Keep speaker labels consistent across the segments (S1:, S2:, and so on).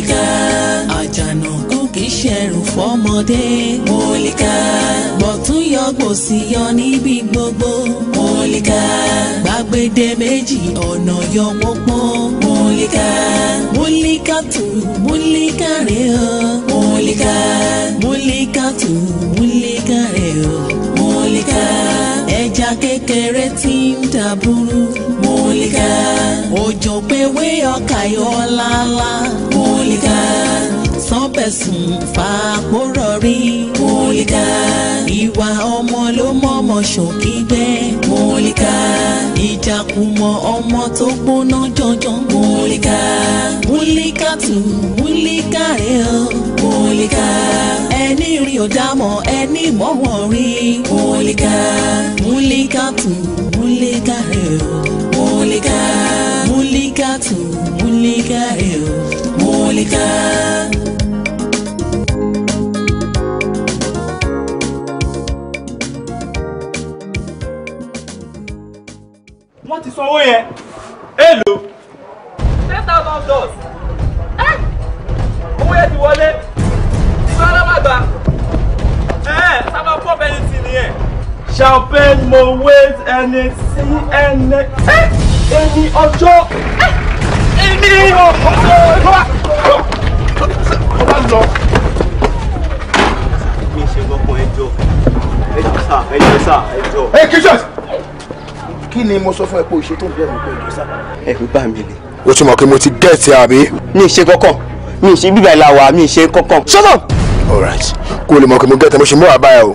S1: Múlíkà àjànàkú kì í ṣẹ̀rù fọ́mọdé Múlíkà bọ̀tún yọ gbòsì yọ níbi gbogbo Múlíkà gbàgede méjì ọ̀nà yọ pọ́pọ́ Múlíkà Múlíkà tù Múlíkà rẹ̀ o Múlíkà Múlíkà tù Múlíkà rẹ̀ o Múlíkà ẹja kékeré tí ń dàbúrú. Mulligan. Òjò pèwé ọkà yọ lálá. Mulligan. Sọ́bẹ̀sùn fàápò rọrí. Mulligan. Ìwà ọmọ ló mọ̀mọ́ ṣòkígbẹ́. Mulligan. Ìjàkùmọ̀ ọmọ tó gbóná jọjọ. Mulligan. Mulligan tù Mulligan rẹ̀ o. Mulligan. Ẹni rí ò dámọ̀ ẹni mọ̀wọ́ rí. Mulligan. Mulligan tù Mulligan rẹ̀ o. Mulika Mulika tu Mulika eo Mulika.
S2: wọ́n ti sanwó yẹn èèlò. ten thousand dollars ah! owó yẹn ti wọlé ìgbà alámàgbà sábà eh, pọ̀ bẹ́ẹ̀ ni ti nìyẹn. champagne mo wait ẹni sí ẹni ẹni ọjọ́ ẹni ọjọ́ kó bá lọ. mi ṣe gbọ́kàn ẹjọ́ ẹjọ́ sá ẹjọ́ sá ẹjọ́. ẹ kíjọ kí ni mo sọ fún ẹ pé o ṣe tó ń bẹ̀rù pé ẹjọ́ sá. ẹ fi bá mi lè. o tún mọ̀ pé mo ti gẹ̀ẹ́tì àbí. mi ṣe kọ́kọ́ mi ṣe bíbá ìlà wà mi ṣe kọ́kọ́. shut up. all right kó lè mọ̀ pé mo gẹ̀ẹ́tì mo ṣe mú àbáyọ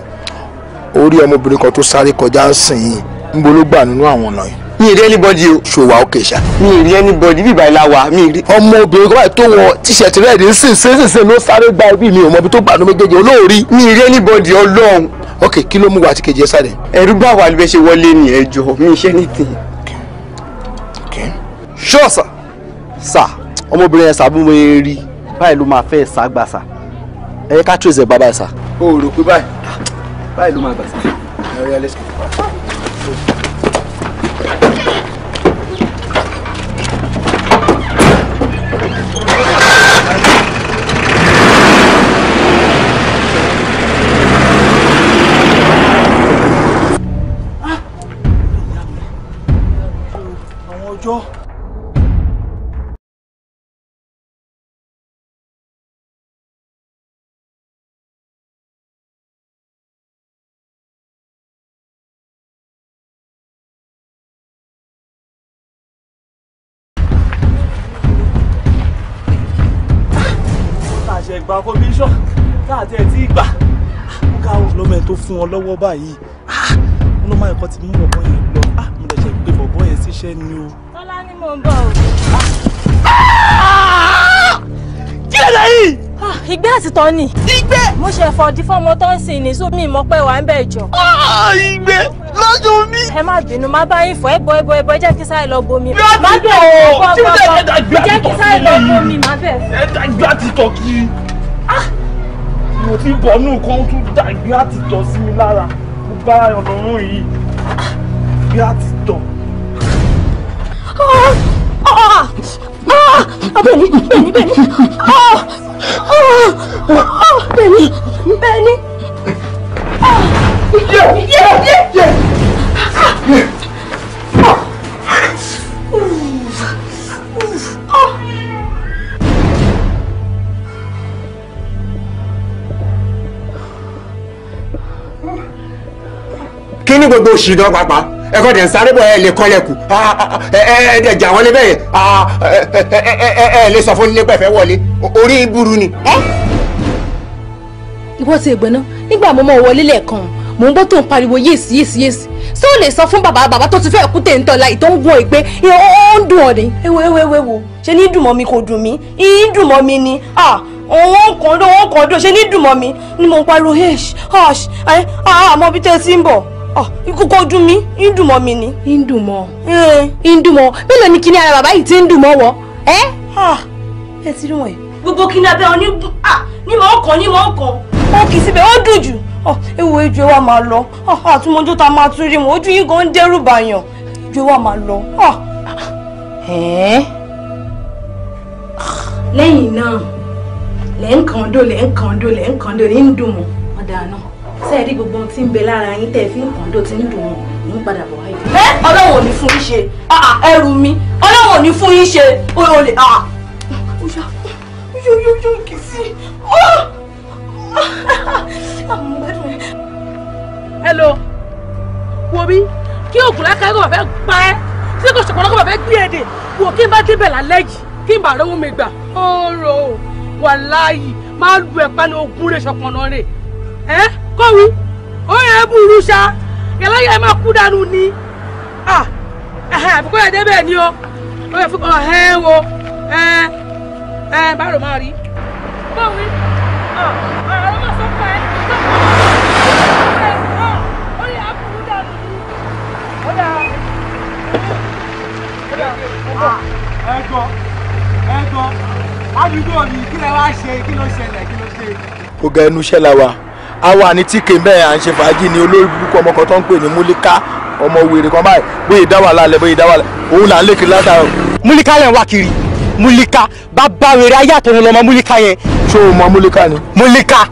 S2: o orí ọmọbìnrin kan tó sáré kọjá ń sìn yìí ń bológbà nínú àwọn ọ̀nà yìí mi rí anybody o ṣòwà òkè ṣá mi rí anybody bíbá ilá wa mi rí. ọmọ obìnrin kan báyìí tó wọ tíṣẹ̀tì rẹ̀ ní sìn sìn sìn sìn ló sáré gba ibi mi ò mọ ibi tó gbà méjèèjì olóòrí. mi rí anybody ọlọ́run. ok kí ló mú wa àti kejì ẹ sáré. ẹ̀rù bá wa ló fẹ́ ṣe wọlé ni ẹ jọ mi ṣe ní tì. ṣọ́ọ̀sà sà ọmọbìnrin ẹ̀ sàbí mo rí báyìí ló máa fẹ́ sá gbà sà ẹ̀yẹ ká tírèsì àwa commission táàtì ẹ̀ tí gbà mo ká àwọn ọlọ́mọ ẹ̀ tó fún ọ lọ́wọ́ báyìí ọlọ́mọ ah, ẹ̀kọ́ ti mú bọ̀bọ̀ yẹn lọ ah, mo lè ṣe pé bọ̀bọ̀ yẹn ṣiṣẹ́ ni o.
S3: tọ́lá ni mò ń bọ̀ o. kí lè lẹ́yìn. Ah, ìgbẹ́ àtìtọ́ ni. ìgbẹ́. mo ṣe fọ̀dí fọmọ tó ń sin nìṣú mi mọ́ pé wà ń bẹ̀ jọ. ìgbẹ́ lọ́jọ́ mi. ẹ má bínú má bá yín fọ ẹ bọ ẹ bọ ẹ bọ ẹ jẹ́ kí sáré lọ bomi. má bẹ̀ ọ̀ jẹ́ kí sáré lọ bomi má bẹ̀.
S2: ẹ dàgbà ti tọ̀ kiri mo ti bọ̀ nù kan tún dà ìgbé àtìtọ̀ sí mi lára mo bá ọ̀nà ọ̀run yìí ìgbé àtìtọ̀.
S1: Bẹ́ẹ̀ni bẹ́ẹ̀ni bẹ́ẹ̀ni bẹ́ẹ̀ni bẹ́ẹ̀ni. Yeah, yeah, yeah, yeah.
S2: ní gbogbo oṣù gan pàápàá ẹ̀kọ́ dẹ̀ ń sáré bọ̀ ẹ̀ lè kọ́lẹ̀kù ẹ̀ ah, ah, ah, ẹ̀ jà wọlé bẹ́ẹ̀ ẹ̀ lè sọ fún nípa
S3: ẹ̀fẹ́ wọlé orí burú ni. ìwọ ti ègbè náà nígbà mo mọ wọlé lẹ́ẹ̀kan mò ń gbọ́ tó ń pariwo yéèsì yéèsì yéèsì ṣé o lè sọ fún bàbá bàbá tó ti fẹ́ kú tèǹtọ́ la ìtọ́ ń wọ ìgbé ó ń dùn ọ́ ni. ewo ewo ewo ewo ṣe ní dùn mọ́ mi kò dùn mí ìyí dùn mọ́ mi ni òun kàn dó òun kàn dó ṣe ní dùn mọ́ mi ni mo ń pariwo hush hush àmọ́ bí tẹ́ ẹ ti ń bọ̀. Ah, kókó dùn mí ń dùn mọ́ mi ni. ń dùn mọ́ eh. ń dùn mọ́ mélòó ni kíní ara bàbá yìí ti ń dùn mọ́ wọ ẹ. Ah. ẹ ti rí wọn yìí. gbogbo kíní abẹ́ wọn ní mọ̀ ọ́ kàn ní mọ̀ ọ́ kàn ó kì í síbẹ̀ ó dùn jù ah, ewu ejò wa máa lọ àtúmọ̀jọ́ ta máa tún rí wọn ojú yín gan ń dẹ́rù bàyàn ejò wa máa lọ. lẹ́yìn náà lẹ́ǹkan dò lẹ́ǹkan dò lẹ́ǹkan dò ní ń dùn mọ́ ọ̀dà náà ṣe rí gbogbo ohun tí ń bẹ lára yín tẹ́ fi ń kàn dó tí ń dùn ún ń padà bọ̀ wáyé. ẹ ọlọ́run ò ní fún yín ṣe ah, ah, ẹrù mi ọlọ́run ò ní fún yín ṣe olè yóyóyó ah. kì í sí. hello wo mi kí oògùn lákàá kó bàbá pa ẹ́ tí kò ṣọ̀pọ̀ lọ́kọ̀ bàbá gbé èdè wò kí n bá débẹ̀ lálẹ́ yìí kí n bá rówó mi gbà ó rò ó wàláyì máa lu ẹ̀ ní ogún rẹ̀ ṣọ̀pọ̀ náà rè ẹ́ kọ́wí ó yẹ burú ṣá yàrá máa kú dànù ni ah, àbíkó yẹ débẹ̀ ni o ó yẹ fún ọ ẹ wo ẹ ẹ báwo máa rí kọ́wí ah, ọ̀rọ̀ ló máa sọ fún ẹ.
S2: ẹjọ ẹjọ àdúgbò mi kí lè wá ṣe kí ló ṣẹlẹ̀ kí ló ṣe. ọ̀gá ẹnu iṣẹ́ la wa a wà ní tíkè bẹ́ẹ̀ à ń ṣe fàájì ní olórí burúkú ọmọ kan tó ń pè ní múlíká ọmọ wèrè kan báyìí bóyá ìdáwà lálẹ́ bóyá ìdáwà lálẹ́ òun là ń lé kiri múlíká lẹ̀ ń wá kiri múlíká bàbá rere ayé àtọ̀run lọmọ múlíká yẹn. ṣé o mọ múlíká ni. múlíká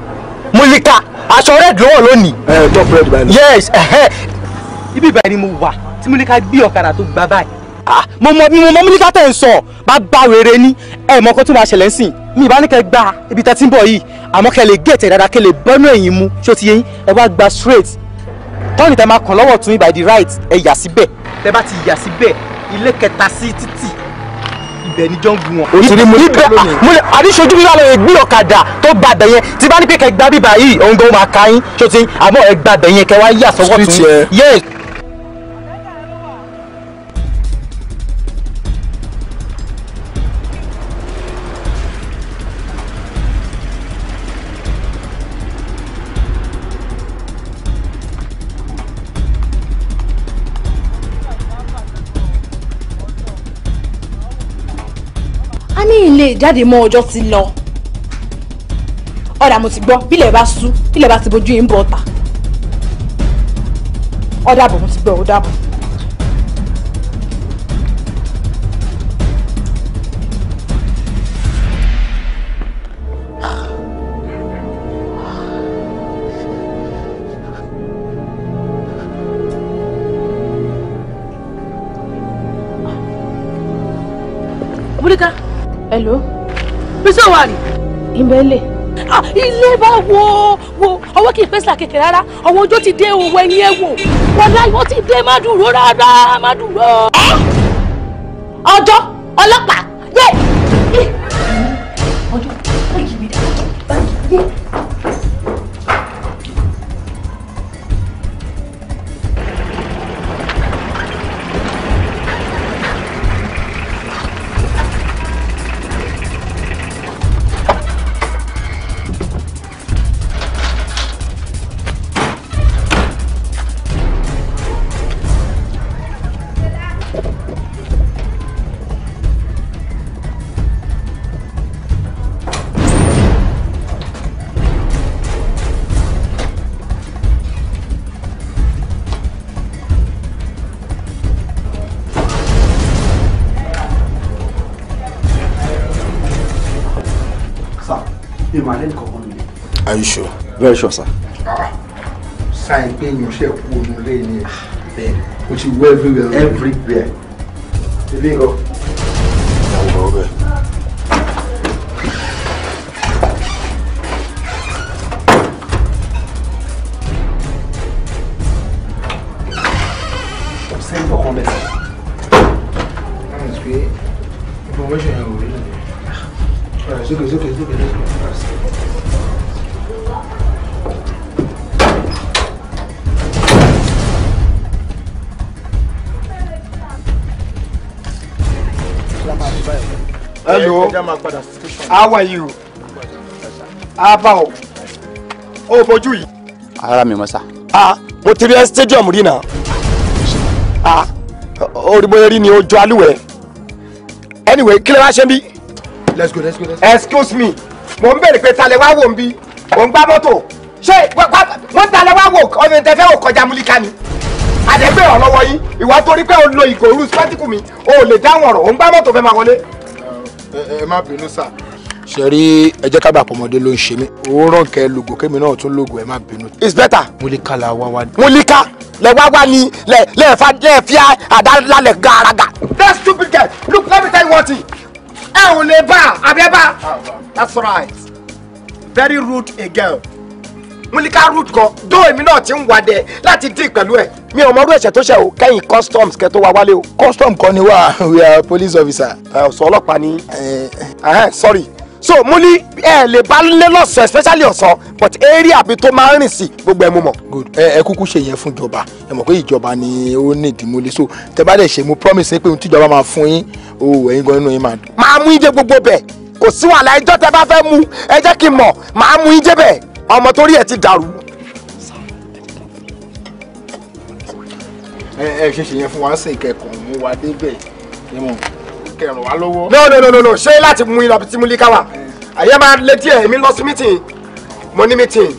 S2: múlíká aṣọ red lọ́wọ́ lónìí. ẹ top red báyìí. yes ibi ìbàdàn ni mo wà tí múlíká gbé ọ̀kadà tó gbà báyìí ah, mo mọ mi mo mọ múlíkà tẹ̀ ń sọ bá wèrè ní ẹ mọ kó máa ṣẹlẹ̀ sìn mi ìbánikẹ́ gba ibi tẹ́ àmọ́ kẹ́ lè gẹ̀tẹ̀ dáadáa kẹ́ lè bọ́nú ẹ̀yìn mu ṣó ti yẹ yín ẹ wá gba straight tọ́ọ̀nì tẹ máa kàn lọ́wọ́ tún by the right ẹ yà síbẹ̀ tẹ bá ti yà síbẹ̀ ilé kẹta sí títì ibẹ̀ ni jọ́ǹgù wọn. òtún mo ibẹ̀ ah, mo lè àdíṣojú mi lálẹ́ gbé ọ̀kadà tó gba abẹ yẹn tí bá ní pé kẹ́ gba bíbá yìí òun gan máa ka yín ṣó ti yín àmọ́ ẹ gba abẹ yẹn kẹ́ wá yà sọ́wọ́ tún yẹ́ẹ̀.
S3: lè jáde mọ́ ọjọ́ ti lọ ọ̀dà mo ti gbọ́ bílẹ̀ bá sú bílẹ̀ bá ti bojú yín bọ̀ ọ̀tà ọ̀dà bọ̀ mo ti gbọ́ ọ̀dà bọ̀. Obrigada. Hello. Bísí wà ní. Ah, Ilé bá wo wo ọwọ́ kì í pèsè àkèké rárá àwọn ọjọ́ ti dé òwò ẹni ẹ wò wọ́n láì wọ́n ti dé má dúró rárá má dúró. Ọjọ́ ọlọ́pàá yé. Ọjọ́ báyìí mi dá ọjọ́ báyìí yé.
S2: very sure sir. sáyẹn pé ìyànṣẹ́ kú òun lé everywhere everywhere ilé ìrọ. ìyàwó ọbẹ̀.
S4: sẹ́yìn
S2: hello how are you abao o bojú yìí. ara mi mọ sa. ah mo ti rí stadium rí náà ah oríbóyè rí ni ojú alúwẹ̀ anyway kí lè wá ṣe ń let's go let's go let's go. excuse me mo ń bèrè pé talẹ̀ wá wò ń bí mo ń gbá mọ́tò ṣé wọ́n talẹ̀ wá wò ọ̀nà ìtẹ́fẹ́ wò kọjá múlíkà ni àdẹ́gbẹ̀rọ̀ lọ́wọ́ yín ìwà torí pé o lo ìgò irú mi o ò lè dáhùn ọ̀rọ̀ ò ń gbá mọ́tò fẹ́ máa ẹ má bínú sà. ṣe rí ẹ jẹ́ ká bá àpọ̀mọdé ló ń ṣe mí owó rànkẹ́ lògò kémi náà tún lògò ẹ má bínú. it's better. múlíkà la wá wá ni. múlíkà lẹ wá wá ni lẹ lẹ fa lẹ fi àdá lálẹ gàràgà. that stupid guy look let me tell you one thing ẹ ò lè bá àbí ẹ bá. Ah, that's right very rude a girl. Mulika route kan dó èmi náà ti ń wàdẹ láti dín pẹ̀lú ẹ̀. mi ò mọrú ẹ̀ṣẹ̀ tó ṣẹ̀ o kẹ́yìn customs kẹ́ tó wá wálé o. custom kọ́ ni wá we are police officer. ọ̀sán ọlọ́pàá ni sorry so mo ní ẹ lè bá lé lọ́sàn especially ọ̀sán but area àbí tó máa ń rìn sí gbogbo ẹ mú mọ. good ẹ ẹ kúkú ṣe yẹn fún ìjọba ẹ mọ̀ pé ìjọba ni ó ní ìdìmúlẹ̀ so tẹ bá dẹ̀ ṣe mo promise pé ohun tíjọba máa fún yín o ẹ̀yin gan inú yín máa dùn. máa mú ìdè gbogbo bẹ̀ kò sí wàhálà ẹjọ́ tẹ bá fẹ́ mú ẹ jẹ́ kí n mọ̀ máa mú ìdè bẹ̀ ọmọ torí ẹ ti dàrú. ẹ ẹ ṣe ṣe yẹn fún wa ń sìn kẹkọọ mú wa débẹ̀ ẹ mọ kẹrùn wa lọ́wọ́. no no no no ṣé láti mú ilọ̀ tí mo lè ká wa àyè máa lé díẹ̀ mi lọ sí mítìn mo ní mítìn.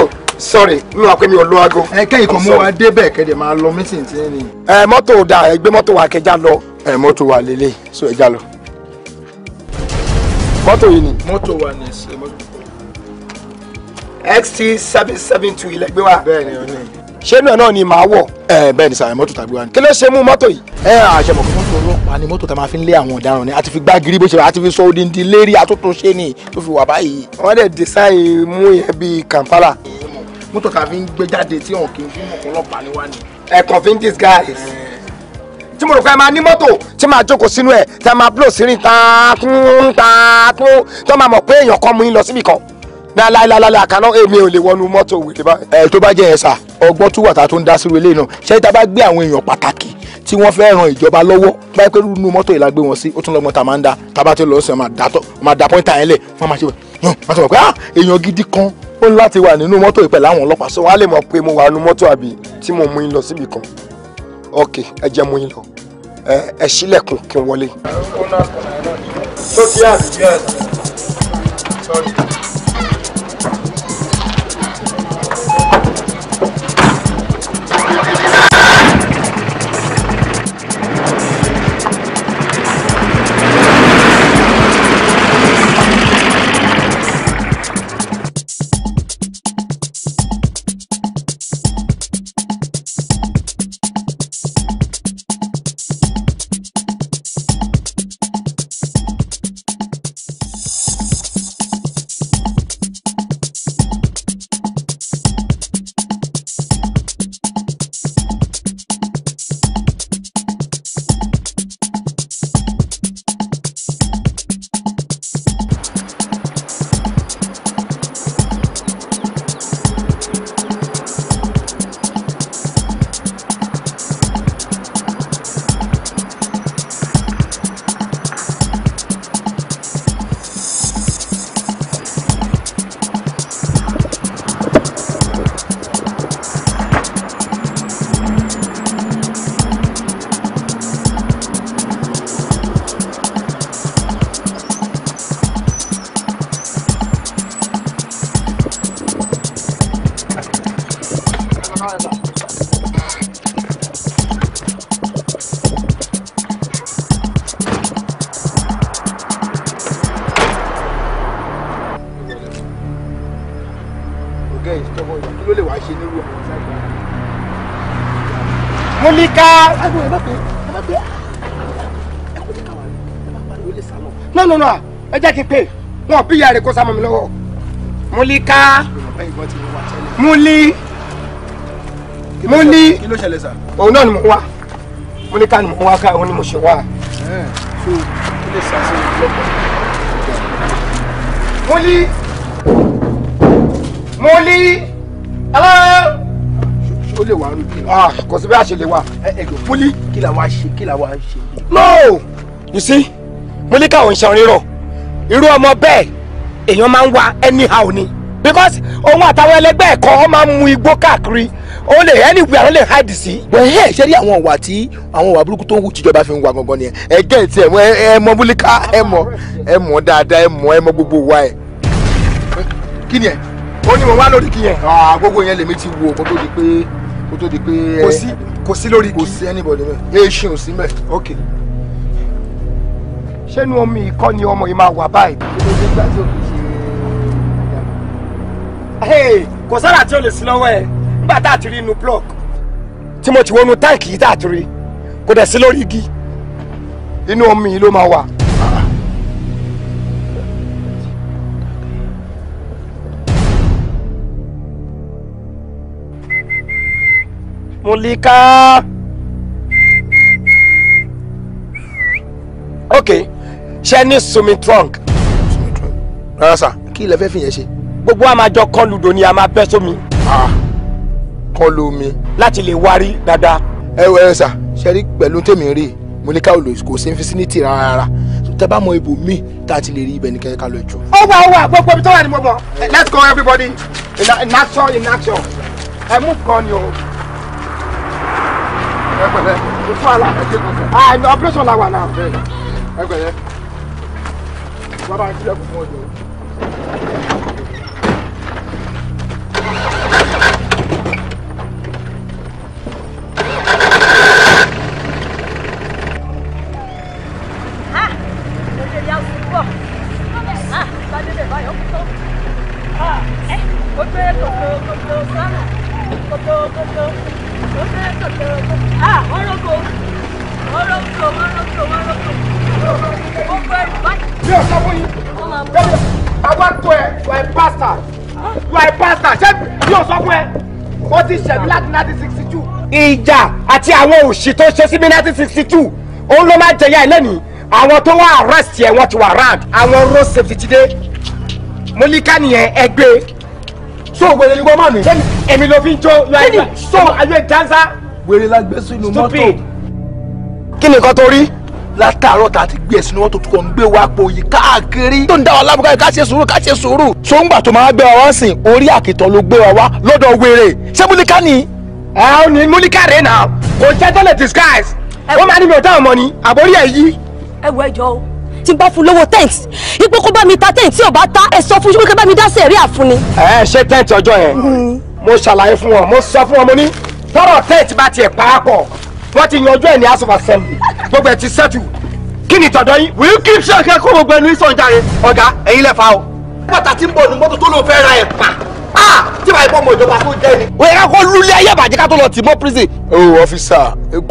S2: oh sorry mi wà pé mi ò lo aago. ẹ kẹ́yìn kan mú wa débẹ̀ kẹ́dẹ̀ máa lọ mítìn tí ní. ẹ mọ́tò dà ẹ gbé mọ́tò wa kẹjá lọ. ẹ mọ́tò wa lélẹ̀ so ẹ já lọ. mọ́tò yìí ni. mọ́tò wa ni sẹ́mi xt seven seven two ilẹ̀ gbé wa. bẹ́ẹ̀ni o ní. ṣé náà náà ni màá wọ̀. ẹ bẹ́ẹ̀ni sàrẹ mọ́tò tàbí wa ni. kí ló ṣe mú mọ́tò yìí. ẹ àṣẹmọ kí mọ́tò ọlọ́pàá ni mọ́tò tá máa fi ń lé àwọn ọ̀daràn ni àti fi gbá giri bó ṣe wà àti fi sọ odindi lérí àtúntúnṣe ni tó fi wà báyìí. wọ́n dẹ̀ design mú yẹn bíi kàǹpálà. mọ́tò tá a fi ń gbé jáde tí wọn kì í fún ọlọ́pàá ni wá ni. ẹ kàn fi ń disguise tí mo rò pé máa ní mọ́tò tí máa jókòó sínú ẹ̀ tí a máa blow sírin tààtún tààtún tó máa mọ̀ pé èèyàn kan mú yín lọ síbì kan. Na láìláìláì àkànná èmi eh, ò lè wọnú mọ́tò wèrè báyìí. ẹ eh, tó bá jẹ ẹ sà ọgbọ́n tún wà tá a tó ń dá sírú eléyìí náà ṣé tá a bá gbé àwọn èèyàn pàtàkì tí wọ́n fẹ́ ran ìjọba lọ́wọ́ báyìí pé nínú mọ́tò ìlà gbé wọn sí ó tún lọ́mọ tá a máa ń da tá a bá ti lọ sí máa da pọ́ńtà yẹn lẹ̀ wọ́n máa ṣe wọ́n máa sọ pé ah èèyàn gidi kan ó ń láti wà nínú mọ́tò ìpẹ̀lẹ̀ àwọn ọlọ́pàá sọ wọ́n á mo wà mo mú yín lọ síbì kan ok ẹ jẹ́ mú yín lọ ẹ ṣílẹ̀kùn kí n wọlé. ó ná àkànná jẹ́ kí n pè wọn bí ìyá rẹ̀ kó sá mọ́ mi lọ́wọ́ Múlíká múlí múlí òun náà ni mo wá Múlíká ni mo wá ká òun ni mo ṣe wá. múlí múlí hello ó lè wá rú kí la. kò sí bí a ṣe lè wá. múlí kí la wá ṣe kí la wá ṣe. no you see Múlíká òun ṣe rírọ̀ irú ọmọ bẹ́ẹ̀ èèyàn máa ń wa anyhow ni because òun àtàwọn ẹlẹgbẹ́ ẹ̀kọ́ ọ máa ń mu igbó káàkiri ó lè anywhere ó lè hide sí. wẹ́n ẹ̀ ṣe rí àwọn ìwà tí àwọn ìwà burúkú tó ń hù tíjọba fi ń wa gangan nìyẹn ẹ gẹ́ ẹ̀ tí ẹ mọ ẹ mọ búlíkà ẹ mọ ẹ mọ dáadáa ẹ mọ ẹ mọ gbogbo wa ẹ. kí ni ẹ ó ní mo wá lórí kí yẹn. Ah, ah, gbogbo yẹn lèmi ti wo kó tó di pé kó tó di pé. kò sí kò sí lórí kí. kò sí anybody mẹ́. ẹ ṣeun sí mẹ́. okay ṣé nu ìkọ́ ni ọmọ yìí máa wà báyìí. kò sára tí o lè sí lọ́wọ́ ẹ̀ nígbà tá a ti rí inú block tí mo ti wọnú táǹkì yìí tá a ti rí kò dẹ̀ sí lórí igi inú omi yìí ló máa wà. Mulika. Okay. Jenny Sumitrunk. Sumitrunk rárá sà kí ilẹ̀ fẹ́ fi yẹn ṣe. gbogbo a máa jọ kán ludo ni a máa bẹ́ sómi. kán lu mi. láti lè wárí dáadáa. ẹ wọ ẹ sà ṣe pẹ̀lú tèmi rí mo ní ká olè kò sí fisiniti rárá tẹ bá mọ ibò míì tá a ti lè rí ibẹ̀ ní ká lọ jù. ó wà ó wà gbogbo ibi tó wà ní mo bọ̀ let's go everybody in, action in action ẹ mú kan ni o. ẹ pẹ̀lẹ́ àlà ẹ jẹ ah operation la wà náà. ẹ bàbá ń tilẹ̀kùn fún ti ṣẹ̀mí láti nineteen sixty two. ìjà àti àwọn òṣì tó ṣe sí mi nineteen sixty two òun ló máa jẹyà ẹlẹ́ni àwọn tó wá arrest yẹn wọ́n ti wà round. àwọn road safety ti dé mo nìyẹn ẹgbẹ́ so wèrè ni wọ́n mọ̀ mi èmi ló fi ń jó lọ ẹgbẹ́ so are you a dancer. wèrè la gbé sínú mọ́tò. kí ni nǹkan tó rí látàárọ̀ tá a ti gbé ẹ̀sìn ni wọ́n tó tukọ̀ ń gbé wa pò yìí káàkiri. tó ń dá wa lábùkà ká ṣe sùúrù ká ṣe sùúrù. sóńgbà tó máa gbé wa wá sìn orí àkìtàn ló gbé wa wá lọ́dọ̀ wèrè ṣé múlíkà ni. ẹ ọ ní múlíkà rẹ náà kò jẹ́ tẹ́lẹ̀ disguise
S3: wọ́n máa ní mi ò dáhùn mọ́ ni àbórí ẹ̀ yí. ẹ wọ ẹjọ o tí n bá fún lówó tent ipò kó bá mi ta tent tí ò bá ta ẹ sọ fún ṣùgbọ́n kí bá mi dá sẹ̀rí àfúnni.
S2: ẹ ṣe tent ọjọ́ yẹn hmm. mo ṣàlàyé fún wọn mo sọ fún wọn mo ní tọrọ tent bá wọ́n ti yanjú ẹ̀ ní house of gbogbo ẹ ti sẹ́tù kí ni tọ̀dọ̀ yín. will you keep ṣe àkẹ́kọ̀ọ́ gbogbo ẹnu ìsàn jàre. ọ̀gá ẹ̀yin lẹ fa o. bàtà tí ń bọ̀ nù mọ́tò tó lóun fẹ́ ra ẹ̀ pa tí báyìí bọ́mọ ìjọba tó jẹ́ ni. ó yẹ ká kó lulẹ̀ ayé àbàjẹ́ ká tó lọ tì mọ́ prison. o ọfíìsà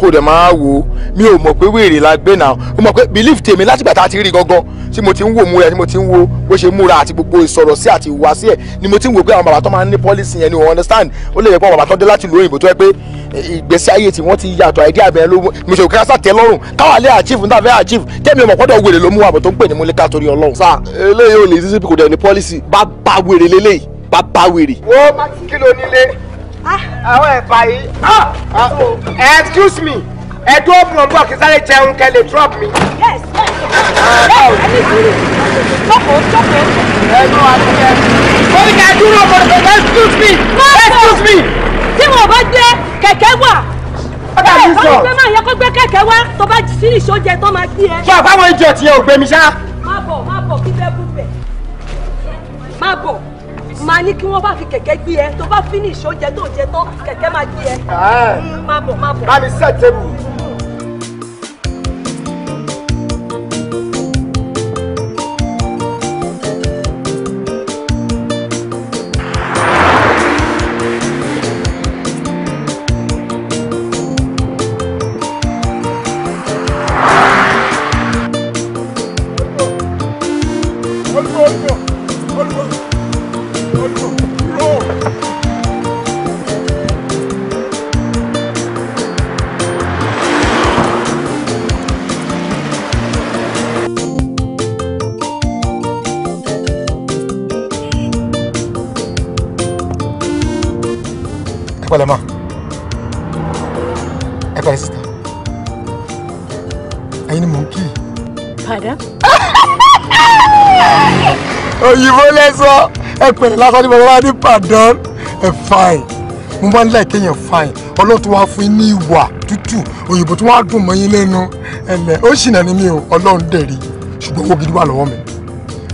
S2: kò dẹ̀ máa wo mi ò mọ̀ pé wèrè la gbé náà mo mọ̀ pé belief tèmi látìgbà tá a ti rí gangan tí mo ti ń wò múra ẹ tí mo ti ń wo bó ṣe múra àti gbogbo ìsọ̀rọ̀ sí àti ìwà sí ẹ ni mo ti ń wò pé àwọn bàbá tó máa ń ní pọ́lísì yẹn ni wọ́n understand ó lè yẹ pé àwọn bàbá tó dé láti ìlú òyìnbó tó yẹ pé eh, ìgbésí ayé tí wọ́n ti yàtọ̀ àìdí àbẹ̀ ló mo ṣe òkèrè sàtẹ́ lọ́rùn káwá lé àchíf níta tẹ́mi ọmọ gbọ́dọ̀ wèrè ló mú àbọ̀ tó ń pè ní múlẹ́ká torí ọlọ́run. sá eléyìí ò ní sísí kò dẹ̀ ní pọ́lísì bá bá wèrè lélẹ́yìí bá bá wèrè. wo kí ló nílé ah. àwọn ẹ̀fà yìí ah. Ah. excuse me ẹ tó mọ̀ bọ̀ kí sáré jẹun kẹ lè drop mi.
S3: oríkà dúró mọ̀tò excuse me excuse me. tí wọn bá gbé kẹ̀kẹ́ wà. ọ̀dà mi sọ ọ̀dà mi máa yẹ kó gbé kẹ̀kẹ́ wá tó bá sírí ìṣoúnjẹ tó máa gbé ẹ. sọ àbáwọn ìjọ tiẹ̀ ò gbé mi ṣá. má bọ̀ má bọ̀ kí bẹ́ẹ̀ bú bẹ̀ má bọ̀ máa ní kí wọ́n bá fi kẹ̀kẹ́ gbé ẹ tó bá finish oúnjẹ tó jẹ tán kẹ̀kẹ́ máa gbé ẹ. Ah. má bọ̀ má bọ̀. bá mi set
S2: table. ẹ pẹ̀lẹ́ lásán ní bàbá wa ní pàdán ẹ fine mo máa ń láì kéèyàn fine ọlọ́tún wá fún yín ní ìwà tútù òyìnbó tó wá dùn mọ́ yín lẹ́nu ẹ̀lẹ́ ó ṣìnà ní mi o ọlọ́run dẹ̀rí ṣùgbọ́n owó gidi wà lọ́wọ́ mi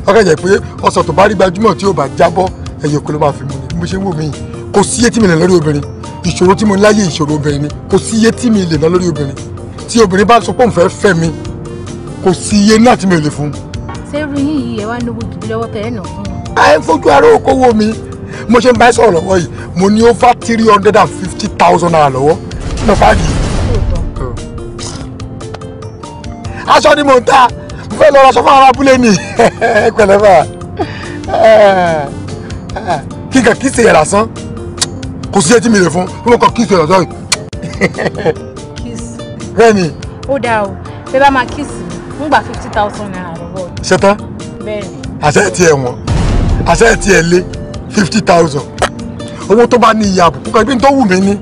S2: ọkọ̀ jẹ́ pé ọ̀sán tó bá rí gbajúmọ̀ tí ò bá jábọ́ ẹ̀yẹ kó ló máa fi mú mi mo ṣe ń mí kò sí iye tí mi lè lórí obìnrin ìṣòro tí mo ń láyé ìṣòro obìnrin ni kò sí iye tí mi lè lórí obìnrin tí obìnrin bá sọ pé òun fẹ́ fẹ́ mi kò sí iye náà tí mi lè fún.
S3: ṣé irú yín yìí ẹ wá lówó gidi lọ́wọ́ tẹ́lẹ̀ náà fún
S2: ẹ fojú ara okòwò mi mo ṣe ń bá ẹ sọ̀rọ̀ lọ́wọ́ yìí mo ní over three hundred and fifty thousand naira lọ́wọ́ mo bá yìí. aṣọ ni mo ń ta mo fẹ́ lọ raṣọ fún ara abúlé mi pẹ̀lẹ́fà kíkà eh, eh, kí ṣe yàrá sán kò sí etí mi rè fún fún mo kàn kí ṣe yàrá sán. bẹ́ẹ̀ ni.
S3: ó dáa o bẹ́ẹ̀ bá máa kí sí i ń gba fifty thousand naira lọ́wọ́. ṣetán. bẹ́ẹ̀ ni.
S2: àṣẹ tiẹ̀ wọ̀n àṣẹ ti ẹ̀ lé fifty thousand owó tó bá ní iye àbùkù kan ibi tó wù mí ní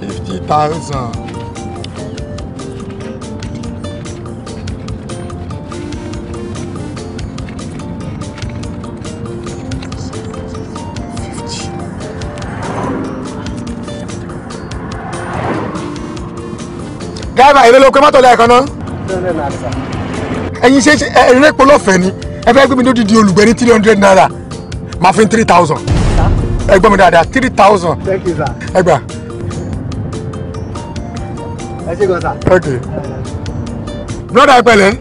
S2: fifty thousand. dáìbà ìrẹ́lẹ̀ oko mọ́tò lẹ́ẹ̀kan náà. ẹ̀yin ṣe ẹ̀rẹ́pọ̀ lọ́fẹ̀ẹ́ ni ẹ fẹ́ gbé mi lódìdí olùgbẹ́ni three hundred naira máa fi three thousand ẹ gbọ́ mi dáadáa three thousand Thank you, sir. ẹ gbà. ẹ ṣe gọ́sà. ok broda ẹ pẹ̀lẹ́.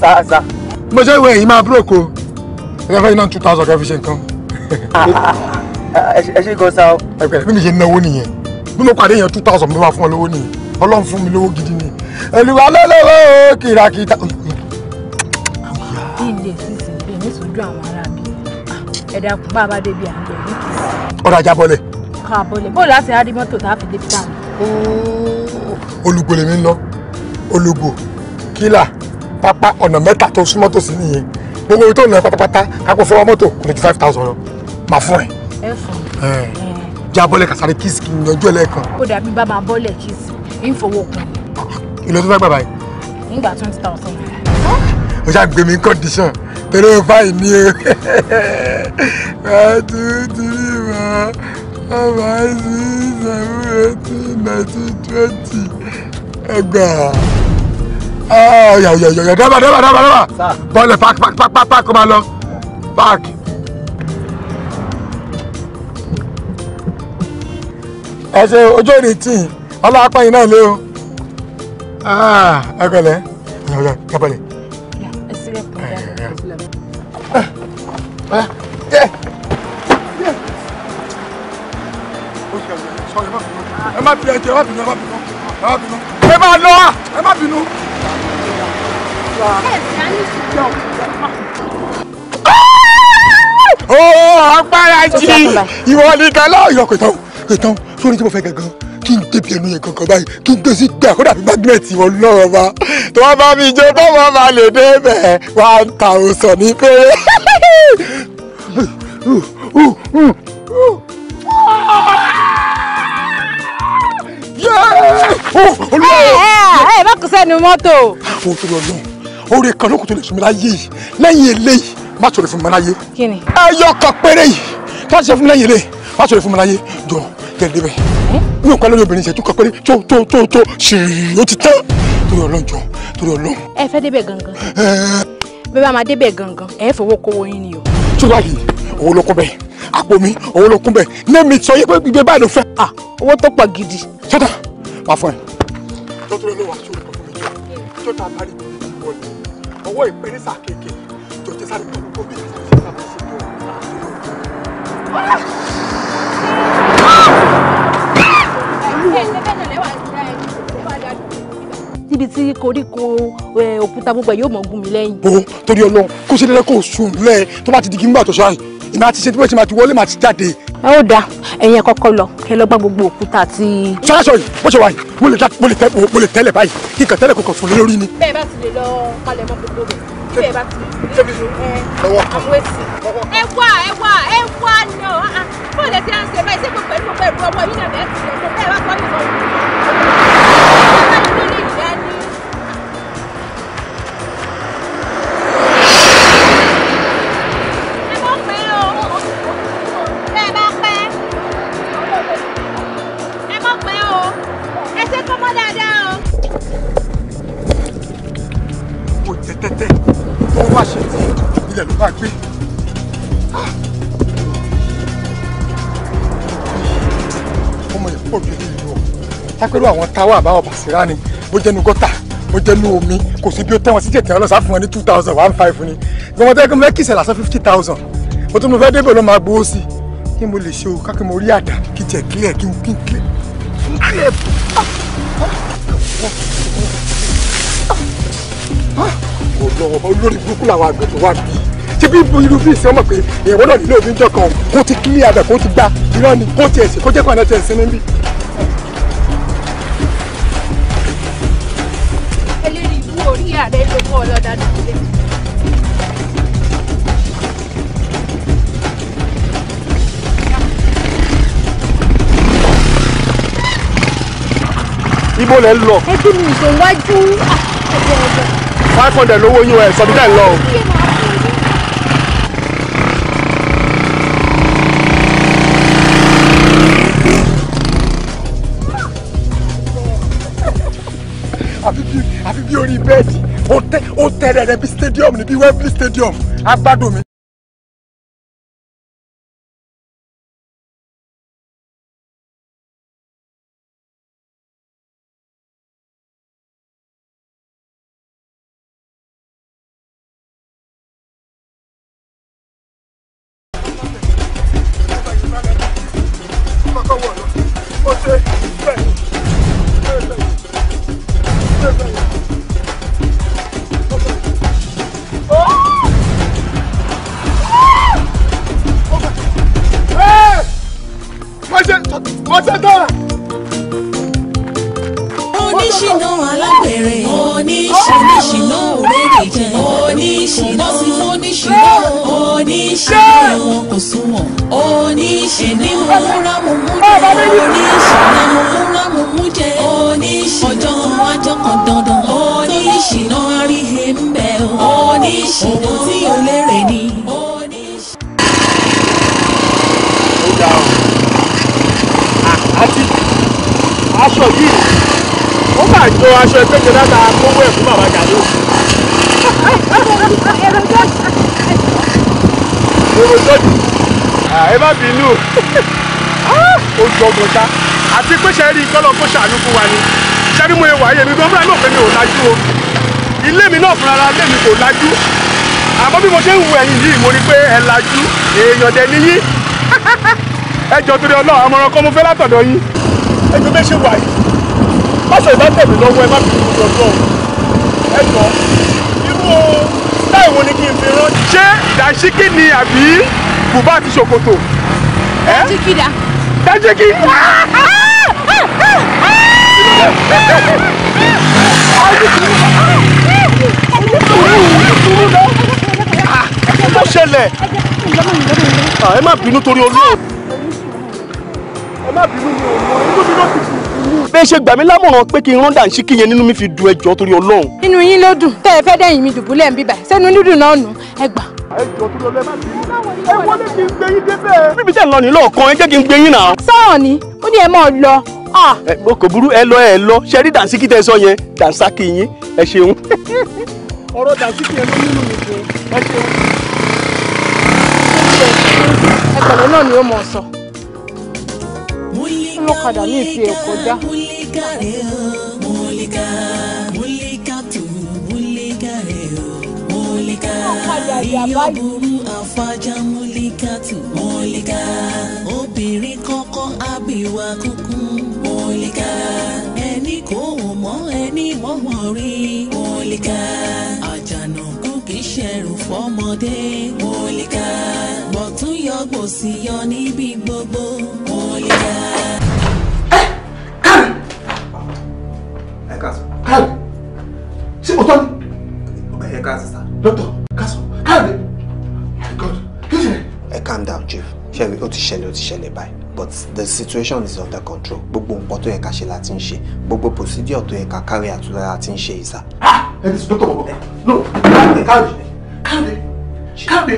S2: sa sa. mo ṣe ìwé yìí máa broke o ẹ fẹ́ iná two thousand kẹ́ fi ṣe nǹkan. ẹ ṣe gọ́sà o. ẹ pẹ̀lẹ́ bí mi ṣe náwó nìyẹn bí mo pàdé yẹn two thousand mi máa fún ọ lówó nìyẹn ọlọ́run fún mi lówó gidi ni olùwà lọ́lọ́wọ́ kìràkìtà.
S3: ilé sísè bẹ́ẹ̀ ní sojú àwọn aráàbí ẹ̀dá bá a bá débi à ń lọ ní kìí. ọ̀rọ̀ ajá bọ́lẹ̀. ká bọ́lẹ̀ bọ́ọ̀lù láti rárí mọ́tò tá a fi débi táwọn.
S2: olùgbò lèmi ń lọ olùgbò kílà pápá ọ̀nà mẹ́ta tó súnmọ́ tòsí nìyẹn gbogbo ibi tó pátápátá kápò fẹ́ wá mọ́tò kò ní ju five thousand lọ máa fún ẹ. ẹ fún ẹ já bọ́lẹ̀ kàsáré kíìsì kì í yanjú ẹ lẹ́ẹ̀kan.
S3: ó dàbí bá máa bọ́lẹ̀ kíìsì ń fowó kun. ìlọsí fẹ́ gbà báyìí. twenty thousand.
S2: ó ṣàgbémi condition eré báyìí ni o
S3: àti tìrì mọ́
S2: ọmọ àìsí ìṣẹ̀wé etí nineteen twenty ẹgbà. ọ̀yà ọ̀yà ọ̀yà dábàá dábàá dábàá dábàá bọ́ọ̀lù pak pak pak pak pak kó máa lọ pak. ẹ ṣe ojú òní tì ọlọ́pàá yìí náà lé o. ẹ kọlẹ̀ ọ̀yà ọ̀yà kábàlẹ̀. ẹ má bínú ẹ má bínú ẹ má bínú ẹ má bínú ẹ má lọ wa ẹ má bínú. ó agbára jí ìwọ nìkan lọ́ọ́ yọ kò tán sórí tí mo fẹ́ gangan kí n tètè ẹnu yẹn kankan báyìí kí n gbèsè gbà kó dàbí magnẹ̀tì wọn lọ́wọ́ bá tó wọ́n bá mi jó bá wọn lè dé bẹ̀ one thousand ní péré.
S1: ẹ
S3: má kù sẹ́nu mọ́tò.
S2: àwọn òfin ọlọ́run oore
S3: kan ló kù tó lè sunmi láyé yìí lẹ́yìn eléyìí
S2: má tó fún mi láyé. kí ni. ẹ yọ ọkọ péré yìí ká ṣe fún mi lẹ́yìn eléyìí má tó fún mi láyé jọ tẹ̀lé bẹ̀ ní ọ̀kan lórí obìnrin ìṣẹ́jú kan péré tó tó tó tó ṣìrì ó ti tán torí ọlọ́jọ́ torí ọlọ́run.
S3: ẹ fẹ́ débẹ̀ gangan bẹ́ẹ̀ bá máa débẹ̀ gangan ẹ fowó kówó yín ni o.
S2: tí wàá yìí owó ló kún bẹ́ẹ̀ àpò mi owó ló kún bẹ́ẹ̀ ní mi sọ yẹ pé gbígbé báyìí ló fẹ́. owó tó pọ̀ gidi. sọ́tà wà fún ẹ. tó tó lọ́wọ́ àti olùkọ́ mi jọ bá rí ìwọlé ọwọ́ ìpènísà
S3: síbi tí koríko eh, òkúta gbogbo yóò mọ gún mi lẹ́yìn. bo torí Ọlọ́run kó ṣe
S2: dẹdẹ kó sùn lẹ tó bá ti di gígbà tó ṣáà ìmọ àti ṣe tí wọn ti máa ti wọlé máa ti jáde. ẹ ó dáa ẹ̀yin ẹ kọ́kọ́
S3: lọ kẹ́ lọ gbá gbogbo òkúta àti. sọ́kàṣọ́ yìí bó ṣe wà yìí mo lè tẹ́lẹ̀ báyìí kíkan tẹ́lẹ̀ kọ̀ọ̀kan fún lórí ni. bẹ́ẹ̀ bá ti lè lọ palẹ̀mọ́ gbogbo rẹ̀ tí ẹ bá ti ṣe fi
S2: tápẹ́rù àwọn táwà àbáwọ̀ bàṣírá ni bó jẹ́nu gọ́tà bó jẹ́nu omi kò sí bí ó tẹ́wọ̀n sí jẹ̀kẹ́ ọlọ́sà fún wọn ní two thousand one five ni gbọ́n tẹ́ kí mo fẹ́ kìsẹ̀ fifty thousand mo tún mo fẹ́ débò ló máa gbowó sí i kí mo lè ṣe o kákí mo rí àdá kí jẹ̀ kílẹ̀ kí n kí n olórí burúkú làwọn àgbẹ̀ tó wà bíi ṣé irú bí ìsìn ọmọ pé èèyàn gbọ́dọ̀ nílò òbí ń jọ kan kó ti kílẹ̀ àdá kó ti gbá irọ́ ni kó ti ẹ̀sìn kó jẹ́ kó àná ti ẹ̀sìn níbí. ibo lẹ ń lọ. ẹbí mi ìṣe iwájú five hundred lówó yín ẹ sọ bí tẹ́ ń lọ o. àfi bí orí bẹ́ẹ̀dì ó tẹ́ ó tẹ́ rẹ̀ rẹ̀ bí stadium ni bí Wembley stadium agbádùn mi. èèyàn dẹ̀ níyí ẹ jọ̀ọ́ torí Ọlọ́run àmọ̀ràn kan mo fẹ́ látọ̀dọ̀ yín ẹ jọ̀ọ́ ṣe wà yìí pásọ̀ ìbá tẹ̀mí lọ́wọ́ ẹ má fi kú lọ́dọ̀ ẹ irú táì wo ni kí n fi rán. ṣé dàṣíkì ni àbí bùbá àti ṣòkòtò.
S3: dàṣíkì dà. ó
S2: ṣẹlẹ̀. Ah, ẹ má bínú torí olú o ah!
S3: ẹ má bínú ni o inú mi ló ti dùn.
S2: bẹ́ẹ̀ ṣe gbà mí lámọ̀ràn pé kí n rán dànṣí kí yẹn nínú mi fi du ẹjọ́ torí ọlọ́run.
S3: inú yín ló dùn tẹ́ ẹ fẹ́ dẹ́yìn mi dùbúlẹ̀ ń bíbà sẹ́nu dídùn náà nù ẹ gbà.
S2: ẹjọ́ tó lọ lẹ́ má bínú ẹ wọlé kí n gbé yín débẹ̀. bíbi tẹ̀ ń lọ nílò ọ̀kan ẹ jẹ́ kí n gbé yín náà. sọ́ọ̀ ni ó ní ẹ máa lọ. Ah! kò burú ẹ lọ ẹ lọ ṣe rí dànṣí kí tẹ sọ yẹn dànṣá kí yín ẹ ṣeun. ọ̀rọ̀ dànṣí kí ẹ ló nínú mi fún ẹ ṣeun
S3: ọ̀rọ̀ náà ni ó mọ̀ sọ
S1: ọlọ́kadà ní ìfi ẹ̀kọ́ dá. Iyọ̀bùrú àfàjà múlíkà tù múlíkà. Obìnrin kọ́kọ́ àbíwá kúkú múlíkà. Ẹni kò mọ̀ ẹni mọ̀mọ́ rí múlíkà kì í ṣẹ̀rù fọ́mọdé. Mólíkà. Bọ̀tún yọ gbòsì yọ níbi gbogbo. Mólíkà. Ẹ káàmì. Ẹ káàsọ̀. Káàmì.
S2: Ṣé mo tọ́ ni?
S4: Ẹ káàsọ̀ sá. Dọ́tọ̀ káàsọ̀. Káàmì. My God, kí ṣe? Ẹ calm down, Chief. Ṣé o ti ṣẹlẹ̀ o ti ṣẹlẹ̀ báyìí? but the situation is under control gbogbo nǹkan tó yẹ ká ṣe la ti ń ṣe gbogbo procedure tó yẹ ká carry out la ti ń ṣe ìsà. Ah! ẹ ti sùn dókítà bọ̀ no káàdì káàdì
S2: káàdì káàdì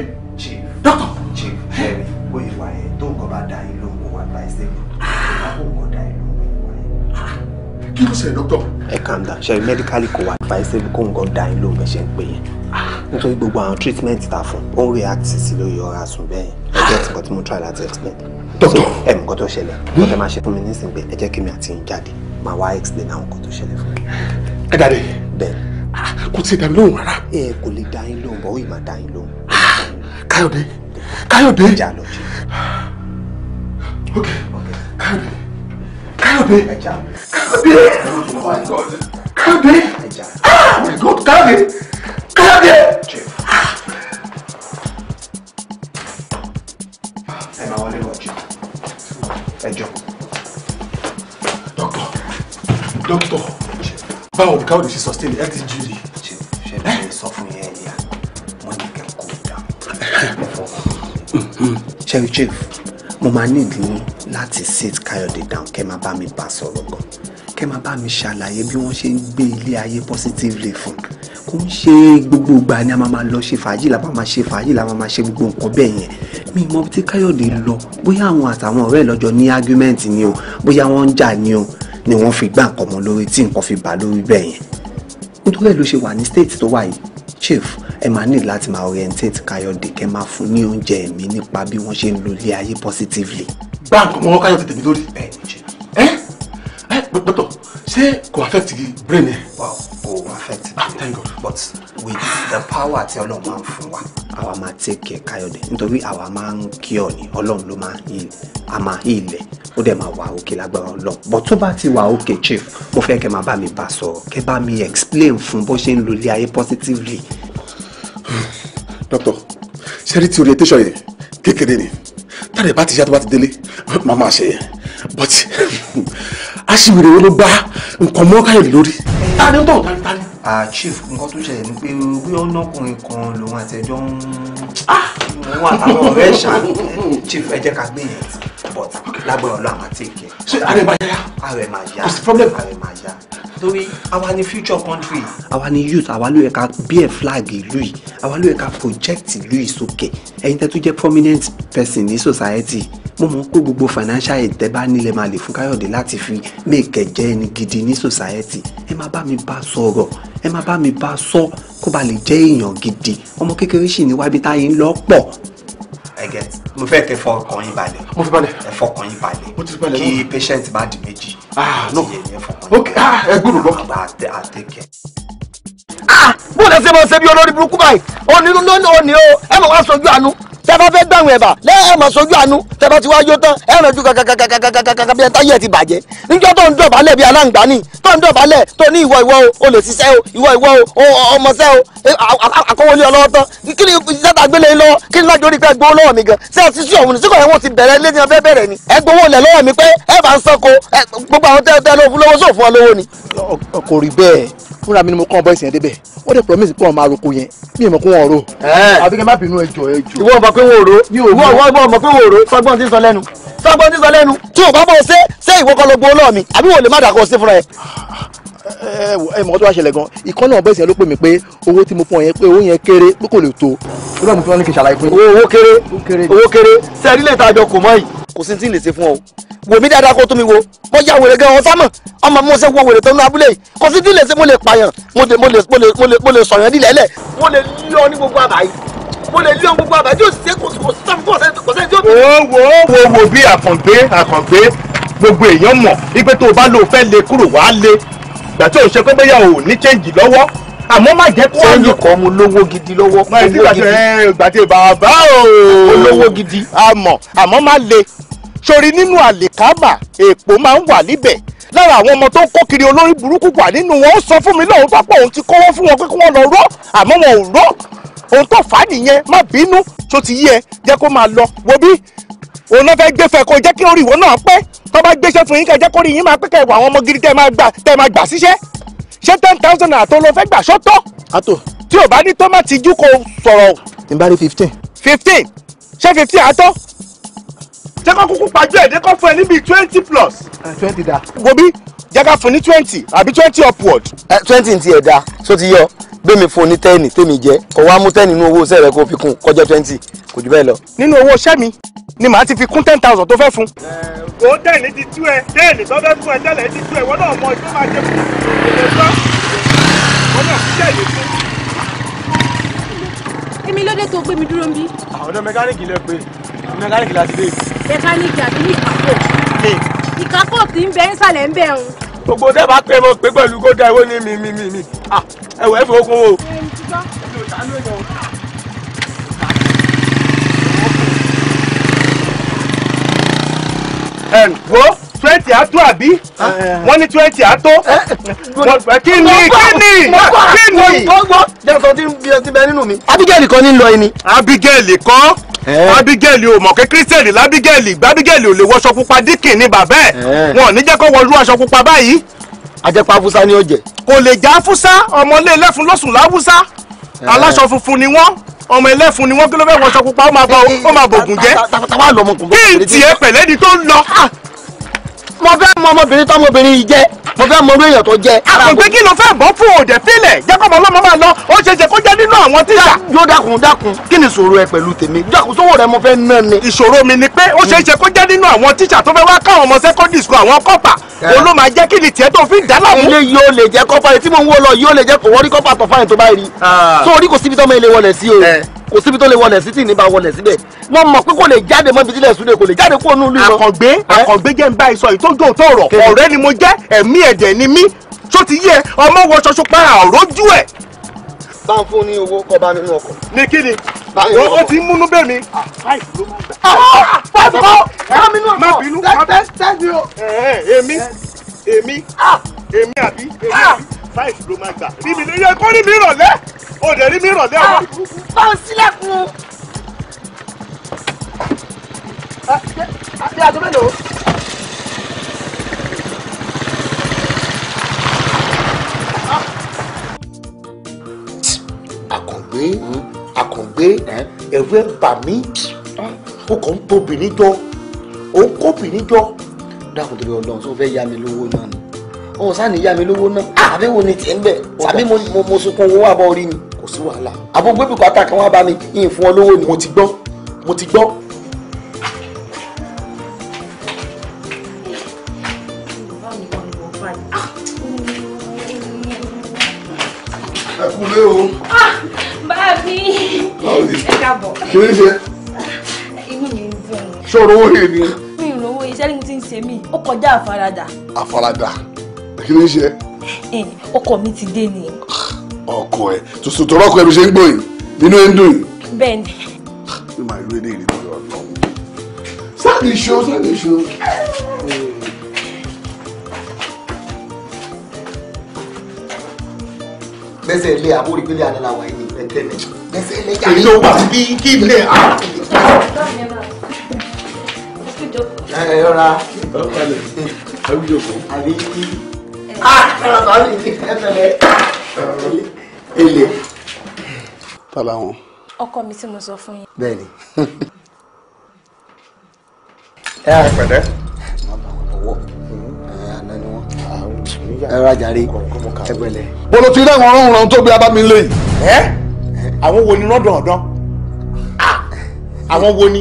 S4: dókítà. chief jerry wo ìwà yẹn tó nǹkan bá da ìlú òwò advisable ìwà òwò da ìlú òwò yẹn. kí ló ṣe dókítà. ẹ calm down ṣe medically kò wá advisable kó nǹkan da ìlú òwò ẹ̀ṣẹ̀ ń pè yẹn ah. nítorí gbogbo àwọn treatment ta fún ó ń react sí lórí ọ̀rá sùn bẹ́ẹ̀ yẹn ah. ẹ jẹ́ ti kọ́ tí mo try láti explain dókítà ẹ mú nǹkan tó ṣẹlẹ̀ nǹkan tó máa ṣe fún mi nísìnyí pé ẹ jẹ́ kí mi àti yín jáde máa wá explain àwọn nǹkan tó ṣẹlẹ̀ fún mi. ẹ jáde bẹ́ẹ̀ ah, kò tí ì dá mi lóhùn rárá. ẹ kò lè dá yín lóhùn bọ́ ó ì máa dá yín lóhùn.
S2: káyọ̀dé káyọ̀dé káyọ̀dé káyọ̀dé káyọ̀dé káyọ̀dé káyọ̀dé.
S1: ẹ
S4: máa wọlé o ẹ jọ. dókítà dókítà báwo ni káwọn lè ṣe sustain health injury. ṣe ṣe lè sọ fún yẹn ẹ̀yà mo ní kẹ́kọ̀ọ́ ìdáhùn. ṣe chief mo máa nídìí yín láti sit Káyọ̀dé down kẹ́ máa bá mi bá sọ̀rọ̀ gan kẹ́ máa bá mi ṣàlàyé bí wọ́n ṣe ń gbé ilé ayé positively fún kò ń ṣe gbogbo ìgbà ni a máa lọ ṣe fàájì la máa máa ṣe fàájì la máa máa ṣe gbogbo nǹkan bẹ́ẹ̀ yẹn mi mọ tí Káyọ̀dé lọ bóyá àwọn àtàwọn ọ̀rẹ́ lọ́jọ́ ní argument ni o bóyá wọ́n ń jà ni o ni wọ́n fi gbá nǹkan mọ́ lórí tí nǹkan fi bà lórí bẹ́ẹ̀ yẹn nítorí ẹ̀ ló ṣe wà ní state tó wà yìí chief ẹ máa ní láti máa orientate Káyọ̀dé kẹ́ máa fún ní oúnjẹ ẹ̀mí nípa bí wọ́n ṣe ń lo ilé ayé positively.
S2: Bank nǹkan mọ́ Káyọ̀dé tèmi lórí
S4: ẹ ẹ ẹ pẹ̀tọ̀ ṣé kò affect brain ẹ. wow o oh, affect ah, thank God. but with the power tí Ọlọ́run máa ń fún wa. àwa máa take care Káyọ̀dé nítorí àwa máa ń kí ọ ní Ọlọ́run ló máa ń a máa hí ilẹ̀ ó dẹ̀ máa wà òkè lágbára Ọlọ́run but tó bá ti wà òkè chief mo fẹ́ kẹ́ máa bá mi bá sọ̀rọ̀ kẹ́ bá mi explain fún bó ṣe ń lo ilé ayé positively doctor ṣe rí ti orientation yẹn kékeré ni tàdé bá ti ṣe àtúbà ti délé màá máa ṣe yẹn but aṣiwèrè wo ló bá nǹkan mọ́káyọ̀ lórí ta ni ó tọ̀ ta ni ta ah, ni. chief we tó ṣẹlẹ̀ ni pé bí ọ̀nàkùnrin kan lòun àtẹ̀jọ́ ń ah! wà táwọn ọ̀rẹ́ ṣàn chief I just can't gbé yẹn but lágbára ọlọ́ àmà tí kẹ. ṣé ààrẹ máa yá. ààrẹ máa yá. kò sí problem. ààrẹ máa yá. torí àwa ni future country. àwa ni youth àwa ló yẹ ká bear flag ìlú yìí àwa ló yẹ ká project ìlú yìí sókè ẹ̀yin tẹ́ tó jẹ́ prominent person ní society mo mọ̀ pé gbogbo financial aid tẹ́ bá nílẹ̀ máa lè fún káyọ̀dé láti fi make jẹ́ ẹni gidi ní society ẹ má bá mi bá sọ̀rọ̀ ẹ má bá mi bá sọ kó ba lè jẹ́ èèyàn gidi ọmọ kékeré sì ni wábi táyé ń lọ pọ̀ ẹgẹ mo fẹ́ kẹ́ fọ ọkàn yín balẹ̀ mo fi balẹ̀ ẹ fọkàn yín balẹ̀ mo ti kí patient má di méjì ah no ok ah ẹ gbọ́dọ̀ gbọ́. àgbà
S2: àtẹkẹ. ah bó o lè ṣe máa ṣe bí olórí burúkú báyìí òní ló ní òní o ẹ mọ̀ wá sọjú àánú tẹ bá fẹ́ gbàwìn ẹ̀bà lẹ́yìn ẹ̀mọ̀ sojú àánú tẹ bá ti wá yó tán ẹ̀ràn ju kàkàkàkàkàkàkà bí ẹ̀ńtáyé ti bàjẹ́ níjọ́ tó ń dọ̀bálẹ̀ bí aláǹgbá ni tó ń dọ̀bálẹ̀ tó ní ìwọ ìwọ o o ìwọ ìwọ ọmọṣẹ́ o àkọwọlé ọlọ́wọ́ tán kí ni iṣẹ́ tá a gbélé lọ kí ni láti orí pé gbowó lọ́wọ́ mi gan ṣé ẹ ṣíṣú ọ̀hún síkọ̀ ẹ̀wọ̀n ti bẹ̀rẹ̀ lé ní ọbẹ̀ bẹ̀rẹ̀ ni ẹ gbowó lẹ̀ lọ́wọ́ mi pé ẹ bá ń sanko gbogbo àwọn tẹ́lẹ̀ tẹ́lẹ̀ lówó sófin ọ ni. kò rí bẹ́ẹ̀ fúnra mi ni mo kọ́ bọ́ ìsìn yẹn débẹ̀ wọ́n dẹ̀ promise pé wọ́n máa roko yẹn mi ò mọ̀ kó wọ́n ro. àbí kẹ́ má bínú ẹjọ́ ẹjọ́. ìwọ ọmọ pé wọ́n ro ìwọ ọmọ pé wọ́n ro sọgbọ́n ti sọ lẹ́nu sọgbọ́n ti sọ lẹ́nu. tí o bá bọ̀ ṣe ṣé ìwọ kọ́ ló gbowó lọ́ọ̀ mi àbí wọ́n lè má dàgbọ́ ṣe fúnra ẹ̀ ẹ mọ̀ tó wá ṣẹlẹ̀ gan ìkọ́ náà bẹ́sẹ̀ ló pè mí pé owó tí mo fún ọ yẹn pé owó yẹn kéré pé kò lè tó. olóògùn tí wọ́n ní kí n ṣàlàyé fún yín. owó kéré owó kéré sẹ́ẹ̀rí lè tàjọ kò mọ́ yìí kò sí tí ń lè ṣe fún ọ wò mí dáadáa kó tó mi wo mo ya wèrè gan ọ̀sán mọ̀ ọmọ mo ṣe wo wèrè tó ń lo abúlé yìí kò sí tí ń lè ṣe mo lè pààyàn mo lè mo lè mo lè mo lè sọ̀yàn mo lè lọ ní gbogbo àbáyé mo lè lé ohun gbogbo àbájọ ṣe kò sí kò sẹ́ni tí ó bí. wo wo wo wo bí àkàngbé àkàngbé gbogbo èèyàn mọ̀ wípé tó o bá lò fẹ́ lé kúrò wàá lé ìgbà tí ò ń ṣe pé bóyá ò ní change lọ́wọ́ àmọ́ má jẹ́ kó àyè kọ́ mu lówó gidi lọ́wọ́ owó gidi gbàdé bàbá o olówó gidi àmọ́ àmọ́ má le sori nínú àlìkábà èèpo máa ń wà níbẹ̀ lára àwọn ọmọ tó ń kó kiri olórí burúkú wà nínú wọn ó sọ fún mi lóhun pápá òun ti kówó fún wọn pé kí wọ́n lọ rọ́ àmọ́ wọn ò rọ́ ohun tó fà á nìyẹn má bínú tó ti yí ẹ jẹ́ kó máa lọ wo bí òun náà fẹ́ gbé fẹ́ kó jẹ́ kí orí ìwọ náà pẹ́ tó bá gbéṣẹ́ fún yín kẹjẹ́ kórìí yín máa pé kẹwàá àwọn ọmọ gidi tẹ́ máa gbà tẹ́ máa gbà síṣẹ́ ṣé ten thousand àtọ́ ló fẹ́ gbà sọ́tọ̀. àtò. tí ò bá ní tó má tijú kó sọ̀rọ̀. n bá rí fifteen. fifteen ṣé fifteen àtọ́. jẹ́ kó kúkú pàjọ́ èdè kó fún ẹ níbi twenty plus. Ah, twenty da. gobi jẹ́ ká fún ní twenty àbí twenty upward. Eh, twenty ti ẹ̀ da so ti yọ gbẹ̀mí fún ní tẹ́ẹ̀nì tẹ́mi jẹ́ kó wá mú tẹ́ẹ̀nì nínú owó iṣẹ́ rẹ kó fi kún kó jẹ́ twenty kò jù bẹ́ẹ̀ lọ. nínú owó iṣẹ́ mi ni màá ti fi kún ten thousand tó fẹ́ fún. ó tẹ̀lé ti tú ẹ tẹ̀lé tó fẹ́ fún ẹ tẹ̀lé ti tú ẹ wọ́n náà mọ ìjọba máa jẹ fún ìṣẹ̀lẹ̀ tán wọ́n náà fi tẹ̀lé fún.
S3: èmi lóde tó gbé mi dúró ń bí.
S2: ọ̀dọ̀ mẹkáníìkì lẹ pé mẹkáníìkì láti dé.
S3: mẹkáníìkì àti ní ìkàkọ́ ìkàkọ́ tí ń bẹ ń sàlẹ̀ ń bẹ ń.
S2: gbogbo tẹ́ bá pẹ́ mọ́ pé pẹ̀lú kó da ìwé ni mi mi mi mi ẹ̀wọ̀ ẹ̀fọ́ okun o. ẹ̀ ń wo twenty àtó àbí wọ́n ní twenty àtó kí ni kí ni kí ni. jẹ́kọ̀ọ́ tí bí ti bẹ nínú mi. abigail kan ní lọ ẹni. abigail kan abigail ò mọ̀ pé kírísítẹ̀lì lábígẹ́lì gbábígẹ́lì ò lè wọṣọ pupa díkìn ní bàbá
S1: ẹ̀ wọn
S2: ò ní jẹ́ kó wọlú aṣọ pupa báyìí. ajẹpa fúsá ni ó jẹ. kò lè já fúsá ọmọlé lẹ́fun lọ́sùn láwùsá. Eh. aláṣọ funfun ni wọ́n ọmọ ẹlẹ́fun ni wọ́n kí ló fẹ́ wọṣọ pupa ó máa bọ̀ ògùn jẹ́ kí n tiẹ̀ pẹ̀lẹ́ni tó ń lọ ah! mo fẹ́ mọ ọmọbìnrin tọmọbìnrin yìí jẹ́ mo fẹ́ mọ orí èèyàn tó jẹ́. àpèpé kí ló fẹ́ bọ́ fún òde fílẹ̀ jẹ́kọ̀ọ́ ọlọ́mọ máa lọ ó ṣe ṣe kó jẹ́ nínú àwọn tíṣà. yóò dákun dákun kí ni ìṣòro ẹ pẹ̀lú tèmi dákun sówó rẹ mo fẹ́ ná ni. ìṣòro mi ni pé ó ṣe ṣe kó jẹ́ nínú àwọn tíṣà tó fẹ́ wá káwọn ọmọ secondary school àwọn kọ́pà òun ló máa jẹ́ kí ni tiẹ̀ tó fi dá ilé yóò lè jẹ́ kò síbi tó lè wọlé sí tí ní bá wọlé síbẹ̀ mo mọ̀ pé kò lè jáde mọ́ ibi tílẹ̀ kò lè jáde kó nù lù àkàngbé àkàngbé jẹ́ ń bá ìsọ ìtọ́jú òótọ́ ọ̀rọ̀ ọ̀rẹ́ ni mo jẹ́ ẹ̀mí ẹ̀dẹ̀ ni mí tó ti yẹ ọmọ wọ ṣoṣo para àrójú ẹ̀. bá fún ní owó kọ nínú ọkọ. ní kí ni o ti múnú bẹ́ mi. pàṣípò má bínú má bínú èmi èmi èmi àbí èmi àbí báyìí ló máa gbà rí mi lóye kó rí mi rọ̀lẹ́ o dẹ̀ rí mi rọ̀lẹ́ ọ̀rọ̀. Ah, bá ń sílẹ̀kùn.
S3: àti àgọ́ mélòó.
S2: Ah. àkàngbé àkàngbé ẹ̀rù ẹ̀ bà mí ah, o kàn ń tóbi níjọ́ o ń kóbi níjọ́ dákùn torí ọlọ́run tó fẹ́ yá mi lówó náà ni wọn sá ní yá mi lówó náà àbí ah, wo ni tì ń bẹ̀ tàbí mo sunkún owó àbọ̀ orí mi kò sí wàhálà àbọ̀ gbé bùkátà kan wá bá mi yín fún ọ lówó ni. mo ti gbọ́ mo ti gbọ́. ẹ kúlé o. Ah,
S3: báàbí ẹ káàbọ̀. kí ló ń ṣe. inú mi ń dùn. ṣòro owó yẹn ni. mi ò lówó iṣẹ́ ní ti ń ṣe mí ó kọjá àfaradà.
S2: àfaradà kí ló ń ṣe.
S3: ẹ ọkọ mi ti dé ni.
S2: ọkọ ẹ tuntun tọrọ ọkọ ẹ bí ṣe ń gbòyìn nínú ẹ ń dùn yìí. bẹ́ẹ̀ni. mi máa rí ilé ìrìn lọ lọ. sáàdì ṣó sáàdì ṣó. lẹ́sẹ̀ ilé amórìpínlẹ̀ aníláwà yìí ẹ̀kẹ́ mi lẹ́sẹ̀ ilé yàrá èyí ló wà bí kí ilé àá. ẹ ẹ rọra. ọ̀pọ̀ àlè àbí kí ele tala wọn.
S3: ọkọ mi tí mo sọ fún yín.
S2: bẹ́ẹ̀ni. ẹ á pẹ̀lẹ́. má bà wọn lọ́wọ́ àná ni wọn. ẹ rajà rí ẹgbẹ̀lẹ̀. bolo ti rí àwọn ọ̀rọ̀ ọ̀rọ̀ tó gbé abámi lé yìí. ẹ àwọn wo ni rọ́dọ̀ ọ̀dọ́ ah! àwọn wo ni.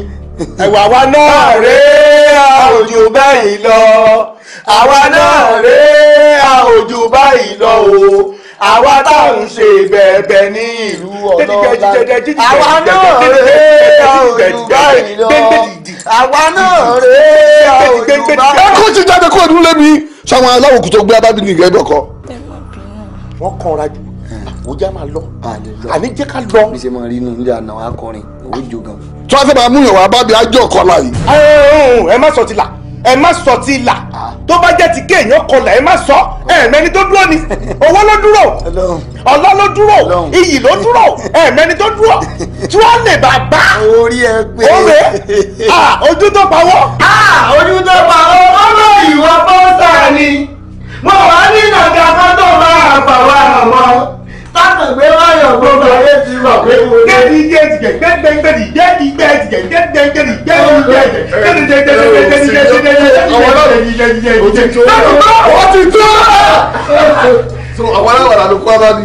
S2: ẹ̀wà wa náà rèé àròjù báyìí lọ àwa náà rèé a ò jù báyìí lọ o àwa tá à ń ṣe bẹ̀ẹ̀bẹ̀ ní ìlú ọlọ́lá àwa náà rèé a ò jù báyìí lọ àwa náà rèé a ò jù báyìí lọ. ẹ kó ti jáde kó ìdúró lẹ́nu yìí sáwọn aláwọ̀ kò tó gbé abábí ní ìgbẹ́ bọ̀kọ. wọ́n kanra jù hmm. àwòjá máa lọ àní jẹ́ ká lọ. bí ṣe máa rí inú ilé àná akọrin òwújo gan. tí wọ́n fẹ́ máa mú yàn wá bá mi àjọ kọ́lá ẹ má sọ ti là ẹ má sọ ti ìlà tó bá jẹ́ ti kéèyàn kọlà ẹ má sọ ẹ̀ẹ̀mẹni tó dúró ni owó ló dúró ọlá ló dúró iyì ló dúró ẹ̀ẹ̀mẹni tó dúró tí wọ́n lè bàbá orí ẹ gbé ọ̀rẹ́ ojú tó pawọ́. ojú tó pawọ́ ọmọ ìwà pọ́ńtà ni mo wà ní nàgàkọ́ tó bá àpàwọ̀ àwọn látàgbé láyọ̀ gbogbo ayé ti mọ̀ pé mo ní. gẹ́gì gẹ́gì gẹ́gì gẹ́gì gẹ́gì gẹ́gì gẹ́gì gẹ́gì gẹ́gì gẹ́gì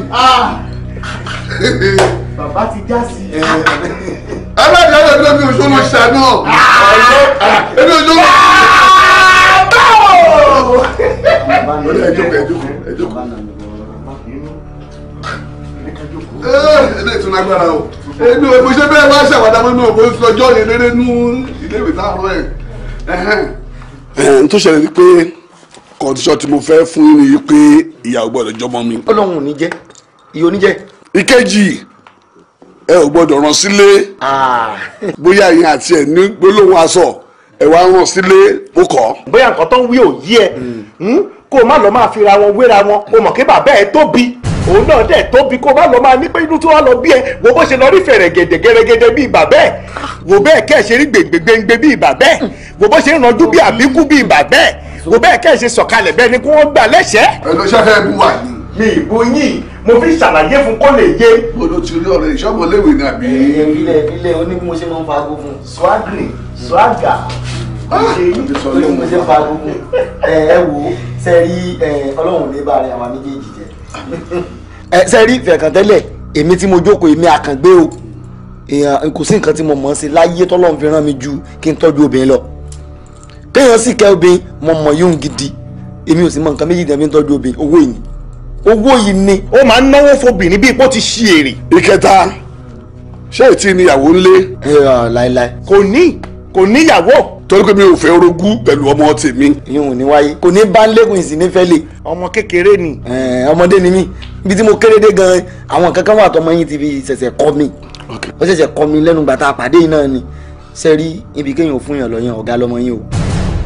S2: gẹ́gì Bàbá ti já sí. Aláàbí aláàbí ló fi oṣù mo ṣàánú. Ebi oṣù mo. Báwo. Ẹ jókòó ẹ jókòó ẹ jókòó ilé ìtura agbára o èmi ò ṣe bẹ́ẹ̀ wá ṣàwádà mọ́ mi ò bó sọ ọjọ́ yẹn léré nú ilé ìwé táàrọ̀ ẹ̀. n tó ṣẹlẹ̀ ni pé kọ̀ǹtíṣọ́ tí mo fẹ́ fún yín ni pé ìyàwó gbọ́dọ̀ jọmọ mi. ọlọ́run ò ní jẹ́ ìyó ní jẹ́. ìkejì ẹ ò gbọ́dọ̀ rán sílé ah. bóyá ìyẹn àti ẹ̀ ní gbólóhùn aṣọ ẹ wá rán sílé ó kọ́. bóyá nǹkan tó ń wí ò yí ẹ hmm. Hmm, kó o má lọ máa fi ra wọn wéra wọn o mọ̀ kí bàbá ẹ tóbi òun náà dẹ̀ tóbi kó má lọ máa ní pé inú tó wá lọ bí ẹ wo bó ṣe lọ rí fẹ̀rẹ̀ gẹ̀dẹ̀ gẹ̀rẹ́gẹ̀dẹ̀ bíi bàbẹ́ wo bẹ́ẹ̀ kẹ́ ẹ̀ ṣe rí gbèngbèngbè bíi bàbẹ́ wo bó ṣe ń ranjú bíi àbíkú bíi bàbẹ́ wo bẹ́ẹ̀ kẹ́ ẹ̀ ṣe sọ̀kalẹ̀ bẹ́ẹ̀ ni kí wọ́n gbà lẹ́sẹ̀. ẹ ló ṣẹ́fẹ́ bú wa ni. mi ìbò yín mo fi ṣàlàyé fún kó lè yé. mo ló ti rí ọ̀rọ̀ ìṣọ́mọléwé ni àbí. ẹ ilé ilé oní bí mo ṣe máa ń fagbó ah! fún ẹ sẹ́rí fẹ̀kàntẹ́lẹ̀ èmi tí mo jókòó èmi àkàngbé o èèyàn kò sí nǹkan tí mo mọ̀ ọ́n sí láyé tọ́lọ́run fi rán mi ju kí n tọ́jú obìnrin lọ kéèyàn sì kẹ́ obìnrin mo mọ̀ yóò gidi èmi ò sì mọ nǹkan méjì dẹ̀ fi ń tọ́jú obìnrin owó yìí owó yìí ni. ó máa ń náwó fobìnrin bí ipò ti ṣe èrè. ìkẹta ṣé ètí ni ìyàwó ń lé. láéláé. kò ní kò níyàwó torí pé mi ò fẹ́ orogún pẹ̀lú ọmọ tèmi. ìyóhùn ní wáyé kò ní bá ń lékun ìsìn nífẹ̀ẹ́ lè. ọmọ kékeré ni. ọmọdé ni mí ibi tí mo kéré dé gan àwọn kankan wà tọmọ yín ti fi ṣẹ̀ṣẹ̀ kọ́ mi ó ṣẹ̀ṣẹ̀ kọ́ mi lẹ́nu gbàtà pàdé yìí náà ni ṣe rí ibi kéèyàn fún yàn lọ́yàn ọ̀gá lọ́mọ yín o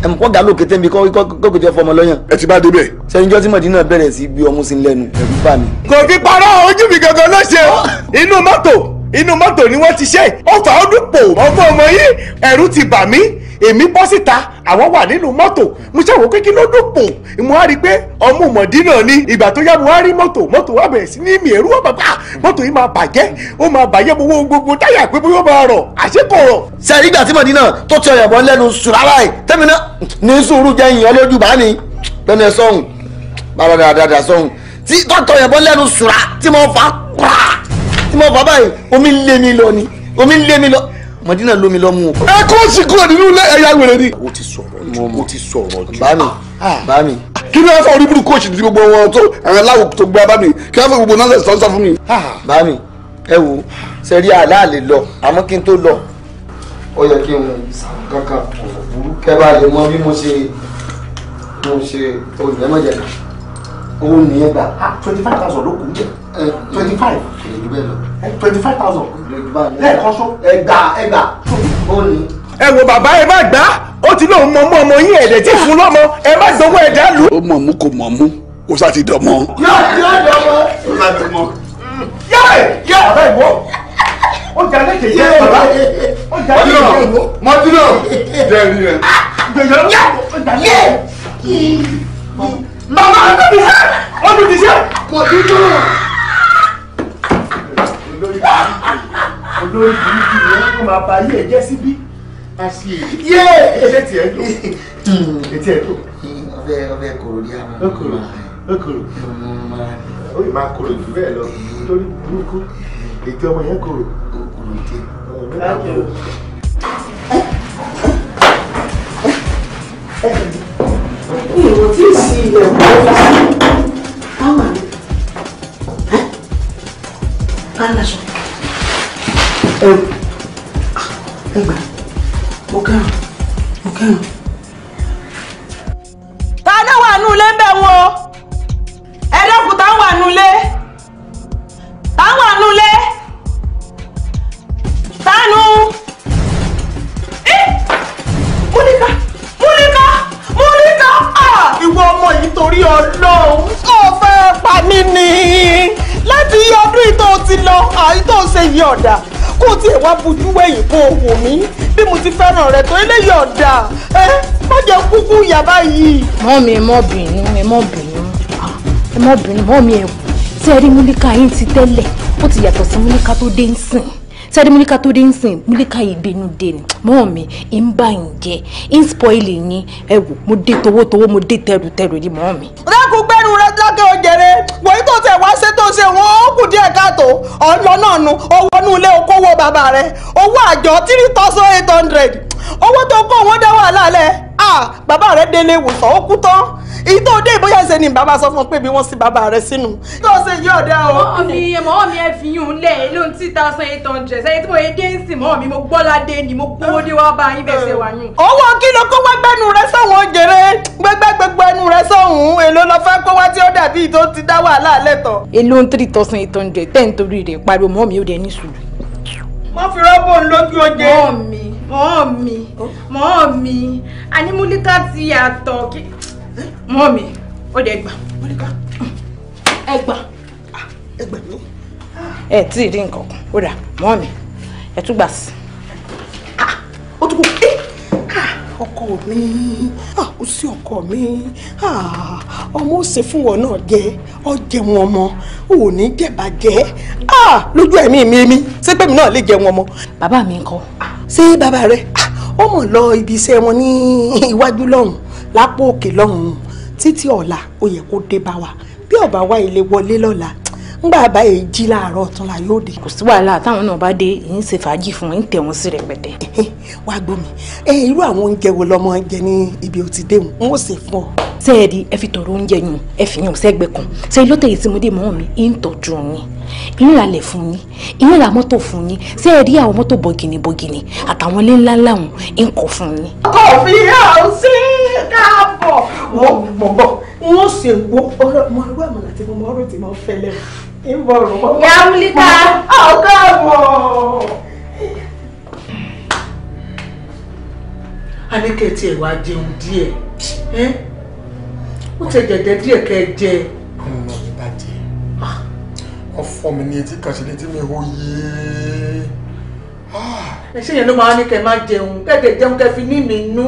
S2: ẹ mọ̀ kọ́gà lókè tẹ́mi kókò tí ó fọmọ lọ́yàn. ẹ ti bá débẹ̀. sẹ́yìn jọ́sí mọ̀dínà bẹ̀rẹ̀ sí bí ọmú sí lẹ́nu ẹ̀rú bà mí. kò fi parọ́ ojú mi gangan ló ṣe inú mọ́tò inú mọ́tò ni wọ́n ti ṣe ó fà ó dúpọ̀ ọmọ ọmọ yìí ẹ̀rú ti bà mí èmi bọ́ síta àwọn wà nínú mọ́tò mo ṣàwò kékeré ló dùpò mo á rí i pé ọmọ mọ̀dínà ni ìgbà tó yá mo á rí mọ́tò mọ́tò wa bẹ̀rẹ̀ sí ní mi ẹ̀rú ọ̀bà pa mọ́tò yìí máa bàjẹ́ ó máa bàjẹ́ gbogbo gbogbo táyà pé bóyá ó máa rọ̀ àṣekọ̀ rọ̀. sẹ́yìn ìgbà tí mọ̀dínà tó ti ọ̀yàbọ̀ lẹ́nu sùráláì tẹ́mínà ní sùúrù jẹ́ ìyàn lójú bá ní lẹ́nu ẹ̀ sọ́hùn bàbá dáadáa sọ́hùn tí tọ́tọ̀ ọ̀yàbọ̀ lẹ́nu sùrá tí mo fà á ni omi ń mọ̀dínà lómi lọ́mú o. ẹ kó sì kúrò nínú ilé ẹ̀yà wèrè ni. o ti sọ̀rọ̀ ju o ti sọ̀rọ̀ ju. Bami. Ah. mi bá mi. kí ló yẹ fọ orí burú kóòtù tí gbogbo wọn tó àwọn aláwọ tó gbé bá kí wọn fọ gbogbo náà sọ sọ fún mi. Ah. bá ẹ wo sẹ́rí àlàálẹ̀ lọ àmọ́ kí n tó lọ ó yẹ kí n kankan burú bá lè mọ bí mo ṣe mo ṣe olùyẹ́mọ̀jẹ̀ náà owó nìyẹn gbà ah, twenty five thousand ló kù níbẹ̀ twenty five twenty five thousand lẹ́ẹ̀kan ṣó ẹgbà ẹgbà ó ní. ẹ wo bàbá ẹ bá gbà á ó ti lóun mọ ọmọ ọmọ yín ẹ̀ẹ́dẹ̀ tí fún lọ́mọ ẹ má dánwó ẹ̀dá lù. ó mọ̀ mú kò mọ̀ mú kó sá ti dọ̀mọ́. yóò yóò dọ̀mọ́ kó sá ti mọ́. yóò yóò bàbá ìwọ ó jà lẹ́kẹ̀ẹ́ yé bàbá ó jà lẹ́kẹ̀ẹ́ yé bàbá. mọ́tò mọ́tò dẹ̀rí rẹ̀. máa ba yí ẹ jẹ́ síbí. yé ẹsẹ tiẹ lò ẹtí ẹ lò. ọbẹ̀ ọbẹ̀ kòrò ní àwọn ọmọ kòrò kòrò ó lè máa kòrò jù bẹ́ẹ̀ lọ torí burúkú ètò ọmọ yẹn kòrò. kòrò jẹ.
S1: ìwò tí ì sí ilẹ̀kùn ọ́fíìsì táwọn
S3: àlejò ẹ̀ bá ń laṣọ ẹgbà mo kẹ́hàn mo
S2: eléyìí kó o wò
S3: mí bí mo ti fẹ́ràn rẹ tó eléyìí ọ̀dà ẹ má jẹ́ kúkú yà báyìí. mọ́ mi ẹ mọ́ bínú ẹ mọ́ bínú ẹ mọ́ bínú mọ́ mi ẹ wò tí ẹ rí múlíkà yín ti tẹ́lẹ̀ ó ti yàtọ̀ sí múlíkà tó dé ń sìn sẹ́ni múlíkà tó dé ń sìn múlíkà ìbínú dé ni mọ́ mi ń bá yín jẹ́ ń spoil yín ẹ wò mo dé towótowó mo dé tẹrùtẹrù ni mọ́ mi. ọ̀dà kò gbẹ́rù rẹ lọ́kẹ́ òjèrè wọ́n ṣe wá ṣe tó wọn ó kù díẹ̀ káàtó ọ̀nà náà nu owó inú ilé okòwò bàbá rẹ owó àjọ three
S2: thousand eight hundred owó tó kó wọn dá wàhálà lẹ ah, bàbá rẹ délé ìwòsàn ó kú tán. èyí tó dé ìbóyá ṣe ni bàbá sọ fún un pé bí wọ́n sí bàbá rẹ sínú
S3: tó ṣe yí ọ̀dà o. mọ́ mi mọ́ mi ẹ fi yún lẹ̀ ló ń tí thousand eight hundred ṣẹ́yìn tí mo yé dé ń sìn mọ́ mi mo gbọ́ ládé ni mo kówó dé wá bá ibẹ̀ ṣe wà yún.
S2: owó kí ló kó gbẹgbẹnu rẹ sọ̀hún òjèrè gbẹgbẹgbẹgbẹ ẹnu rẹ sọ̀hún èló lọ fẹ́ kó wá tí ó dàbí tó ti dá wàhálà lẹ́tọ̀.
S3: èló ń mi ò mi ànímúlíkà ti yàtọ̀ mọ́ mi ó dẹ̀ gbà mọ́ríkà ẹ gbà ẹ gbà mí. ẹ tí ì rí nǹkan kan ó dà mọ́ mi ẹ tún gbà sí. Ah, ó tún kò pé eh, ah, ọkọ
S2: mi ah, ó sí ọkọ mi ọmọ ó ṣe fún wọn náà jẹ ọ jẹun ọmọ ò ní
S3: jẹbàjẹ lójú ẹ̀mí mi mi ṣé pé mi náà lè jẹun ọmọ. bàbá mi ńkọ́. ṣé bàbá rẹ ọmọ lọ ibi iṣẹ́ wọn ní iwájú lọ́hùn lápò òkè lọ́hùn títí ọ̀la ó yẹ kó dé bá wa bí ọba wa ilé wọlé lọ́la ngbà bá èyí jí láàárọ̀ ọ̀tún la yóò dé. kò sí wàhálà táwọn náà bá dé èyí ń ṣe fàájì fún yín tẹ̀wọ́n sí rẹpẹtẹ. wàá gbọ́ irú àwọn oúnjẹ wo lọmọ jẹ ní ibi ò ti dé wọn n ó ṣe fún ọ. ṣé ẹ rí ẹ fi tọrọ oúnjẹ yùn ẹ fi yàn sẹ́gbẹ̀ẹ́ kan ṣe ló tẹ̀yẹ tí mo dé mọ́ mi ń tọ́jú yín ìrìnà lẹ̀ fún yín ìrìnà mọ́tò fún yín ṣé ẹ rí àwọn mọ́tò bọ̀gìnì bọ̀gìnì àtàwọn ilé ńláńlá wọn ń kọ́ fún yín. ọkọ̀ fi hàn sí káàbọ̀ wọ́n bọ̀ bọ̀ wọ́n ṣe wo ọ̀rọ̀ mọ irú àmàlà tí mo mọ ọ̀rọ̀ tí mo fẹ́ lẹ́wọ̀ ìbọ̀ rọ̀ mọ́. ìyá amúlíkà ọ̀gáàbọ̀.
S1: aníkẹ́ tiẹ̀ wá jẹun díẹ̀
S2: ó tẹ jẹ̀dẹ̀ díẹ̀ kẹ́ ẹ jẹ.
S1: ọ̀nà ìbàjẹ́
S2: ọ̀fọ̀ mi ni etí kan ṣe létí mi ò yéé ẹ̀ṣẹ̀ yẹn ló máa ní kẹ́ ẹ má jẹun kẹ́ ẹ jẹun kẹ́ ẹ fi ní mi nú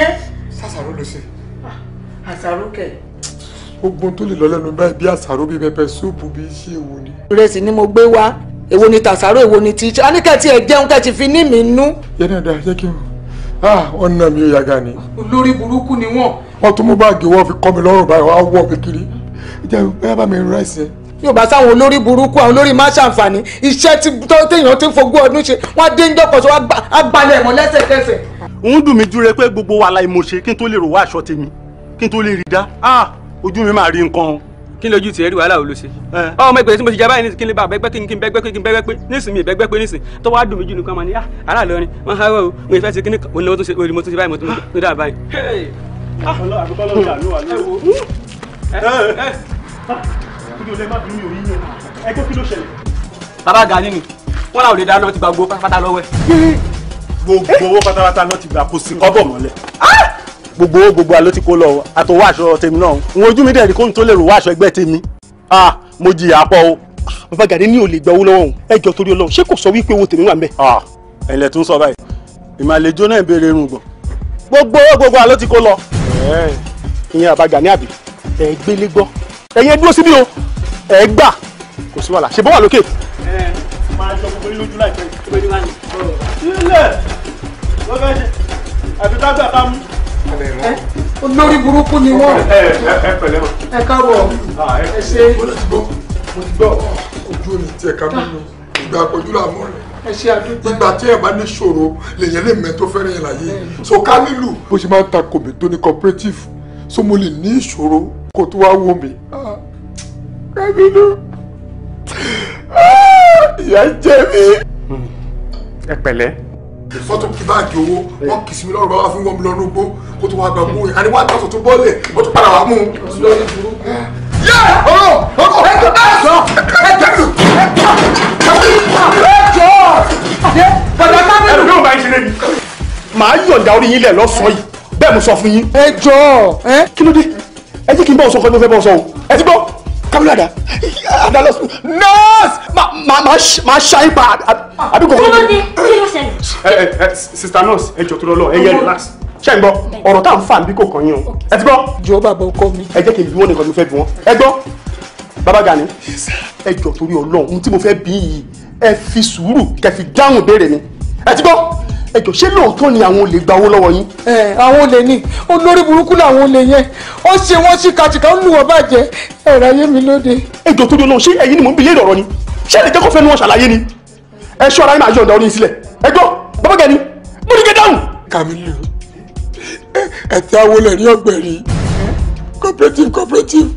S2: ẹ́ sàṣàrò ló ṣe. Ah. Ah, àṣàrò kẹ. ogun tó lè lọ lẹ́nu báyìí bí àṣàrò bíi pẹpẹ súùpù bíi ṣé èwo ni. ìrẹsì ni mo gbé wá èwo ni tàṣàrò èwo ni ti a ní kẹ́ẹ̀tì ẹ̀ jẹun kẹ́ẹ̀tì fi ní mi nú. yẹn náà dáa jẹ́ kí n wọ́n nà mí ó yàgà ni. olórí burúkú ni wọ́n. wọ́n tún mú báàgì wọ́n fi kọ́ mi lọ́rùn báyìí wọ́n á wọ̀ mí kiri. ìjà bẹ́ẹ̀ bá mi rú ẹ̀sìn yóò bá sáwọn olórí burúkú àwọn olórí má ṣàǹfààní iṣẹ́ tí téèyàn ti ń fogún ọdún ṣe wọ́n á dé ń jọ́kọ̀ sọ wọ́n á gbalẹ̀ mọ́ lẹ́sẹ̀kẹsẹ̀ òun dùn mí júre pé gbogbo wa láì mo ṣe kí n tó lè rò wá aṣọ tèmi kí n tó lè rí dá ah ojú mi máa rí nǹkan o. kí ni ojú tiẹ̀ rí wàhálà olóṣè. ọmọ ìpèsè tí mo ṣe jábá yìí kí n lè bá bẹ́gbẹ́ kí n bẹ́gbẹ́ pé kí n bẹ́gbẹ́ pé nísìnyí mi bẹ́gbẹ́ pé nísìnyí tó wá dùn mí jù nìkan máa ní ah, ará lọrin wọn há wọ́ọ̀ mo ìfẹ́ ṣe kí ni òun ni mo ṣe mo tún ṣe báyìí mo tún dà báyìí. Ah! bàbá gani ni wọn làwọn lè dáná ti gbàgbó pátá lọ́wọ́ ẹ gbogbo owó pátápátá ló ti gbà kó sí kọ́bọ̀ mọ́lẹ̀ gbogbo owó gbogbo àló ti kó lọ àtọwọ́ aṣọ tèmi náà òun ojú mi dẹ̀ rí kóhun tó lè rò wá aṣọ ẹgbẹ́ tèmi mo jìyà pọ̀ o. bàbá Gani ní olè gba owó lọ́wọ́ òun ẹ jọ torí Ọlọ́run ṣé kò sọ wípé owó tèmi wà ń bẹ̀. ẹ̀lẹ̀ tún sọ báyìí ìmàlẹ̀ jóná ìbéèrè irun gbọ̀n gbogbo owó gbogbo àló ti kó lọ. ìyẹn bàbá Gani àbí ẹ gbélé gbọ́ ẹ̀yin ẹ dúró síbí o ẹ gbà kò sí wàhálà ṣe bọ́ wà máa jọ gbogbo lójú láìpẹ́ ìgbẹ́ ní wáyé. sílẹ̀ ló fẹ́ ṣe àbí tágbà bá mú. olórí burúkú ni wọ́n. ẹ pẹ̀lẹ́ mọ̀. ẹ káàbọ̀ ẹ ṣe. mo ti gbọ́ mo ti gbọ́ ojú ò ní tiẹ̀ ká mímu ìgbà àpọ̀jù là mọ̀ rẹ̀ ìgbà tí ẹ bá ní ṣòro lèyẹn lè mẹ́ tó fẹ́rẹ̀ yẹn láyé so ká nílù bó ṣe máa ń ta kòmí tó ní cooperative so mo lè ní ìṣòro kó tó wá wò mí. ká nílù ìyá jẹ mí. ẹ pẹ̀lẹ́. ìfọ́ tó kí báàgì owó wọ́n kì sí mi lọ́rùn bàbá fún wọn mi lọ́nu gbó kó tó wá gba mú un àríwá àtàtọ̀ tó bọ́lẹ̀ ó tó padà wá mú un. lórí burúkú. yẹ ọ̀rọ̀ ọ̀rọ̀ ẹjọ́ ẹjọ́ ẹjọ́ ẹjọ́ padà má mi. ẹnu yóò máa ń ṣeré mi. màá yọ̀ǹda orí yín lẹ̀ lọ́sọ̀ọ́ yìí bẹ́ẹ̀ mo sọ fún yín. ẹ jọ̀ọ́ ẹ kí ló dé ẹ jẹ́ kí n bá ọ sọ fún ẹ mo fẹ́ bá ọ sọ o ẹ ti gbọ́ kamilada ada lọ sùn nurse ma ma ma ma ṣa ipa àbí kò. kúló ni kí ló ṣẹlẹ̀. ẹ ẹ sista nurse ẹ jọ tó lọ ẹ yẹ relax ṣe ń gbọ́ ọ̀rọ̀ tá à ń fà bí kò kàn yín o ẹ ti gbọ́. jọ bàbá ọkọ mi. ẹ jẹ́ kí n bí wọ́n nìkan mi fẹ́ bí wọ́n ẹ gbọ́ bàbá Gani ẹ jọ torí Ọlọ́run tí mo fẹ́ bí yìí ẹ fi sùúrù kẹ́ dáhùn béèrè mi ẹ ti gbọ́ ẹjọ ṣé lóòótọ́ ni àwọn olè gba owó lọ́wọ́ yín. ẹ àwọn olè ni olórí burúkú làwọn olè yẹn ó ṣe wọn ṣìkàṣìkà ó lù wọn bàjẹ́ ẹ̀rọ ayé mi lóde. ẹjọ tó dọ́nà ṣé ẹ̀yin ni mò ń bi léèrè ọ̀rọ̀ ni ṣé ẹ lè jẹ́ kó fẹ́nu wọn ṣàlàyé ni ẹ ṣọ́ ara yín máa yọ̀ǹda orí sílẹ̀ ẹjọ bàbá ni mo ní kẹ́ dáhùn. Kamilu ẹ̀tẹ́ awolẹ̀ ní ọ̀gbẹ̀rì cooperative cooperative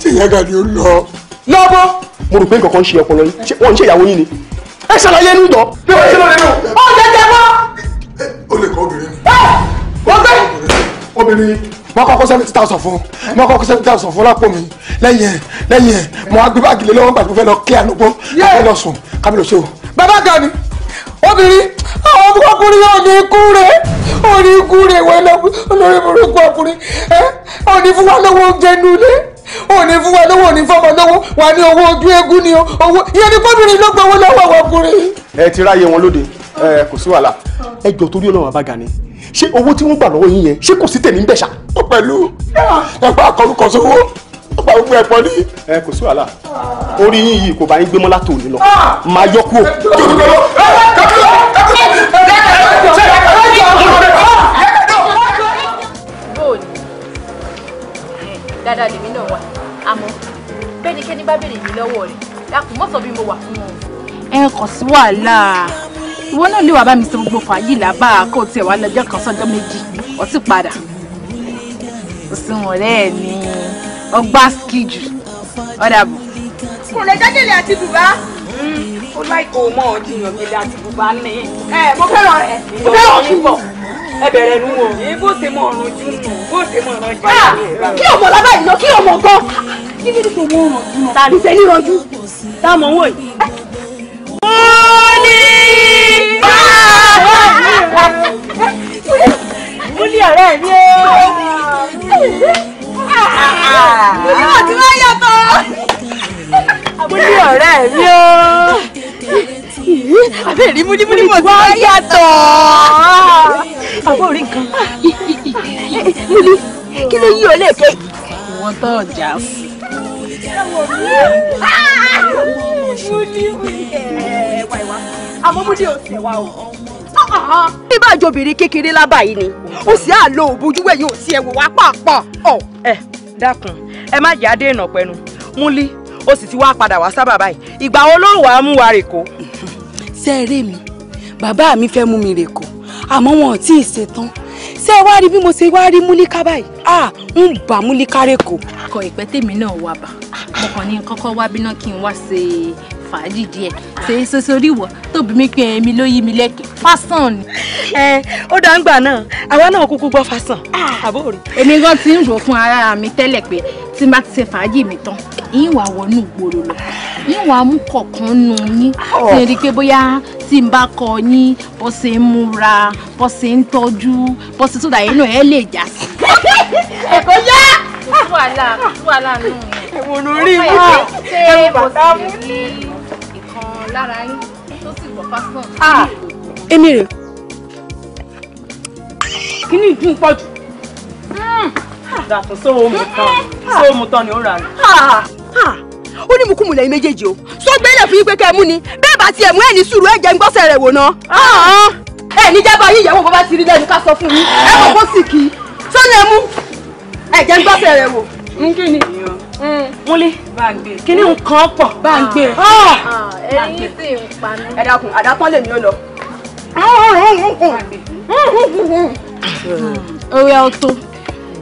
S2: ṣe yàgà ni ó lọ. lọ́bọ̀ mo rò pé nǹkan kan ṣe ọpọlọ yín wọ́n ń ṣe ìyàwó yín ni ẹ ṣàlàyé ẹnu ìdán bí wọ́n ṣe lọ́ọ́ ó lè kọ́ obìnrin ni. wọ́n gbé obìnrin mo kọ́kọ́ seventy thousand fún mo kọ́kọ́ seventy thousand fún lápò mi lẹ́yìn ẹ̀ lẹ́yìn ẹ̀ mo á gbé báàgì lé lọ́wọ́ gbàgbé fẹ́ lọ kí ànúgbó àfẹ́ lọ sùn kábílò ṣe o. bàbá kan ni obìnrin àwọn ọkùnrin yóò ní ikú rẹ òní ikú rẹ wọlé olórí burúkú ọkùnrin ẹ òní fún wa lọ́wọ́ oúnjẹ nulẹ̀ òní fún wa lówó òní fọmọ lówó wà ní owó ojú eégún ni o owó ìyẹn ni kóbìnrin ló gbowó lọ́wọ́ àwọn ọkùnrin. ẹ ti ráyè wọn lóde ẹ kò sí wàhálà ẹ jọ torí Ọlọ́run àbága ni ṣé owó tí wọ́n gbà lọ́wọ́ yín yẹn ṣé kò sí tèmi ń bẹ̀ṣà. ó pẹ̀lú ẹ̀fọ́ àkọlùkọ sówó ó pa gbogbo ẹ̀pọ̀ ní. ẹ kò sí wàhálà orí yín yìí kò bá yín gbé látò ní lọ máa yọ kúrò.
S3: dáadáa lèmi bẹ́nikẹ́ni bá béèrè mi lọ́wọ́ rẹ̀ dákun mọ́sọ̀ bí mo wà fún wọn. ẹ kàn sí wàhálà ìwọ náà lè wà bá mi ṣe gbogbo fàáyì làbá kó o tiẹ̀ wá lọ́jọ́ kan sọ́jọ́ méjì ọtí padà òsùn ọ̀rẹ́ mi ọgbà skijù ọ̀dàbọ̀. kò lè jákèlè àti bùbá ó láìkó mọ́ ọdíyàn gèlè àti bùbá ní. ẹ mo fẹ́ràn ẹ mo fẹ́ràn ọ̀ṣùpọ̀ ẹ bẹ̀rẹ̀ nu o. èyí bó ṣe mọ ọ̀run jù nù bó ṣe mọ ọ̀run jù. Ah, kí ọmọ lábá yìí lọ kí ọmọ gan. kí ni kò mọ ọ̀run jù náà. tàbí sẹ́ni rọjú táwọn wò
S1: yìí. mo ní bá a. mo ní ọ̀rẹ́ mi o. Ah, ah, mo ní ọ̀tún wáyà tán
S3: mo ní ọ̀rẹ́ mi
S1: o. àbẹ́ rí múdímúdí mo ti wá yàtọ̀.
S3: àbọ̀ orí nǹkan. múlí kí ló yí ọ lẹ́ẹ̀kẹ́.
S1: wọ́n tọ́ ọjà sí.
S3: àmọ́ múlí ò tẹ̀wá o bí bá jọ obìnrin kékeré lába yìí ni ó sì á lo òbójú wẹ̀yìn òsì ẹ̀wò wá pàápàá. ẹ dákun ẹ má jẹ́ adé ìnà pẹ̀lú múlí O sì ti wá padà wá sábà báyìí ìgbà wo ló wàá mú wa rèkó. ṣé ẹ mi bàbá mi fẹ́ mú mi rèkó àmọ́ wọn ò tí ì ṣetán ṣé ẹ wá rí bí mo ṣe wá rí múlíkà báyìí à ń bà múlíkà rèkó. ọkọ ìpẹ́ tèmi náà wà bá mo kàn ní kọ́kọ́ wá bíná kí n wá ṣe fàájì díẹ̀ ṣe ṣoṣo ríwọ tóbi mi pin ẹ̀mí ló yí mi lẹ́kẹ̀ẹ́ fásán ni. ẹ ó dá ń gbà náà àwa náà kúkú gbọ́ fásán ah. àbórí. èmi gan ti ń rò fún ara mi tẹ́lẹ̀ pé tí n bá ti ṣe fàájì mi tán yín wà wọnú ìgboro lọ yín wà mú kọ̀ọ̀kan nu yín tí oh. n rí i pé bóyá tí n bá kọ yín bó ṣe ń múra bó ṣe ń tọ́jú bó ṣe sódà yín náà ẹ lè jà sí. ẹ̀kọ́ yá. wàhálà wàhálà nù. ẹ̀wọ̀n lórí mi ẹ̀wọ̀n bàtà mú ní kan lára yín tó sì wọ pásítọ̀. èmi rè So ìdún pọ̀ jù. dàtún sóhun mu eh, tán sóhun eh. mu tán ni ó rà ní. Ah, ah. ah, ó ní mukúmu lẹ́yìn méjèèjì o sọ gbẹ́lẹ̀ fún yín pé kẹ́ ẹ mú ni bẹ́ẹ̀ bá tiẹ̀ mú ẹ̀ ní ti rí lẹ́nu ká sọ fún yín ẹ kò kó sì kí sọ́ni ẹ mú ẹ̀ jẹ́ ń gbọ́sẹ̀ rẹ̀ wò. n kí múlí mm. kíní nǹkan pọ̀ bá ah. ah, ń gbé. ẹyin sì ń pa mí. ẹ dákun àdátán lèmi ò lọ. orí ọ̀tọ̀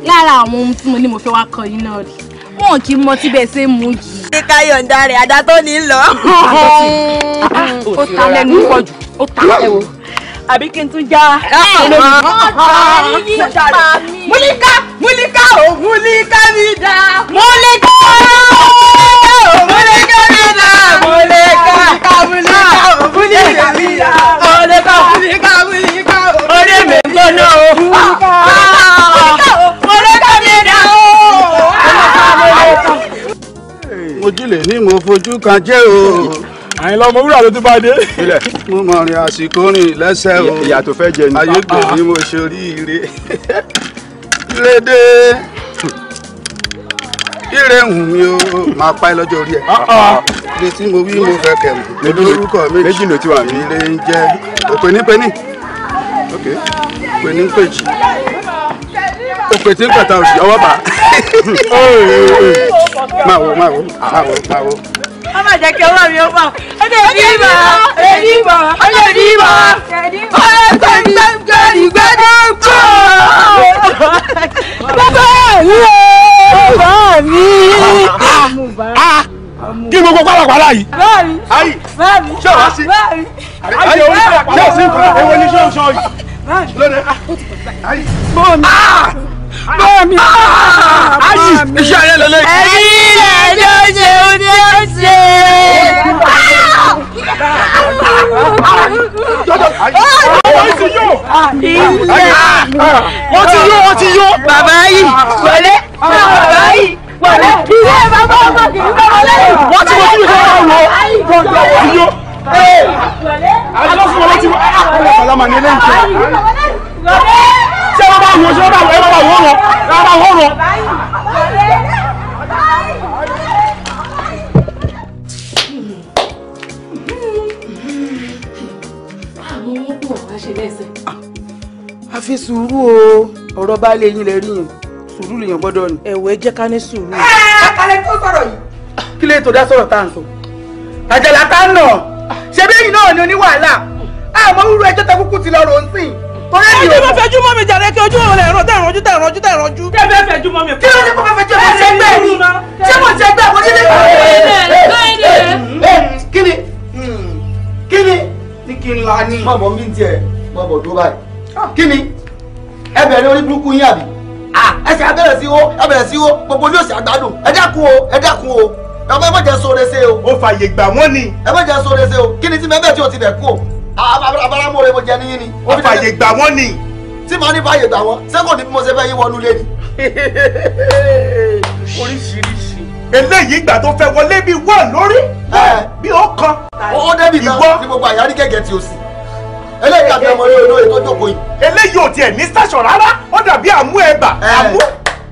S3: lára àwọn ohun tí mo ní mo fẹ́ wá kọ yín náà rí wọn kì í mọ tí bẹ́ẹ̀ ṣe mú yìí. ṣé ká yọ̀ǹda rẹ̀ àdá tó ní lọ. Ah, ó ta lẹ́nu pọ̀ jù ó ta ẹ̀wò àbí kí n tún já.
S1: Ah, ah, ah,
S3: múlíkà múlíkà ò múlíkà mi dá. múlíkà ò múlíkà mi dá. múlíkà múlíkà ò múlíkà mi dá. múlíkà múlíkà múlíkà ò. orí mi gbóná o. múlíkà ò
S1: múlíkà mi dá
S2: o. mo jílè ní mo fojú kan jẹ́ o àyìnlá ọmọ wúrà ló ti bá dé. mo mọ rìn àsìkò rìn lẹ́sẹ̀ o ìyá tó fẹ́ jẹ ní. ayédè ah. ni mo ṣe oríire lédè ire hùn mi o máa pa ẹ lọ́jọ́ orí ẹ̀ ah, ah. ibi tí mo wí mo fẹ́ kẹ̀ mọ́ lórúkọ méjì ló ti wà mí lè ń jẹ́ òpènípẹ́ni òpènípẹ́jì òpètí ń òsì ọwọ́ bá
S1: máa wo máa wo máa wo máa wo
S3: wọ́n máa jẹ́ kí ọwọ́ mi ó bọ̀. ẹ̀dí bọ̀ ẹ̀dí bọ̀ ẹ̀dí bọ̀ ẹ̀dí bọ̀ ẹ̀dí bọ̀ ẹ̀dí bọ̀ bàbá mi bàbá mi. Ah, kí n gbogbo pàlàpàlà yìí. báàmì
S2: báàmì báàmì báàmì. ayé orí pàlàpàlà yìí. ṣé o sì ń kọ́ ewé ní ṣọ́ọ̀ṣọ́ yìí.
S1: báàmì ó ti pọ̀ báyìí
S2: báàmì ayé iṣẹ́ ayé lọ́lẹ́. ẹ̀yin rẹ̀ ló ṣe ó ní ó
S1: ṣe.
S3: ilé wọ́n ti yó wọ́n ti yó. bàbá yìí wọlé bàbá yìí wọlé. ilé bàbá ọkọ kì í bàbá wọ́n ti wọ́n ti wọ́n wọ́ wọ́n ti yó. alọ́ fún wọn ló ti wọ́n. ọ̀la màá ní ilé
S2: ìjọ ṣé wọ́n bá wọ́n ṣé wọ́n bá wọ́n ẹ̀rọ bá
S3: wọ́n rọ ẹ̀rọ bá
S2: a fi sùúrù o ọ̀rọ̀ baálé yín lè rí yẹn sùúrù lèèyàn gbọ́dọ̀ ni. ẹ̀wẹ̀ jẹ́ ká ní sùúrù. alẹ́ ah, tó sọ̀rọ̀ yìí. kí lè tó dá sọ̀rọ̀ tá à ń sọ. àjàlá tá ń nà ṣebí èyí ni oníwàhálà àmọ́ wúru ẹjọ́ tẹ kúkú ti lọ́ọ́ rò ó ń sìn torí mi ò. ẹjọ́ fẹjú mọ́ mi jàre kí ojú wọn lè rán tẹ̀ ránjú tẹ̀ ránjú tẹ̀ ránjú. kí ló mọ́ mi. kí ló dé kọ́kọ́ fẹjú mọ́ mi ṣẹgbẹ́ mi ṣé mo ṣẹgbẹ́ mo ní lè. kíni kíni ní kí n la ni. mọ̀mọ́ mi tiẹ̀ mọ̀mọ́ tó báyìí. Ah. kíni ẹ bẹ̀rẹ̀ orí burúkú yín àbí. Ah. Ah, ẹsẹ̀ abẹ́rẹ́ sí wo abẹ́rẹ́ sí wo gbogbo yóò ṣe àgbádùn ẹ dákun ẹ má jẹ́ sóore ṣe o. ó fàyè gbà wọ́n ni. ẹ má jẹ́ sóore ṣe o kíni tí mẹ́bẹ̀ẹ́ tí o ti bẹ̀ kú o abaramore mo jẹ níyìn ni. wọ́n fàyè gbà wọ́n ni. tí màá ní fàyè gbà wọ́n sẹ́kọ̀ọ́ ni mo ṣe fẹ́ yín wọnú lé ni.
S1: oríṣiríṣi.
S2: eléyìí ìgbà tó fẹ́ wọlé bí wà lórí. Eh. bí ó kan. débi náà ni gbogbo àyárí gẹ́gẹ́ tí o eléyìí tàbí ọmọ ilé olóye tó jókòó yìí. eléyìí ò tiẹ̀ ní station rárá ó dàbí àmú ẹ̀bà eh. àmú.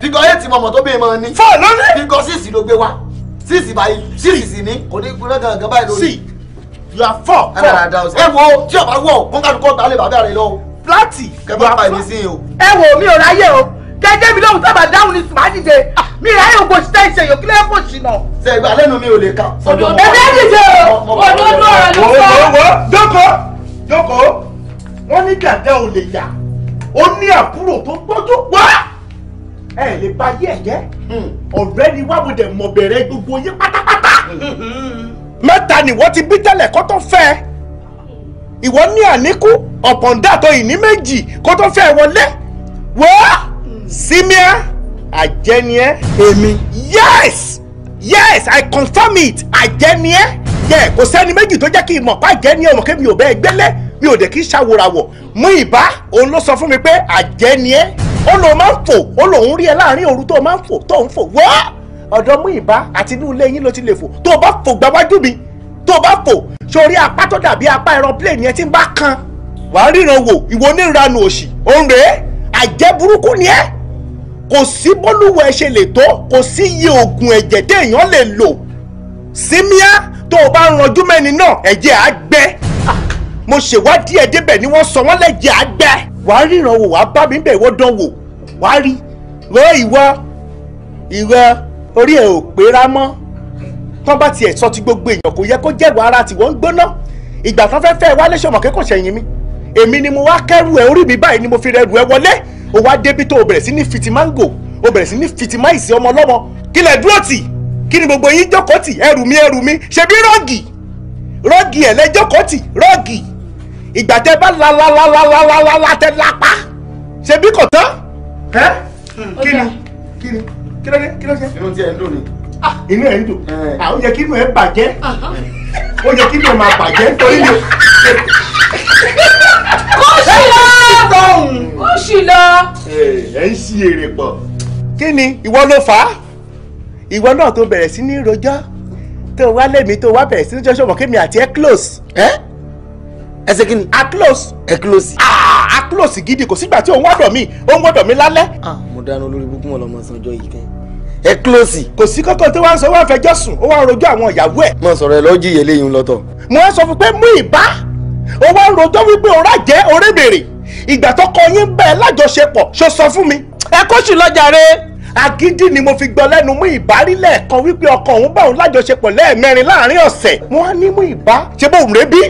S2: fígọ eight mọ̀mọ́ tó bẹ́ẹ̀ máa ní. fọ́ọ̀lù ní. fígọ síìsì ló gbé wa síìsì báyìí síìsì ní kò ní kúrẹ́ gangan báyìí lórí you are four four ẹ wo tí ọba wọ kọ́ńkàdúkọ́ ta lè bàbá rẹ lọ. fúláàtì kẹfà pa èmi sí o. ẹ wo mi ò ráyè o gẹ́gẹ́ mi lóhùn sábà dáhùn ni sùmá dìde mi ráyè ògbó ṣiṣẹ́ ìṣe yòókù lẹ́yìn fún ṣìnà. ṣe ìgbà lẹ́nu mi ò lè kà. ẹgbẹ́ dìde o òdodo ọ̀rọ̀ ló sọ. wo wo jókòó jókòó wọ́n ní gàdá ò lè yà ó ní àbúrò tó gbójú wá ẹ lè ba yí ẹ jẹ hmm. ọ̀rẹ́ ni wàá mo dẹ mọ bẹ̀rẹ̀ gbogbo yín pátápátá.
S1: Hmm, hmm,
S2: mẹ́ta ni wọ́n ti bí tẹ́lẹ̀ kó tó fẹ́ ìwọ ní àníkú ọ̀pọ̀ǹdàtọ̀ ìní méjì kó tó fẹ́ wọlé wọ́ simia àjẹniẹ. èmi. yes yes i confirm it àjẹniẹ. yẹ kò sẹ́ni méjì tó jẹ́ kí n mọ̀ pa àjẹniẹ ọmọ kébì ò bẹ́ẹ̀ gbélé mi ò dé kí n ṣàwòràwọ̀ mú ìbá òun ló sọ fún mi pé àjẹniẹ ó lóun máa ń fò ó lóun rí ẹ láàrin òru tó máa ń fò tó ń fò wọ́ọ́ ọ̀dọ̀ Múyìnbá àti inú ilé yín ló ti lè fò tó o bá fò gbáwájú mi tó o bá fò sórí apá tó dàbí apá aeroplane yẹn tí ń bá kan wàá ríran wò ìwọ oníranù òsì òun rèé burúkú ni ẹ́ kò sí bólúwọ̀ ẹ ṣe lè tó kò sí iye oògùn ẹ̀jẹ̀ téèyàn lè lò símíà tó o bá ń ranjú mẹ́ni náà ẹ̀jẹ̀ á gbẹ ah, mo ṣèwádìí ẹ̀ débẹ̀ ni wọ́n sọ wọ́n lẹ́jẹ̀ á gbẹ wàá ríran wò wàá bá mi bẹ̀ wọ́n wò wàá rí wọ́n ìwọ ìwọ orí ẹ̀ ò pera mọ́ tán bá tiẹ̀ sọ ti gbogbo èèyàn kò yẹ kó jẹ́wọ́ ara tiwọn ń gbóná ìgbà tán fẹ́ fẹ́ wálé ṣọmọ kẹ́kọ̀ọ́ sẹ́yìn mi èmi ni mo wá kẹ́rù ẹ̀ orí mi báyìí ni mo fi rẹrù ẹ wọlé o wá débi tó o bẹ̀rẹ̀ sí ní fitimango o bẹ̀rẹ̀ sí ní fitimáìsì ọmọ ọlọ́mọ kílẹ̀ dúró tì kí ni gbogbo yín jókòó tì ẹrù mi ẹrù mi ṣebí rọ́ọ̀gì rọ́ọ̀gì ẹ̀ lẹ́jọ́kọ́ tì rọ́ọ̀gì ìgbà tẹ bá lalalalalala tẹ lápá ṣebí kò tán. kí ni kí ni kí ló dé kí ló ṣe. inú tí ẹ ń dùn ni. Ah, inú ẹ ń dùn eh. ah, ó yẹ kí inú ẹ bàjẹ́ ó yẹ kí inú ẹ máa bàjẹ́ nítorí mi. ó ṣì lọ ó ṣì lọ. ẹ ń ṣí èrè pọ̀. kí ni ìwọ ló fà á ìwọ náà tó bẹ̀rẹ̀ sí ní rojọ́ tó wá lẹ́mí tó wá bẹ̀rẹ̀ sí ní jọ́ṣọ́ mọ̀kémi àti ẹ close. ẹ eh? ẹ ṣe kí ni. a close. ẹ close. aa ah, a close gidi kò sígbà tí òun wọ́dọ̀ mi òun wọ́dọ̀ mi lálẹ́. ah mo dáná lórí búkún ọlọmọ sanjọ yìí kẹ́ ẹ close. kò sí kankan tí wọ́n sọ wọ́n fẹjọ́ sùn ó wá rojọ́ àwọn ìyàwó ẹ̀. mo sọ̀rọ̀ ẹ lọ jíye léyìn lọ́tọ̀. mo sọ fún pé mú ìbá ó wá rojọ́ wípé òrà jẹ́ orébèrè ìgbà tó kọ yín bẹ́ẹ̀ lájọṣepọ̀ ṣó sọ fún mi. ẹ kó sì lọ́jà rẹ. agídí ni mo fi gbọ́ lẹ́nu mú ìbárí lẹ́ẹ̀kan wípé ọkọ òun bá òun lájọṣepọ̀ lẹ́ẹ̀mẹrin láàrin ọ̀sẹ̀. wọ́n á ní mú ìbá ṣé bóun rẹ bí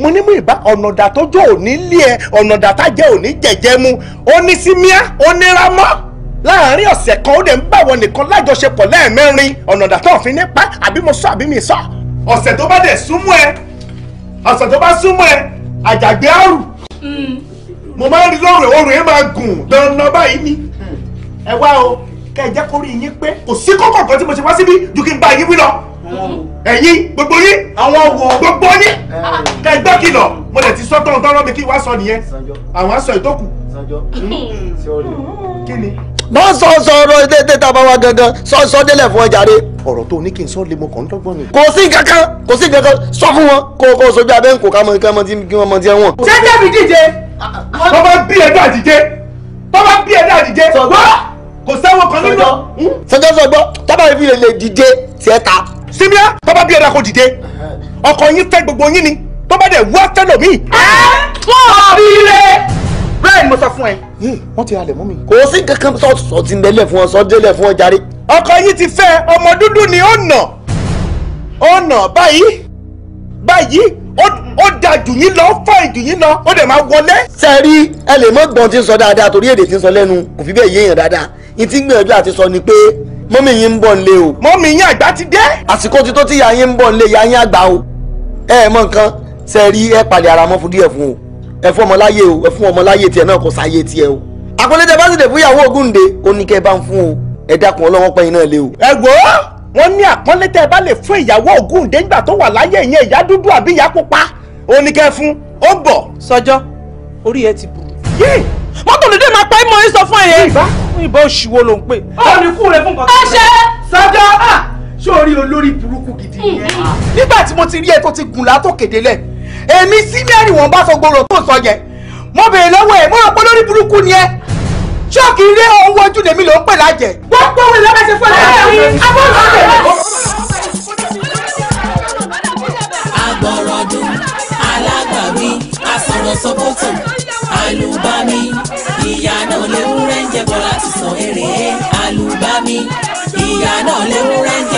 S2: mo ní mú ìbá ọ̀nàdà tó jó òní lé ẹ ọ̀nàdà tá jẹ́ òní jẹ̀jẹ̀ mu ó ní símíà ó ní rámọ́ láàárín ọ̀sẹ̀ kan ó dẹ̀ ń báwọn nìkan lájọṣepọ̀ lẹ́ẹ̀mẹ́rin ọ̀nà ìdàtọ̀ òfin nípa àbí mo sọ àbí mi sọ. ọ̀sẹ̀ tó bá dẹ̀ súnmọ́ ẹ ọ̀sẹ̀ tó bá súnmọ́ ẹ àjàgbé àrù mm. mo máa ń rí lóòrè oòrè máa gùn dandan báyìí ni mm. ẹ wá o kẹ ẹ jẹ́ kó rí yín pé kò sí kókó kan tí mo ṣe wá síbí ju kí n bá yín wí lọ mm. ẹ̀yin gbogbo yín àwọn wo gbogbo yín kẹ ẹ gbọ́ kìlọ̀ mo lè ti sọ tọ́ntọ́n bọ́ sọ sọ̀rọ̀ èdè èdè tá a bá wa gangan sọ sọ délẹ̀ fún ọjà rẹ. ọ̀rọ̀ tó ní kí n sọ lé mo kàn ń dọ́gbọ́n ni. kò sí kankan kò sí kankan sọ fún wọn kó o kó o sojú abẹ́ ń kó ká mọ kí wọ́n ti wọ́n ti wọ́n. ṣé tẹ̀mí díje.
S1: tọ́ bá bí ẹ̀dá àdìjẹ́
S2: tọ́ bá bí ẹ̀dá àdìjẹ́ kò sẹ́wọ̀n kan nínú. sọjọ́ sọgbọ́ tọ́ba ìfi lè díje tiẹ̀ ta. simia tọ́ba bí ẹ̀dá kò díje ọkọ yín fẹ́ gbogbo yín ni tọ́ba dẹ̀ wá tẹ́lọ̀ mí. ẹ fún ọ̀rí rẹ. bẹ́ẹ̀ ni mo sọ fún ẹ wọ́n ti halẹ̀ mọ́ mi. kò sí kankan sọ̀tún ti mẹ́lẹ̀ fún ọ sọ́dẹ́lẹ̀ fún ọ jàre. ọkọ yìí ti fẹ́ ọmọ dúdú ni ó nà ó nà báyìí báyìí ó da jù yín lọ fà jù yín lọ ó dẹ̀ máa wọlé. sẹ́ẹ̀rí ẹ lè mọ́ gbọ́n tí ń sọ dáadáa torí èdè tí ń sọ lẹ́nu kò fi bẹ́ẹ̀ yéèyàn dáadáa ìtí gbìyànjú àti sọ ni pé mọ́mì yín ń bọ̀ nílé o. mọ́mì yín àgbà ti dé. àsìkò ti tó tí ìyá yín ń bọ̀ nílé ìyá yín àgbà o. ẹ ẹ mọ nǹkan ṣe rí ẹ palẹ̀ ara mọ́ fún díẹ̀ fún o ẹ fún ọmọ láyé o ẹ fún ọmọ láyé tiẹ̀ náà kò sáyé tiẹ̀ o àpọ̀lẹ́tẹ̀ bá sì dé fúyàwó Ògúndé ó ní kẹ́ ẹ bá ń fún o ẹ dákun ọlọ́wọ́ pẹ́yìn náà lé o. ẹ wò ó wọn ní àpọ́nlé tẹ́ ẹ bá lè fún ìyàwó Ògúndé nígbà tó wà láyé ìyẹn ìyá dúdú àbí ìyá pupa ó ní kẹ́ fún ó ń bọ̀. sọjọ orí ẹ ti burú. yé mọ́tò lóde máa pẹ́ mọ́ ẹ sọ fún ẹ. ìbá ìbá oṣù wo ló ń pè. ó sórí ah! olórí
S3: burúkú gidi yẹn.
S2: nígbà tí mo ti rí ẹ tó ti gùn látòkèdélẹ̀ èmi sílẹ̀ ni wọ́n bá sọ gbòòrò tó ń sọ yẹn mo bèrè lọ́wọ́ ẹ̀ mo rò pé lórí burúkú ni ẹ ṣọ́ọ̀kì ilé owó ojú lèmi ló ń pè lájẹ. wọ́n pọ̀ wí lọ́wọ́
S1: fún ẹ̀ agbọ̀rọ̀dún alágbàwí asọ̀rọ̀ ìyá náà lè mú rẹ́ńjẹ bọ̀ láti sọ èrè àlùbami ìyá náà lè mú rẹ́ńjẹ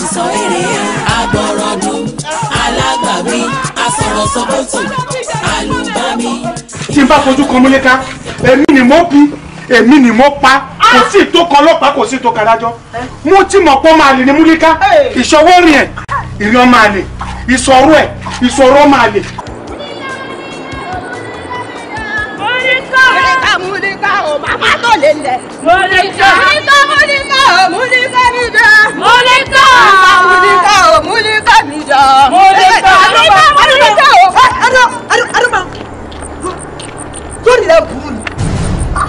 S1: ti sọ èrè agbọ̀rọ̀dún alágbàwí asọ̀rọ̀sọ̀bọ̀tò alùbami.
S2: tí n bá fojú kan múlé ká èmi ni mo bí èmi ni mo pa kò sí tó kan ọlọ́pàá kò sí tó kan adájọ́ mo ti mọ̀ pé máa lè ní múlíká ìṣọwọ́ rìn ẹ̀ ìrìn ọmọ àlè ìsọ̀rọ̀ ẹ̀ ìsọ̀rọ̀ ọmọ àlè
S3: múlíkà ò màmá tó lè lẹ̀. múlíkà múlíkà múlíkà ò múlíkà mi jọ. múlíkà múlíkà ò múlíkà mi jọ. múlíkà múlíkà múlíkà ò. arúgbó arúgbó sórí rẹ burú ni ah,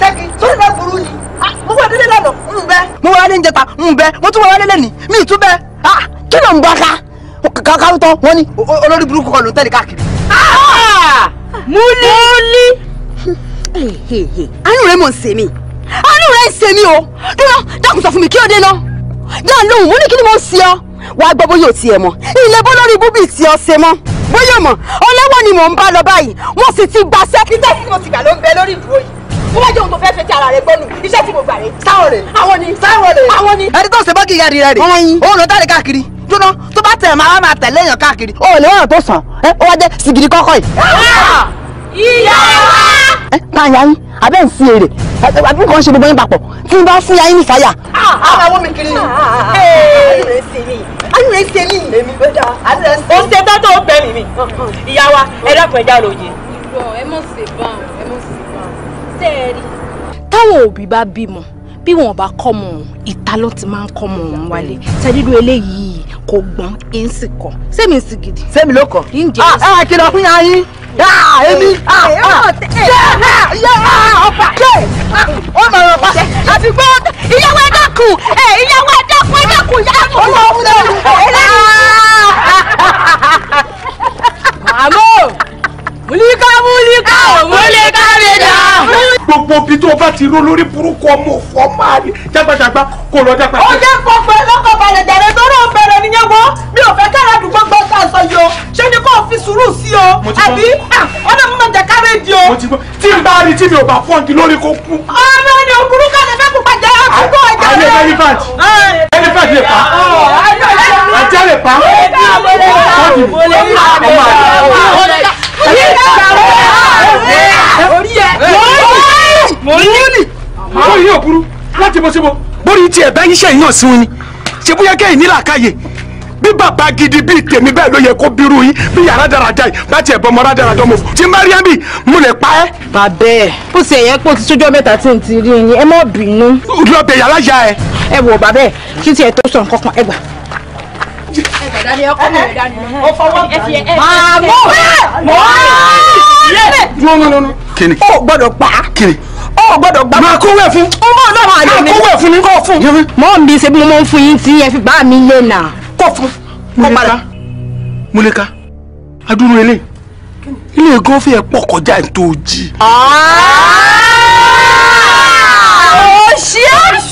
S3: sẹ́kì sórí rẹ burú ni ah, mo wà délé lánàá ń bẹ. mo wà délé njẹta ń bẹ mo tún wà délé ní mi ì tún bẹ ah, kí ló ń bá ká kàkàrú tán wọn ni olórí burúkú kọ ló ń tẹ̀lé káàkiri. múlí. múlí àánú rẹ mọ̀ ń ṣe mí àánú rẹ ń ṣe mí o dúró dákun sọ fún mi kí ó dé ná dáa lóhùn mo ní kí ni mo ń ṣe ọ wàá gbọ́ bóyá ò tiẹ̀ mọ̀ ilé bó lórí búbí tí ọ ṣe mọ́ bóyá mọ̀ ọlẹ́wọ̀n ni mò ń bá lọ báyìí wọ́n sì ti gbà sẹ́kí tẹ́sí tí mo ti gbà ló ń bẹ lórí ìdúró yìí tó bá jẹ́ ohun tó fẹ́ fẹ́ ti ara rẹ̀ gbọ́nù iṣẹ́ tí mo gbà rẹ̀ sáwọn rẹ̀ àwọn ni sáwọn rẹ̀ àwọn ni. ẹni tó ṣe bọ́ kíkà rí rẹ̀ rè òun ló dáre káàkiri jóná tó bá tẹ̀ máa máa tẹ̀lé èèyàn káàkiri. o ò lè wọ́n tó sàn ẹ́ ó wá jẹ́ sìgìrì kọ́kọ́ yìí. Ah! ìyá wa ta ya yín abẹ́ ń fi èrè àbí kan ṣe gbogbo yín papọ̀ tí n bá fún ya yín ní fàyà. ara ah, ah, ah, wọn mi kiri ni. ayú rẹ̀ ṣe ní. èmi gbé dáa. o ṣe tọ́tọ̀ ó bẹ̀rù mi. ìyá wa ẹ dákun ẹja lóye. ẹ mọ̀ sí bá ẹ mọ̀ sí bá sẹ́ẹ̀rì. táwọn òbí bá bímọ bí wọn ò bá kọ́ mọ̀ ìta ló ti máa ń kọ́ mọ̀ wọn wálé tẹ́lídùú eléyìí kò gbọ́n kí n sì kọ́ sẹ́mi ń sì gidi. sẹ́mi ló kọ́ ẹ kìlọ̀ fún yàrá yín èmi ọba ó mọ̀ ọ́ pa àti pé ìyàwó ẹ dákun ìyàwó ẹ dákun ẹ dákun ìyá mi. ọmọ ọmọ ọmọ ọmọ. àmọ́ múlíkà múlíkà múlíkà
S2: rẹjà. gbogbo bí tó o bá ti ró lórí burúkú ọmọ òfò máa rí jágbàjàgbà kó lọ jágbà. ó jẹ́
S3: pọ̀pẹ́ lọ́kọ̀
S2: balẹ̀ jàre tó bẹ̀rẹ̀ nìyẹn wọ́n mi ò fẹ́ kára àdúgbò gbọ́ sàṣọ yìí o ṣé ni kò fi sùúrù sí o àbí ah, ọ̀nà mi máa jẹ kárẹ́ẹ̀dì o. tí n bá rí tí mi ò bá fọ́ǹkì lórí kó kú. ọmọ
S3: ni òkúrú kàlẹ́ fẹ́ kó pàjẹ́ àkókò ọjà rẹ̀. ayé elephant lè pa ajá lè pa
S2: àwọn yìí ò burú láti bọ́ síbò. bórí tí ẹ̀ bá yíṣẹ́ yìí hàn sí wọn ni ṣe bóyá kẹ́yìn nílàákàyè bí bàbá gidi bíi tèmi bẹ́ẹ̀ ló yẹ kó bírú yín bí yàrá dáradá yìí bá tiẹ̀ bọ́ ọmọ rádaràdá ọmọ fún mariam bí mo lè pa ẹ́.
S3: bàbá ẹ bó ṣe ti tójọ́ mẹ́ta tí n ti rí yín ẹ má bínú. lọ yàrá ya ẹ. ẹ wò bàbá kí tiẹ̀ tó sọ nǹkan kan ẹ gbà dání ẹ kọ́ mi rẹ̀ dání o fọwọ́ kàn yín. màmú mọ́ yé dúró mọ́ lọ́nà. kíni. o gbọ́dọ̀ pa. kíni. o gbọ́dọ̀ ni. máa kó wẹ̀ fún ni. kó fún. mo máa ń fún yín tí ẹ fi bá mi lé nà. kó fún. kó padà.
S2: múlẹ́ka adúrú eléyìí ilé gọ́fì ẹ̀ pọ̀ kọjá ìtòjì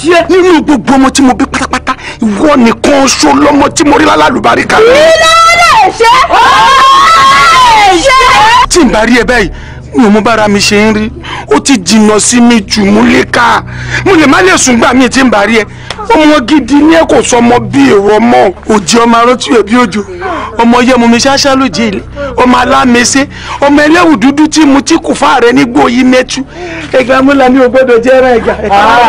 S2: sí ẹ. nínú gbogbo ọmọ tí mo bí pátápátá ìwọ nìkan ṣo lọmọ tí mo rí lálùbáríkà. kí ló
S1: lè ṣe. ó lè ṣe.
S2: tí n bá rí ẹ báyìí mi ò mú bára mi ṣe ń rí ó ti jìnnà sí mi jù mú léka mo lè má lè sùn gbà mí tí ń bá ẹ ọmọ gidi ní ẹ kò sọmọ bí èrò ọmọ òjì ọmọ arántí ẹbí òjò ọmọ yẹmu mi ṣáṣá ló ilé ọmọ alámẹsẹ ọmọ ẹlẹ́wù dúdú tí mu tí kò fà rẹ nígbó yìí mẹ́tú. ẹ̀gá múlá ni o gbọ́dọ̀ jẹ́ ẹ̀rọ ẹ̀gá. Ah,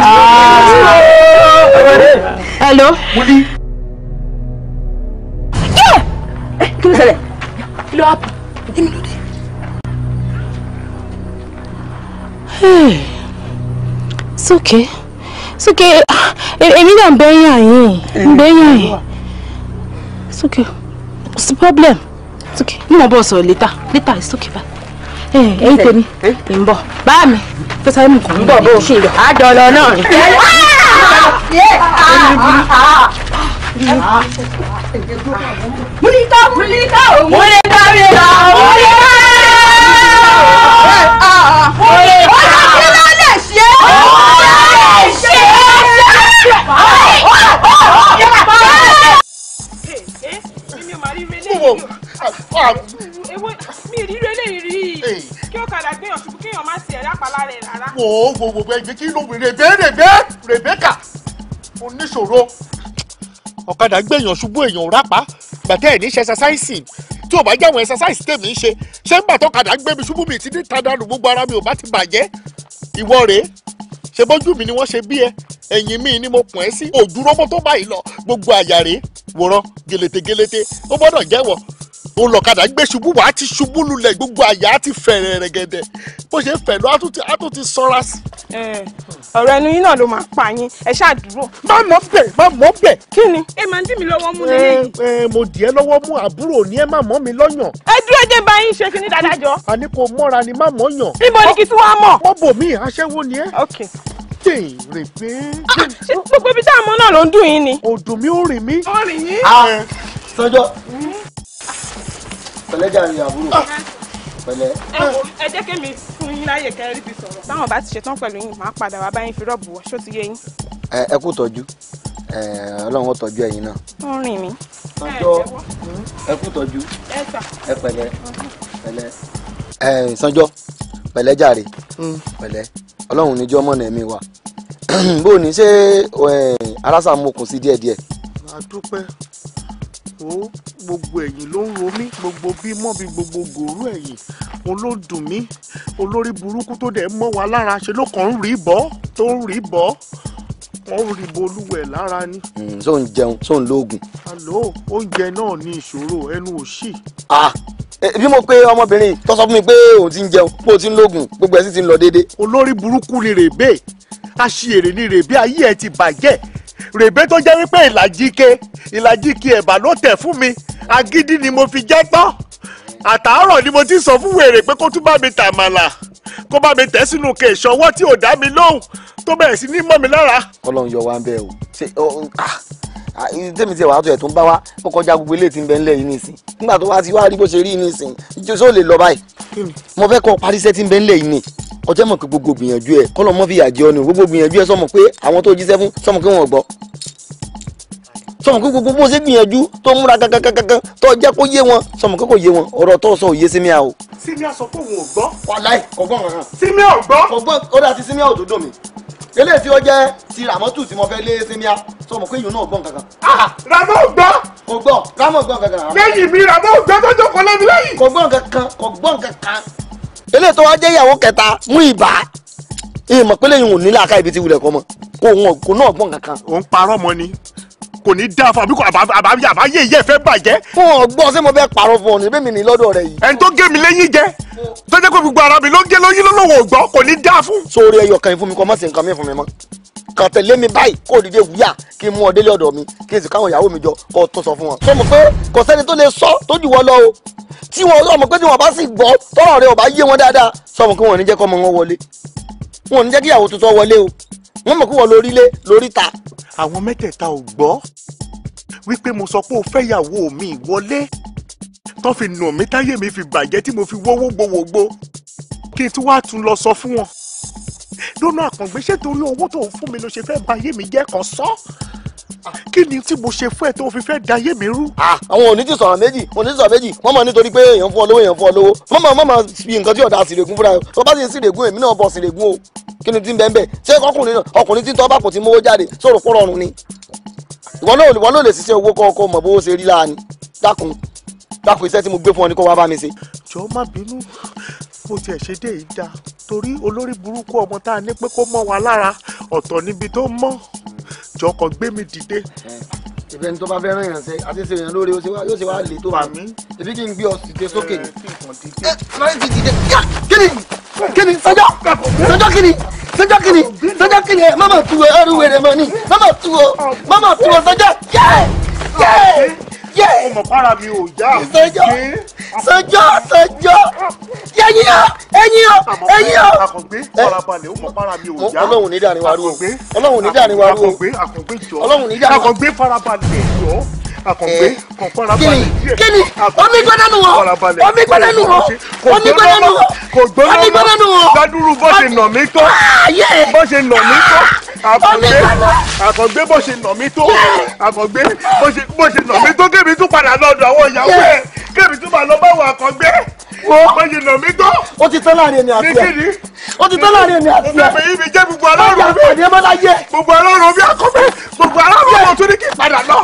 S2: ah,
S3: ah, hello. Eh, kí ló ṣẹlẹ̀ kí ló wá èmi ló dé. sókè sókè èmi náà ń bẹ́yìn àyìn ń bẹ́yìn àyìn sókè kò sí problem sókè ń mọ̀ bọ̀ sọ̀rọ̀ létà létà sókè báyìí ẹ̀yin tèmi ń bọ̀ bá mi fẹsẹ̀ ẹ̀ mú kàn ń bọ̀ bó ṣe lọ àjọ lọ náà ni.
S1: Yeah múlítà múlítà o múlítà múlítà o múlítà
S3: múlítà o múlítà múlítà o. wo. Ewo mi ìrírí eléyìí rí. Kí ọ̀kadà gbéyàn ṣubú kéèyàn má ṣe ẹ̀rá pàlà rẹ̀ rárá. Wo
S2: wo wo ẹgbẹ́ kí ló rèbé rèbé Rèbékà oníṣòro ọ̀kadà gbẹ̀yàn ṣubú èèyàn rápá gbàtẹ́ ẹ̀ ní ṣe ṣaṣáìsì tí ò bá jẹ́ àwọn ẹ̀ṣaṣáìsì tèmi ń ṣe ṣé ń gbà tọ́kadà gbé ṣubú mi ti ní tadànù gbogbo ara mi ò bá ti bàjẹ́ ìwọ rèé ṣe bójú mi ni wọ́n ṣe bí ẹ ẹ̀yìn mi ni mo pọ̀ ẹ́ sí òdúró mọ́tò báyìí lọ gbogbo àyà wòran gèlètè ó gbọ́dọ̀ jẹ́wọ́ òun lọ̀kadà gbé ṣubú wàá ti ṣubú lulẹ̀ gbogbo àyà ti fẹ̀rẹ̀ rẹ̀gẹ̀dẹ̀ bó ṣe fẹ̀ lọ á tún ti sanra sí. Eh, ọ̀rọ̀ ẹnu yín náà ló máa pa yín ẹ ṣáà dúró. má mọ̀ bẹ̀ má mọ̀ bẹ̀. kí ni.
S3: ẹ máa ń dí mi lọ́wọ́
S2: mú nílé yìí. Eh, eh, mo dì ẹ́ lọ́wọ́ mú àbúrò ni ẹ má mọ́ mi lọ́yàn. ẹ dúró dé bá yín ṣe kíní dáadáa jọ. àní kò mọ́ra ni má mọ́ yàn. níbo ni kí tí wàá mọ̀. wọ́n bò mí aṣẹ́wó ni ẹ́. okay jèrè pé. Ah, ṣé gbogbo ibi tá a mọ náà ló ń dùn yín ni. ó dùn mí ó rìn pẹ̀lẹ́ jàre àbúrò ah. pẹ̀lẹ́.
S3: ẹ jẹ́ kémi fún yín láyè kẹrin ti sọ̀rọ̀. táwọn bá ti ṣetán pẹ̀lú yín màá padà wá báyìí fi rọ́ọ̀bù wọ̀ ṣó ti yé yín.
S2: ẹ kú tọ́jú ọlọ́run ó tọ́jú ẹ̀yin náà.
S3: ó rìn mí. sanjọ
S2: ẹ kú tọ́jú ẹ pẹ̀lẹ́ pẹ̀lẹ́ ẹ sanjọ pẹ̀lẹ́ mm. pẹ̀lẹ́ ọlọ́run níjọ́ mọ̀nà ẹ̀mí wa bóò ní ṣe arásà mokùn sí díẹ̀díẹ̀ wo gbogbo ẹ̀yìn ló ń ro mí gbogbo bímọ bí gbogbo gòrú ẹ̀yìn òun ló dùn mí olórí burúkú tó dẹ̀ mọ́ wa lára ṣe ló kàn ń rí bọ́ tó ń rí bọ́ wọ́n rí bolúwẹ̀ lára ni. sọ hmm, ń jẹun sọ ń lóògùn. àlọ́ oúnjẹ náà ní ìṣòro ẹnu òṣì. bí mo pé ọmọbìnrin tó fún mi pé òun ti ń jẹun pé òun ti ń lóògùn gbogbo ẹ̀ sì ti ń lọ déédéé. olórí burúkú ni rèébé aṣèrè ni rèébé ayé ẹ ti bàjẹ́ rèébé tó jẹ́ wípé ìlàjì ke ìlàjì ke ẹ̀bà ló tẹ̀ fún mi agídí ni mo fi jẹ́ tán àtàárọ̀ ni mo ti sọ fún wèrè pé kó tún bá mi tà màlà kó bá mi tẹ̀ sínú ke ìṣọwọ́ tí ò dá mi lóhùn tó bẹ̀rẹ̀ sí ní mọ́ mi lára. Ọlọ́run yọ wá ń bẹ o ṣe ah, ah, tèmi tiẹ̀ wàá tó ẹ̀ tó ń bá wa ó kọjá gbogbo eléyìí tí ń bẹ ńlẹ̀ yìí nísìn nígbà tó wá ti wá rí bó ṣe rí nísìn ìjọsọ lè lọ báyìí mo fẹ́ kọ́ parí iṣẹ́ tí ń bẹ ńlẹ̀ yìí ni ọjọ́ mọ̀ pé gbogbo gbìyànjú ẹ̀ kọ́ lọ́mọ́ fi àjẹ́ ọ̀nà gbogbo gbìyànjú ẹ̀ sọmọ pé àwọn tó jíṣẹ́ fún sọmọ pé wọ́n gbọ́ sọmọ pé gbogbo bó ṣe gbìyànjú tó ń múra kankankankan tó jẹ́ kó yé wọn sọmọ pé kò yé wọn ọ̀rọ̀ tó sọ òye símíà o. símíà sọ pé òun ò gbọ́. wàhálà ẹ kò gbọ́ kankan. símíà ò gbọ́. kò gbọ́ ó dà sí símíà òdòdó mi eléyìí tí ó jẹ́ ti ràmọ́tù tí mo fẹ́ lé símíà sọmọ pé ìyún náà gbọ́n kankan. Ah, ràmọ́ ò gbọ́. kò gbọ́ ràmọ́ ò gbọ́n kankan. lẹ́yìn mi ràmọ́ ò gbọ́ tó jókòó lẹ́mi lẹ́yìn. kò gbọ́n kankan kò gbọ́n kankan eléyìí tó wá jẹ́ ìyàwó kẹta mú ìbá ìmọ̀ pé lẹ́yìn òní làákà ibi tí wulẹ̀ kọ́ mọ́ kó òun kò náà gbọ̀n kankan. ò ń parọ́ mọ́ ni kò ní dáa fún àbíkọ àbáyé àbáyé ìfẹ́ bàjẹ́. fún ọgbọ́n ṣé mo fẹ́ parọ́ fún ọ ní bẹ́ẹ̀ mi ní lọ́dọ̀ rẹ yìí. ẹni tó gé mi lẹ́yìn jẹ́ tó jẹ́ pé gbogbo ara mi ló gé lóyún lọ́wọ́ ògbọ́ kò ní dáa fún. sórí ẹyọ kan fún mi kọ́ mọ́ sí nǹkan mi fún mi mọ́ kàn tẹ̀lé mi báyìí kó dìde wíyà kí n mú ọ délé ọ̀dọ̀ mi kí n sì káwọn ìyàwó mi jọ kó tó sọ fún wọn. sọ mọ̀ pé kò sẹ́ni tó lè sọ tó jù wọ́n lọ o tí wọn ọmọ pé tí wọn bá sì gbọ́ tọ́rọ̀ rẹ ò bá yé wọn dáadáa sọ mọ̀ pé wọn ò ní jẹ́ kọ́ ọmọ wọn wọlé wọn ò ní jẹ́ kí ìyàwó tuntun wọlé o wọn mọ̀ pé wọn lórí lé lórí ta. àwọn mẹ́tẹ̀ẹ̀ta ò gbọ́ wípé mo sọ pé o fẹ́ ìyàwó mi wọlé tó fi nà mí táyé mi fi bàjẹ́ tí mo fi wọ́wọ́ gbowógbó kí n tún wá tún lọ sọ fún wọn lọ́nà àpọ̀ngbé ṣé torí owó tó ń fún mi ló ṣe fẹ́ ba ayé mi jẹ́ kan sọ kí ni tí mo ṣe fún ẹ tó fi fẹ́ da ayé mi rú. àwọn òní ti sọ̀rọ̀ méjì òní ti sọ̀rọ̀ méjì wọ́n mọ̀ nítorí pé èèyàn fún ọ lówó èèyàn fún ọ lówó wọ́n mọ̀ wọ́n mọ̀ fi nǹkan tí ọ̀dà sìrègùn fúnra ẹ̀ tó bá sì ń sìrègùn èmi náà bọ̀ sìrègùn o kí ni ti ń bẹ́ẹ̀ bẹ́ẹ̀ ṣé ọkùnrin náà ọkùnrin tí ń tọ́ bá kò ti mówó jáde sọ̀rọ̀ pọ̀ rọrùn ni ìwọ náà ìwọ náà lè ṣiṣẹ́ owó kọ́ ọkọ mọ̀ bó ṣe rí láàánú dákun dákun iṣẹ́ tí mo gbé fún ọ ni kó wá bá mi ṣe. jọ má bínú bó tiẹ̀ ṣe dé yìí dáa torí olórí burúkú ọmọ tá a ní pé kó mọ́ wa lára ọ̀tọ̀ níbi tó mọ́ jọkọ̀ gbé mi dìde. ìbẹ́ ni tó bá fẹ́ràn èèyàn ṣe àti ṣe èèyàn lóore yóò ṣe wá lè tó wà mí èbí kí n gbé ọ síte sókè ni. ẹ máa ń dìde yá kí ni kí ni sọjọ́ sọjọ́ kí ni sọjọ́ kí ni sọjọ́ kí ni ẹ má má tu ọ ẹrú wèrè mọ́ ni má má tu ọ má má tu ọ sọjọ́ yẹ yẹ yé. ọmọ para mi ò já. sọjọ sọjọ sọjọ ẹyin o ẹyin o ẹyin o. ọlọ́run ní dàrin wa rú o ọlọ́run ní dàrin wa rú o ọlọ́run ní dàrin wa rú o akọ̀gbé eh, kọ̀kọ́ra balẹ̀ díẹ̀. kíni omi gbọ́dọ̀ nù wọ́n omi gbọ́dọ̀ nù wọ́n omi gbọ́dọ̀ nù wọ́n omi gbọ́dọ̀ nù wọ́n. gbaduru bó ṣe nà mí tó ah, bó ṣe nà mí tó ah, akọ̀gbé akọ̀gbé bó ṣe nà mí tó akọ̀gbé bó ṣe nà mí tó kébi tún padà lọ́dọ̀ àwọn ìyàwó ẹ̀ kébi tún padà lọ́ bá wọn akọ̀gbé wo ọmọye nà mí gbọ́. ó ti tán láàrin èmi àti ẹ ó ti tán láàrin èmi àti ẹ. ìgbà yìí mi jẹ́ gbogbo aláàrọ̀ mi pàdé mọ́ láyé. gbogbo aláàrọ̀ mi àkọ́fẹ́ gbogbo aláàrọ̀ mi tún ní kí n padà lọ.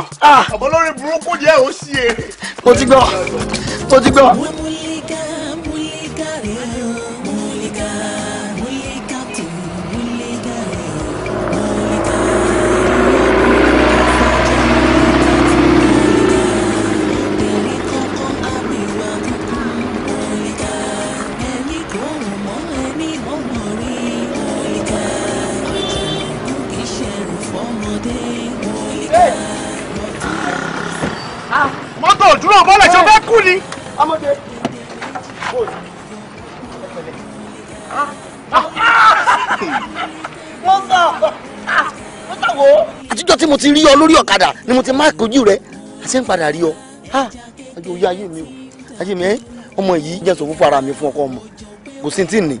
S2: ọmọ lórí burúkú yẹ ó sì èrè. mo ti gbọ́ mo ti gbọ́. mo ti rí ọ lórí ọ̀kadà ni mo ti má kojú rẹ àti ń padà rí ọ ha ọjọ́ oyé ayé mi o ayé mi ẹ ọmọ yìí jẹ́ sọ fúnfún ara mi fún ọkọ ọmọ kò sí tí nì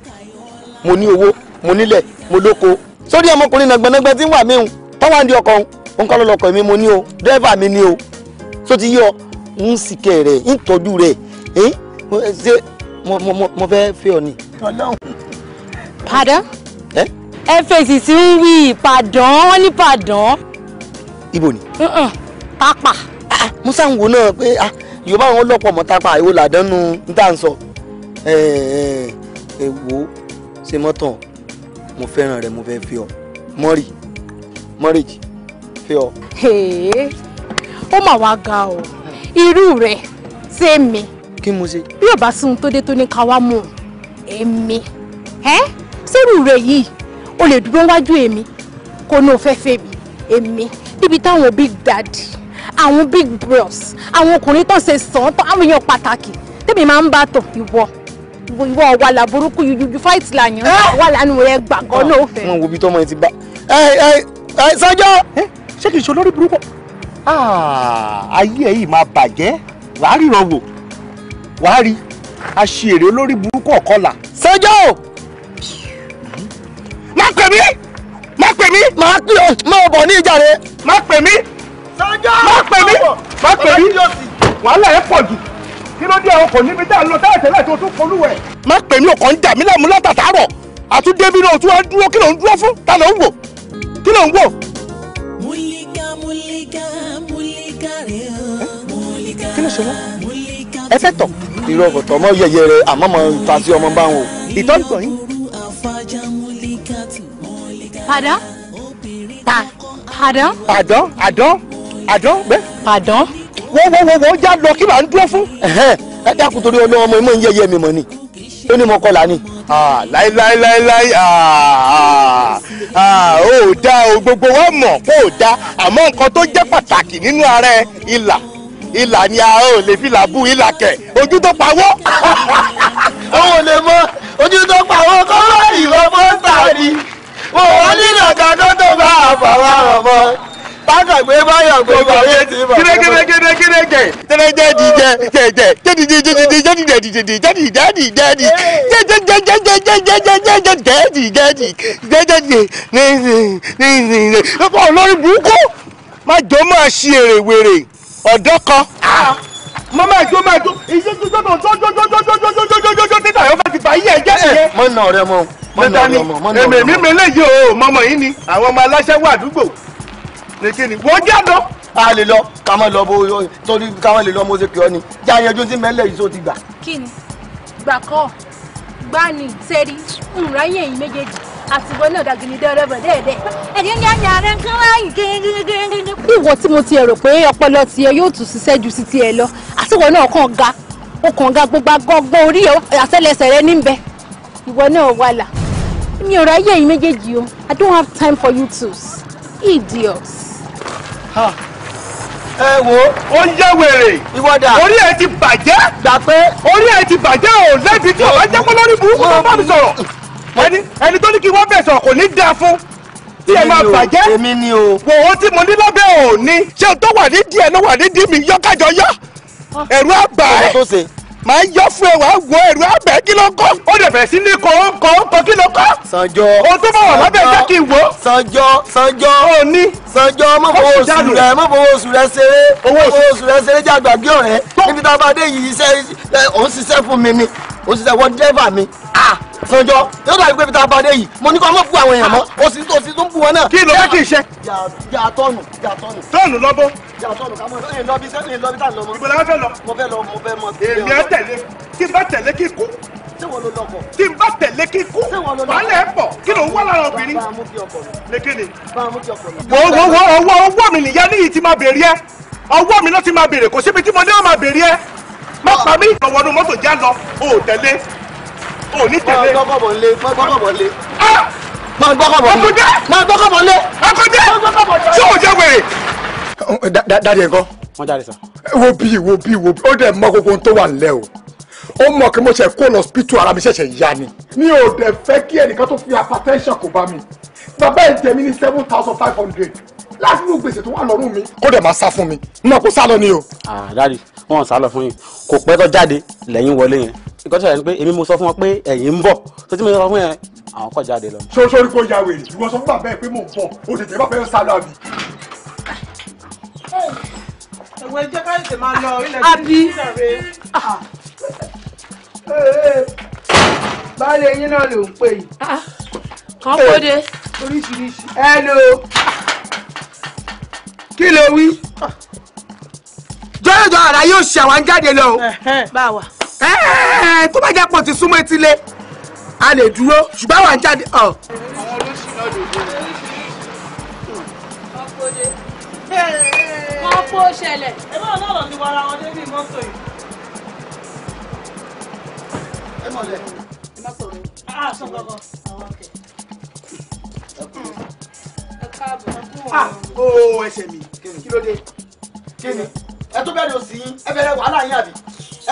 S2: mo ní owó mo nílẹ̀ mo lóko sórí ọmọkùnrin nàgbẹ́nàgbẹ́ tí ń wà míhun tọ́wọ́ àǹdí ọkọ̀ òun kọ́ lọ́lọ́kọ̀ mi mo ní o dẹ́rẹ́bà mi ní o tó ti yọ ń sìkẹ́ rẹ̀ ń tọ́jú rẹ̀ ṣé mo fẹ́ fẹ́ ọ ni.
S3: padà ẹ fèsì sí ń wí ìpàdán wọn ní ìpàdán
S2: ibo ni.
S1: tápà.
S3: Ah, mo sáà ń wo náà
S2: pé ah, yorùbá àwọn ọlọ́pọ̀ mọ́ tápà ìwo làdánù ń tà ń sọ ẹ wo ṣe mọ́tàn mo fẹ́ràn rẹ mo fẹ́ fi ọ mọ́rì mọ́rìjì fi ọ.
S3: ó mà wá ga ọ irú rẹ sẹ́mi. kí mo ṣe. bí ò bá sí tó dé tó ní ká wá mú un èmi ẹ rẹ yìí o lè dúró wájú èmi kó ní o fẹ́ fẹ́ mi èmi níbi táwọn big daddy àwọn big bros àwọn ọkùnrin tó ṣe sàn tán àwọn èèyàn pàtàkì tèmi máa ń bá tọ̀ ìwọ ìwọ wà là burúkú yújú fight làyàn eh! wà lánàá rẹ gbàgbọ́ náà fẹ́. wọn wo ibi tọmọ yẹn ti bá ẹ ẹ
S2: ẹ sọjọ ṣé kì í ṣe olórí burúkú ah, ayé ẹ yìí máa bàjẹ́ wàá ríran wò wàá rí aṣèrè olórí burúkú ọ̀kọ́là. sọjọ́ o pè mí má pè mí má bọ̀ ní ìjà rẹ má pè mí má pè mí má pè mí wàhálà ẹ pọ̀ jù kí ló dé àwọn kò níbi tá a lọ tẹ́lẹ̀ tẹ́lẹ̀ tó tún polú ẹ̀. má pè mí ọkàn ń dà mí láàmú látàtàárọ̀ àtúndébí náà tún wá dúró kí ló ń dúró fún ta ló ń wò kí ló ń wò. múlíkà múlíkà
S1: múlíkà rẹ̀ múlíkà kí ló ṣe
S2: ẹ fẹ́ tọ̀. irú ọkọ̀ tọ̀ mọ́ yẹyẹ rẹ àmọ́ mọ ta sí ọmọ bá wọn o. ìtọ́jú ta Pardon? Pardon? Pardon? Pardon? Bẹ́ẹ̀. Pardon? Wọ́n wọ́n wọ́n wọ́n já lọ kí là ń dúró fún. Ẹ dákun torí ọlọ́wọ́ ọmọ ìmọ̀ ń yẹ̀yẹ́ mi mọ̀ ni. Ó ní mo kọ́ là ni. Láíláíláíláí ó dá o gbogbo wa mọ̀ kó o dá àmọ́ nǹkan tó jẹ́ pàtàkì nínú ara ẹ ìlà ìlà ni a ò lè fi làbú ìlà kẹ ojú tó pawọ́. Àwọn ò lè mọ ojú tó pawọ́ kọ́ lọ́ọ̀rì ìwọ́n mọ́ta ni mo wọ́n nílò kankan tó bá àfàwọn ọmọ bákàgbé báyọ̀ gbé báyé ti bọ̀. kírékírékíré kírékè. tẹ́lẹ̀jẹ́ dìjẹ́ jẹ́jẹ́ jẹ́dìjẹ́ jẹ́dìjẹ́ jẹ́dìjẹ́ dìjẹ́ jẹ́dì jẹ́dì jẹ́dì jẹ́dì jẹ́dì jẹ́dì jẹ́dì olórí burúkú má jọ máa ṣe èrè wèrè ọ̀dọ́ kan mo máa jó máa jó ìṣe tó gbọdọ̀ tó jó jó jó jó jó jó jó jó jó jó títà yóò fẹ́ ti fà yí ẹ jẹ́ ẹ. mọ nà ọ̀rẹ́ mọ mọ nà ọ̀rẹ́ mọ mọ nà ọ̀rẹ́ mọ. èmi mi mi lè yí o mọmọ yìí ni àwọn ọmọ aláṣẹwọ àdúgbò nìkí ni wọ́n jẹ́ àdán. a lè lọ ká má lọ bó torí ká má lè lọ mo ṣe kí ọ ni já yanjú sí mẹ́lẹ̀ yìí tó ti gbà.
S3: kí ni gbàkọ́ gbani sẹ́rí ń ráyè yín méjèèjì àtìwọ náà dàgìní dẹ́rẹ́bọ̀ dẹ́ẹ̀dẹ́ ẹ̀yìn ní àyà rẹ̀ kán láyì gẹ́gẹ́gẹ́gẹ́. bí ìwọ tí mo ti rò pé ọpọlọ tiẹ̀ yóò tún ṣiṣẹ́ ju sí tiẹ̀ lọ àtìwọ náà kàn ga ó kàn ga gbogbo agbọ́gbọ́ orí àtẹ́lẹsẹ̀ rẹ níbẹ̀ ìwọ náà wà là mi ò ráyè yín méjèèjì o I don't have time for you two idiots.
S2: ẹ wo ó wèrè ìwọ́dà orí ẹ ti bàjẹ́ gbà orí ẹ ti bàjẹ́ ò lẹ́bi tí ò bá jẹ́ pé lórí burúkú ẹni ẹni tó ní kí wọ́n fẹ̀sọ̀ kò ní dáa fún
S1: tí ẹ máa bàjẹ́
S2: wò ó tí mo ní lábẹ́ ò ní ṣé tó wà ní díẹ̀ ló wà ní dí mi yọ́kájọ yá ẹ̀rú àgbà ẹ̀ máa yọ fún ẹ wàá wo ẹ̀rú àgbà kí ló kọ́ ó dẹ̀ bẹ̀rẹ̀ sí ní kọ́ kí ló kọ́ sanjọ tó bá wà lábẹ́ jẹ́ kí n wò ó sanjọ sanjọ òní sanjọ má fowó oṣù rẹ má fowó oṣù rẹ ṣeré owó oṣù rẹ ṣeré jẹ àgbàgbé ọ̀rẹ́ níbi tá a bá dé yìí iṣẹ́ òun ṣiṣẹ́ fún mi ni òun ṣiṣẹ́ wọ dẹ́fà mi sanjọ yóò dàbí pé ibi tá a bá dé yìí mo ní kó ọmọ bu àwọn èèyàn mọ́ o sì tó sì tó ń bu wọn náà. kí ló bá kì í ṣe. yà á tọ́nù yà á tọ́nù. tọ́nù lọ́bọ̀. yà á tọ́nù kámọ́ ẹ̀ lọ́bí sẹ́yìn lọ́bí tá a lọ mọ́. ìbò làwọn fẹ́ lọ. mo fẹ́ lọ mo fẹ́ mọ. èmi á tẹ̀lé kí n bá tẹ̀lé kí n kú tí n bá tẹ̀lé kíkú wàhálà ẹ̀ pọ̀ kí ló ń wá lára obìnrin lekini. wo wo wo ọwọ́ ọwọ́ mi nìyá níyì tí máa bèrè ẹ ọwọ́ mi náà ti máa bèrè kò síbi tí mo ní wọn máa bèrè ẹ má pa mí ìrànwọ́ nu mọ́tò já lọ o ò tẹ̀lé o ò ní tẹ̀lé. má gbọ́kọ̀bọ̀ lé má gbọ́kọ̀bọ̀ lé. Ah! má gbọ́kọ̀bọ̀ lé má gbọ́kọ̀bọ̀ lé. akọ́jẹ́ tí o jẹ́ wèrè. Oh, dáadé nǹkan. wọ́n jáde sá. wo bí wo bí wo bí ó dẹ̀ mọ o ó mọ̀ kí mo ṣe kó lọ hospital ara mi ṣẹ̀ṣẹ̀ yá ni mi ò dẹ̀ fẹ́ kí ẹnìkan tó fi hypertension kó bá mi bàbá ẹ̀ jẹ́ mi ní seven thousand five hundred láti inú gbèsè tó wà lọ́rùn mi. kó dẹ̀ máa sá fún mi náà kó sá lọ ni o. àdáàdì wọn sá lọ fún yín kò pẹ́ tó jáde lẹ́yìn wọlé yẹn nǹkan tó ṣẹlẹ̀ ni pé èmi mo sọ fún wọn pé ẹ̀yìn ń bọ̀ tó tí mo sọ fún yẹn àwọn kọ̀ jáde lọ. sọ́sọ́rí kò ya wèrè ìwọ sọ fún bàbá ẹ pé mò ń bọ̀ o tètè bá fẹ́ẹ́ sá lọ àbí. ẹ̀wọ̀n ẹ̀jẹ̀ káyọ̀ tẹ̀ máa lọ ilẹ̀ tí ń sàrè. báyìí ẹyin náà lè ń pè yìí. Ah kàn kó dé. oríṣiríṣi hello kí ló wí jọ́jọ́ ara yóò ṣe àwọn jáde lọ o báwa tó bá jẹ́ pọ̀ ti súnmọ́ etí lé a lè dúró ṣùgbọ́n àwọn jáde. àwọn
S1: olóṣìṣẹ́ lòdì wọ́n fó ṣẹlẹ̀. ẹ bá ọ̀nà ọ̀rọ̀ ti wọ ara wọn débi
S2: mọ́tò yìí. ẹ mọ̀ lẹ. ẹ má sọ̀rọ̀.
S1: a ah, sọ gbọ́gbọ́. àwọn ọkẹ́
S2: ooo ah, ẹsẹ̀ mi kí ló dé kí ni ẹ tó bẹ̀rẹ̀ òsì yín ẹ bẹ̀rẹ̀ wàhálà yín àbí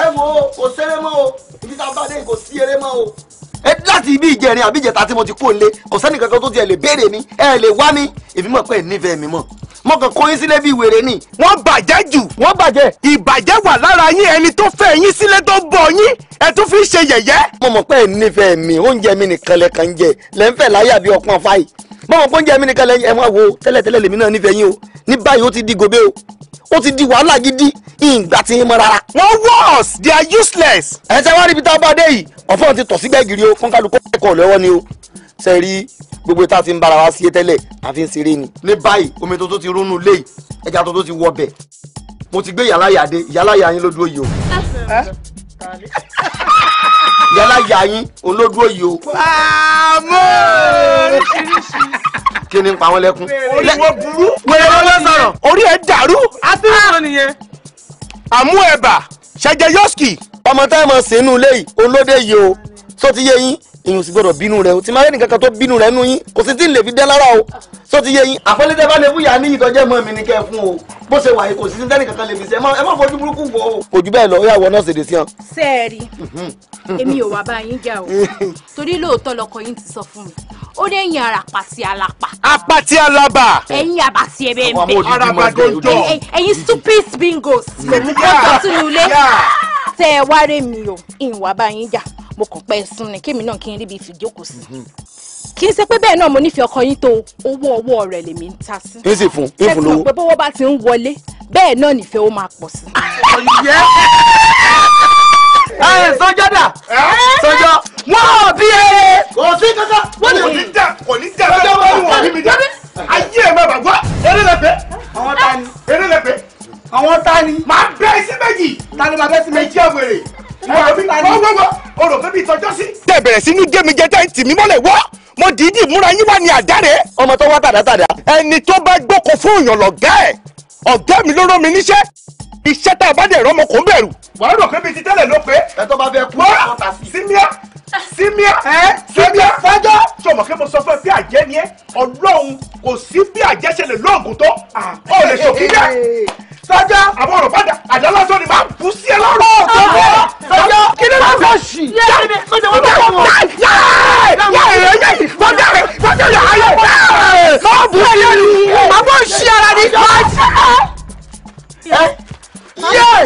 S2: ẹ wo kò sẹ́rẹ́ mọ́ o ibi tá a bá dé kò sí eré mọ́ o ẹ láti ibi ìjẹrin àbí ìjẹta tí mo ti kó lé kò sẹ́ni kankan tó tiẹ̀ lè béèrè mi ẹ lè wá mi èmi mọ̀ pé ẹ nífẹ̀ẹ́ mi mọ̀ mo kàn kó yín sílé bíi wèrè ni. wọ́n bàjẹ́ jù. wọ́n bàjẹ́. ìbàjẹ́ wà lára yín ẹni tó fẹ́ yín sílé tó bọ̀ yín ẹ tún fi ṣe yẹ̀yẹ́. mo mọ̀ pé ẹ nífẹ̀ẹ́ mi oúnjẹ mi nìkan lẹ kàn ń jẹ lẹ́ ń fẹ́ láyà bí ọpọ́n fáì mo mọ̀ pé oúnjẹ mi nìkan lẹ ẹ máa wo tẹ́lẹ̀tẹ́lẹ̀ lèmi náà nífẹ̀ẹ́ yín o ní báyìí ó ti di gobe o ó ti di wàhálà gidi ìgbà tí ń mọ rárá. wọ́n worse they are useless. ẹ ṣe wá rí ibi tá a bá dé yìí ọ̀fọ́n ti tọ̀ sígbẹ́ gírí o kọ́ńkálukú kẹ́kọ̀ọ́ lọ́wọ́ ni o ṣe rí gbogbo tá a ti ń bára wa sílé tẹ́lẹ̀ a fi ń ṣeré ni. ní báyìí omi tó tó ti rónú léyìí ẹja tó tó ti wọ bẹ̀ mo ti gbé yàláyà dé yàláyà yín ló dúró yìí o. yàláyà yín òun ló dúró yìí o kí ni ń pa wọ́n lẹ́kún. oríwó burú. sọ̀rọ̀. orí ẹ̀ dàrú. asírísọ nìyẹn. àmú ẹ̀bà ṣẹjẹ yọ́ọ̀sì. ọmọ tá a mọ̀ sínú ilé yìí olóde yìí o sọ ti yé yín ìyún sì gbọdọ̀ bínú rẹ o ti máa rẹ́ nìkan kan tó bínú rẹ nú yín kò sì tí ì lè fi dẹ́ lára o sọ ti yé yín. àpẹẹrẹ tẹ bá lè fún yàrá ní ìtọ́jẹ́ mọ́ mi ní kẹ́ fún o bó ṣe wà yìí kò sì tí tẹ́nì kankan lè fi ṣe ẹ má fojú burúkú wọ o. kò jù bẹ́ẹ̀ lọ yàwó náà ṣèdè sí ọ.
S3: sẹ́ẹ̀rì èmi ò wá bá yín jà o torí lóòótọ́ lọkọ yín ti sọ fún mi ó dé yin arapati alapa. apati alaba. ẹyin abati ẹbẹ ń bẹ. araba dojo. ẹyin stupid bingos. ọjọ́ tún ilé. tẹ ẹ wá rè mí o ìwà bá yín jà mo kàn pẹ́ sún ni kémi náà kí n ríbi fìjókòó sí mhm. kì í ṣe pé bẹ́ẹ̀ náà mo nífẹ̀ẹ́ ọkọ yín tó owó ọwọ́ rẹ̀ lèmi ń ta sí. ń sì fún ń fún lówó. ṣé tí mo pé bọ́wọ́ bá ti ń wọlé bẹ́ẹ̀ náà nífẹ̀ẹ́ ó máa pọ̀ sí. ọ̀yẹ́ ẹ sọjọ́ dà sọjọ́ wọn ò bí
S2: ere. kò sí kankan wọ́n ní òní jà kò ní jà lọ́dọ̀ wọn wọn ní mi jà ayé ẹ̀ má bà wá eré lẹ́pẹ́. àwọn ta ni. eré lẹ́pẹ́. àwọn ta ni. máa bẹ́ sí méjì. ta ni máa bẹ́ sí méjì àwèrè. wọ́wọ́wọ́ orò fẹ́ bí ìtọ́jọ́ sí. tẹ bẹ̀rẹ̀ sí ní gémi jẹ tẹ́ ń tì mí mọ́lẹ̀ wọ́ mo dìídì múra yín wá ní àdáre. ọmọ tó wá tàdá tàdá. ẹni tó bá gbóko fún èèyàn lọ̀gá ẹ̀ ọ̀gá mi ló rán mi níṣẹ́ iṣẹ́ tá a bá dẹ̀ rọ́mọ kò ń bẹ̀rù. wàá rò pé bíi ti tẹ́lẹ̀ ló pé. ẹ tó bá fẹ́ kú ọ̀tá sí. símíà Simia, símíà símíà fájọ́ sọmọ kí mo sọ fún ẹ bí àjẹ́ ni ẹ ọlọ́run kò sí bí àjẹ́ ṣe lè lóògùn tó
S1: ọ lè ṣòkìyà
S2: sọjá àwọn ọ̀rọ̀ padà àdá lásán ni máa kú sí ẹ lọ́rọ̀ ọ̀tọ̀ rẹ̀
S1: sọjá kí ni wọ́n
S2: fẹ́ ṣì. yá yá yá fọjá rẹ fọjá rẹ ayé rẹ máa bú sí i
S1: máa bọ́ ṣí ara ní máa ṣí.
S3: yẹ́sì.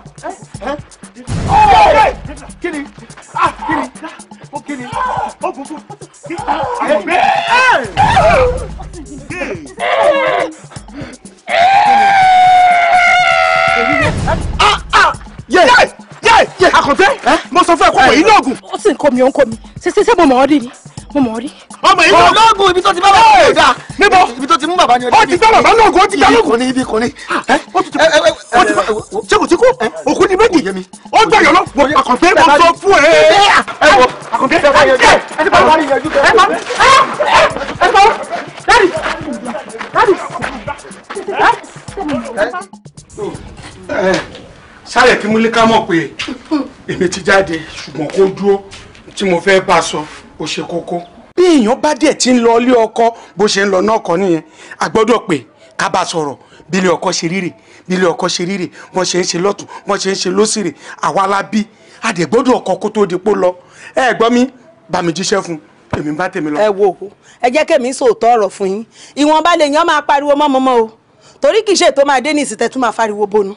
S2: kí ni ah, ah, kí ni ó ah, kí ni ó bùkún ayé gbé.
S1: Akọ̀tẹ́,
S3: mo sọ fún ẹ kó wọ̀nyí eh, lóògùn. Ó sì ń kọ́ mi, ó ń kọ́ mi, ṣe ṣe ṣé mo mọ̀ ọ́ dì ní ọmọ rí. ọmọ yìí lọ lọ́ọ̀gùn
S2: ibi tó ti bá bàbá ni ọ̀dà. níbo ibi tó ti mú bàbá ni ọ̀dà. ó ti gbá bàbá lọ́ọ̀gùn ó ti gbá lọ́ọ̀gùn. ibi kò ní ibi kò ní. ó ti ṣé kò ti kú òkú ni méjì. ó gbà yọ lọ wọ àkànfẹ́ mo sọ fún ẹ. ẹ wọ àkànfẹ́ ẹ bá yẹjú ẹ bá wà yẹjú ẹ bá
S3: ẹ bá dadi
S2: dadi. sáré kí múlíkà mọ̀ pé èmi ti jáde ṣùgbọ́n kó dúró tí mo fẹ́ bá sọ ó ṣe kókó bí èèyàn bá dẹ̀ ti ń lọ ilé ọkọ bó ṣe ń lọ náà kọ nìyẹn a gbọ́dọ̀ pé ká bá sọ̀rọ̀ bí ilé ọkọ ṣe rírè bí ilé ọkọ ṣe rírè wọ́n ṣe ń ṣe lọ́tún wọ́n ṣe ń ṣe lọ́sìrè àwa la bí a dẹ̀ gbọ́dọ̀ ọkọ kó tó dipó lọ ẹ gbọ́ mi bá mi jíṣẹ́ fún èmi bá tèmi lọ. ẹ wo ẹ
S3: jẹ́ kẹ́mi sòótọ́ ọ̀rọ̀ fún yín ìwọ̀nba lèèyàn máa pariwo mọ́mọ́mọ́ o torí kì í ṣètò máa dé ní ìsìtẹ́tù máa fariwo bónú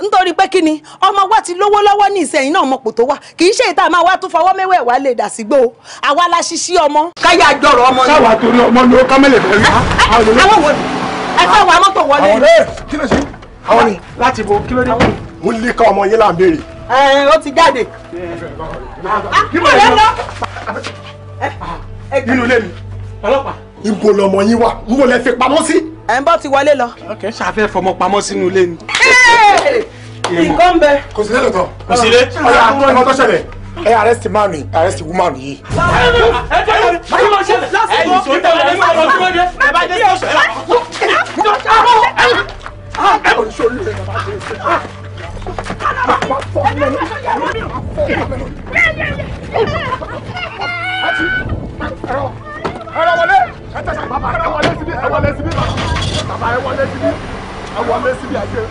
S3: nítorí pé kí ni ọmọ wa ti lówó lọ́wọ́ ní ìsẹ̀yìn náà mọ̀pò tó wà kì í ṣe ìta máa wá tún fọwọ́ mẹ́wẹ̀ wá lè dàsígbó àwa la ṣiṣí ọmọ. káyà jọrọ ọmọ ni. sáwà torí
S2: ọmọ ni ó kámẹ́lẹ̀ fẹ́ rí. Ah, ah, àwọn wo ni
S3: ẹ fẹ́ wa mọ́tò wọlé. àwọn ọ̀rẹ́ kí ló ṣe
S2: àwọn ni láti bo kí ló dé. mo lè ka ọmọ yín là ń béèrè. ẹ ó ti jáde.
S1: kí ló ah,
S2: dé lọ. inú ilé mi ọlọ́pàá ibo lọmọ yín wà n bò lẹ fi pamọ́ sí. ẹ ń bọ́ ti wọlé lọ. ok ṣàfẹ́ fọmọ pamọ́ sínú ilé ni. nǹkan bẹ. kò sí lẹ́lọ́tọ̀. kò sí lé. ọ̀ya ọmọ tó ṣẹlẹ̀ ẹ arrest man yìí arrest woman yìí. ẹ jẹ́ kí ló ṣe lásìkò ìtàn ẹ̀ máa lọ dúró dé ẹ bá dé sí ọ̀ṣọ́ ẹ̀ bá. Thank you ẹ̀rọ wọlé ẹ̀tẹ̀sà bàbá ẹ̀rọ wọlé síbí ẹ̀rọ wọlé síbí bàbá ẹ̀rọ wọlé síbí ẹ̀rọ wọlé síbí àjẹ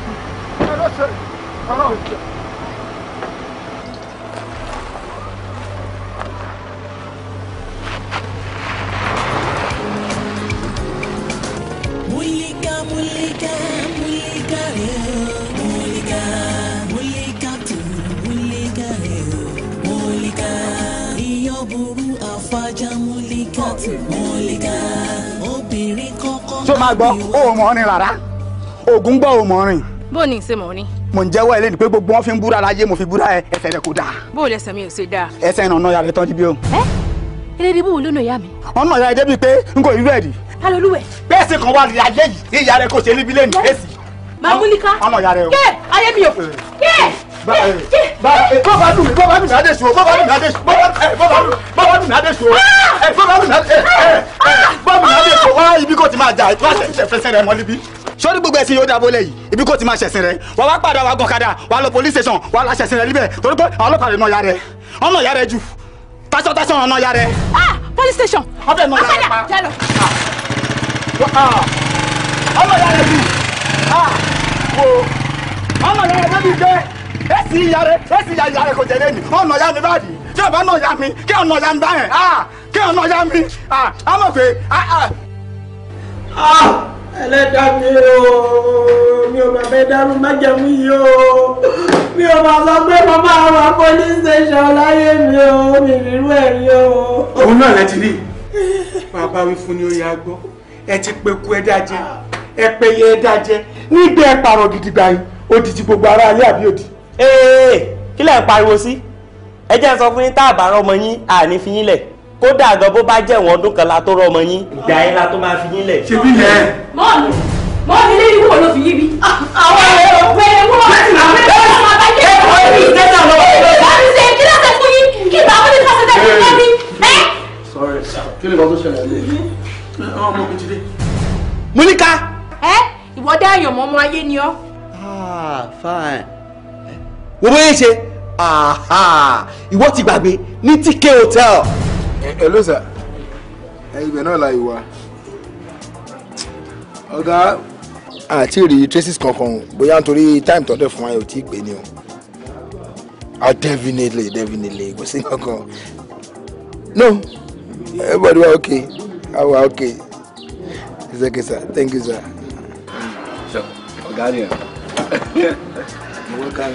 S2: ẹ̀rọ ṣe ẹ̀rọ ṣe ṣé o máa gbọ́ o mọ̀ ọ́ ni rárá oògùn gbọ́ o mọ̀
S3: bó o ní ṣe ni.
S2: mo ń jẹ́wọ́ ẹ lẹ́nu pé gbogbo wọn fi ń búra láyé mo fi búra ẹ ẹsẹ̀ rẹ kò dáa.
S3: bó o lẹsẹ̀ mi ò ṣe dáa. ẹsẹ̀
S2: ìrànà ìyá rẹ tán díbí o. ẹ
S3: eléyìí bó o lónà ìyá mi. ọ̀nà ìyá rẹ débi pé
S2: n kò irú ẹ̀ rí. alolúwẹ̀. bẹ́ẹ̀sì kan wà ní ayé yìí ìyá rẹ kò ṣe níbi lẹ́nu. màmúlíkà. ọ̀nà ìyá rẹ o. kẹ́ẹ̀ ayé mi ò eh. kẹ́ẹ̀ bọ́bá eh, eh, eh, gbogbo ẹ̀sìn yóò dábò lẹ́yìn ibi kò ti máa ṣẹ̀sìn rẹ̀ wà wá padà wà gọ̀kadà wà lọ police station wà lọ ṣẹ̀sìn rẹ̀ níbẹ̀ torí pé àwọn ọlọ́pàá rẹ̀ nà ya rẹ̀ ọ̀nà ya rẹ̀ jù tásán tásán ọ̀nà ya rẹ̀.
S3: ah police station ọ̀nà ya ah, ah, rẹ̀
S2: jù ah, ọ̀nà ya rẹ̀ jù ẹ sì ìyá rẹ ẹ sì ìyá ìyá rẹ kò jẹ lẹ́nu ọ̀nà ìyá mi báyìí tí ọ̀bá náà yá mi kí ọ̀nà ìyá mi báyẹn ah, kí ọ̀nà ìyá mi á ah, mọ̀ pé. Ah, ẹlẹ́dàá mi o mi ò máa bẹ dárú májàmú yìí o mi ò máa sọ pé mo máa wà police station láyé mi o mi rírú ẹ̀ rí o. òun náà lẹ ti rí bàbá wí fún ni ó yà gbọ́ ẹ ti pe ku ẹ dájẹ ẹ pe yẹ ẹ dájẹ nígbà ẹ pààrọ̀ gidigba yìí ó di ti gbogbo ara ayé àbí òdì ee kí lẹ̀ ń pariwo sí ẹ jẹ́ ń sọ fún yín tá àbá rọmọ yín àní fi yín lẹ̀ kódà gan bó bá jẹ́ ìwọ̀n ọdún kan la tó rọmọ yín ìgbà yẹn la tó máa fi yín lẹ̀. ṣe bí yẹn.
S3: mọ́ọ̀nù mọ́ọ̀nù ilé ìwúwo ló fi yí bí. àwọn ẹ̀rọ pé wọ́n ti máa bẹ́ẹ̀ bá máa bá jẹ́ ìwọ̀n mi. láti ṣe kí lọ́sẹ̀ fún yín kí bá wọ́n ti ká sẹ́sẹ̀ fún yín ní.
S2: sọ̀rọ̀ kí ni ìbọn tó ṣẹlẹ̀
S3: lé ọmọ mi ti dé. mo ní ká. ẹ ìwọ dá àyànmọ́ ọmọ ayé ni ọ.
S2: ah fine wo bóyá ṣe ìwọ ti gbàgbé ní TK hotel. Hello sir. sà ibẹ̀ náà la ìwà ọ̀gá àti rí traces kankan bóyá nítorí time tó ń dẹ̀ fún wa yóò tí ì pè ní o ah definitely definitely kò sí kankan no everybody wa okay awa okay it's okay sir thank you sir. ọ̀gá rẹ̀. mo wọ́n ká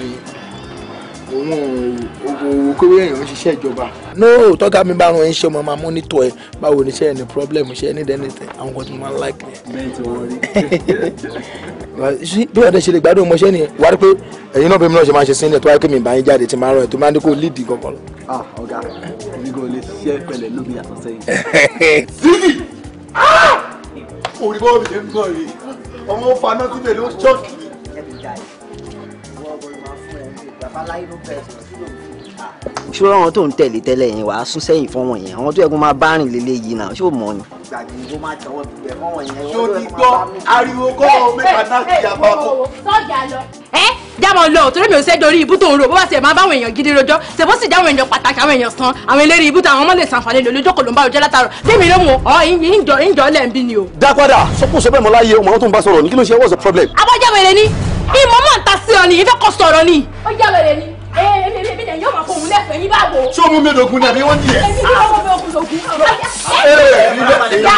S2: òun òwò kówé èèyàn ń ṣiṣẹ́ ìjọba. no tọ́ka mi bá wọn ṣe ọmọ máa mọ́nítọ̀ ẹ báwo ni ṣe ẹni problem ṣe ẹni dẹ́nìtẹ̀ àwọn kan tí mo máa like ni. bẹ́ẹ̀ tí wọ́n rí. bí ọ̀dẹ ṣe lè gbádùn ọmọọṣẹ́ ni wà á rí pé ẹ̀yin náà bí mi náà ṣe máa ṣe sílẹ̀ tó wáyé pé mi bá yín jáde tí máa rán ẹ̀ tó máa ní kó lead gangan lọ. ah ọ̀gá mi kò lè ṣiṣẹ́ pẹ̀lẹ́ lómi yàtọ̀ sẹ́yìn. òrìbọ̀ ah! mi ṣe ń sọ yìí ọmọ fanátílẹ̀ ló ṣọ́ọ̀kì
S4: ṣé ọ̀rọ̀ tó ń tẹ̀lé tẹ́lẹ̀ yẹn wàá sún sẹ́yìn fọ́wọ́n yẹn àwọn tó yẹ kó máa bá rìn lélẹ́ yìí náà ṣé ò mọ̀ ni.
S3: ṣé o ti gbọ́ ariwo kọ́ ọ mẹ́ta náà ti yàgbọ́ kó. sọ́jà lọ. ẹ dábọ̀ lọ torí mi ò ṣe dorí ibú tó ń ro bó bá ṣe máa báwọn èèyàn gidi rojọ́ ṣèbó sì dáwọn èèyàn pàtàkì àwọn èèyàn san àwọn eléré ibú táwọn ọmọ lè sanfàní lò lójókòó ló ń bá òjẹ́ látàrọ̀ tèmi ló mú ọ ìjọ ìjọ lẹ́ẹ̀bí ni o.
S2: dá padà sọkúnṣọ bẹ́ẹ̀ mọ́ láyé ọmọ tó ń bá sọ̀rọ̀ ní kí ló ń ṣe what's the problem.
S3: abọ́jẹ́ wèrè ni ìmọ̀ mọ̀ ń ta sí ọ ni ìfẹ́ kọ́ sọ̀rọ̀ ni. ó yà lọ rẹ ni èmi yóò máa fohùn lẹ́fẹ̀ẹ́ yín báwo. ṣé o mú mi dogun ni àbí wọ́n ti yẹ. èmi yóò mú mi dogun dogun. ilé ilé ilé ilé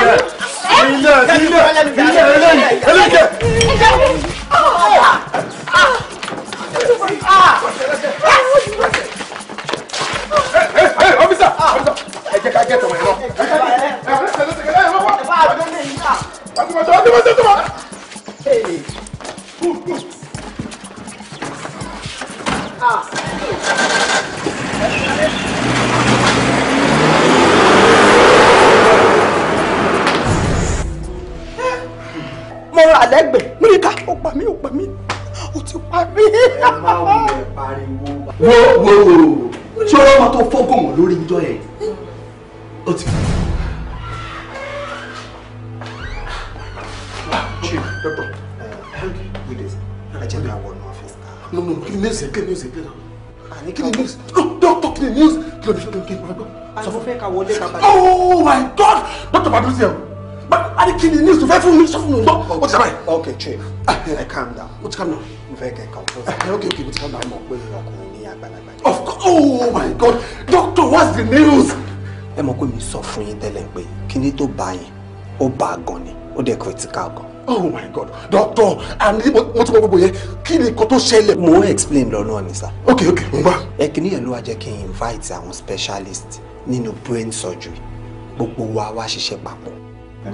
S3: ilé ilé ilé.
S2: ọfisa ọfisa ẹ jẹ ká jẹ tọmọ yẹn lọ. Hey! mo ra àlẹ́gbẹ̀ mílíkà ó pa mí ó pa mí ó ti pa mí. ẹ máa wọ ẹ pariwo. wo wo wo ṣé ọlọ́mọ tó fọ́gùnmọ̀ lórí ìjọ yẹn ó ti.
S4: Chief, doctor, help me with this. I check that one
S2: no no kí ni news yẹn kí ni news yẹn kí ni news no doctor kí ni news kí ló dé kí ni news. àìsàn ka wọlé bàbá. oh my god doctor bàbá ṣe o
S4: a ní kí ni news fẹ́ fún mi sọ fún mi gbọ́ o ti sábà yìí. okay chief i ah, eh, calm down. o ti calm down. n fẹ́ kẹ́ kàn. okay okay mo ti calm down. mo eh, pe ọkùnrin ní àgbàlagbà. of course oh my god doctor what's the news. ẹ mọ̀ pé mi sọ fún yín tẹ́lẹ̀ pé kíní tó bá yín ó bá a gan ni ó dẹ̀ critical gan oh my god doctor and mo ti mọ gbogbo yẹn kí ni nǹkan tó ṣẹlẹ̀. mo ń explain lọ́nà ni sir. ok ok mo gbà. ẹ kìíní yẹn ló wá jẹ́ kí n invite àwọn specialist nínú brain surgery gbogbo wa wá ṣiṣẹ́ papọ̀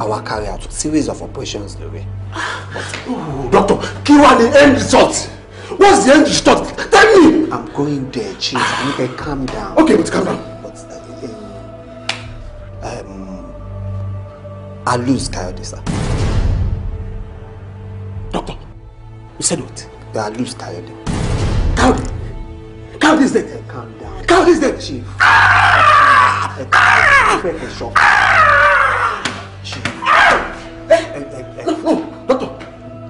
S4: àwa carry out series of operations lórí. doctor kí wàá ní end result what's the end result tell me. i'm going there chief i need to calm down. ok but calm down. but uh, um, um i lose coyote sir. Doctor, you said what? They are loose tired. Calm. Calm this day. Calm down. Calm this day, Chief. Ah! Ah! Ah! Ah!
S2: Chief. Ah! Eh, eh, eh, eh, No, Doctor.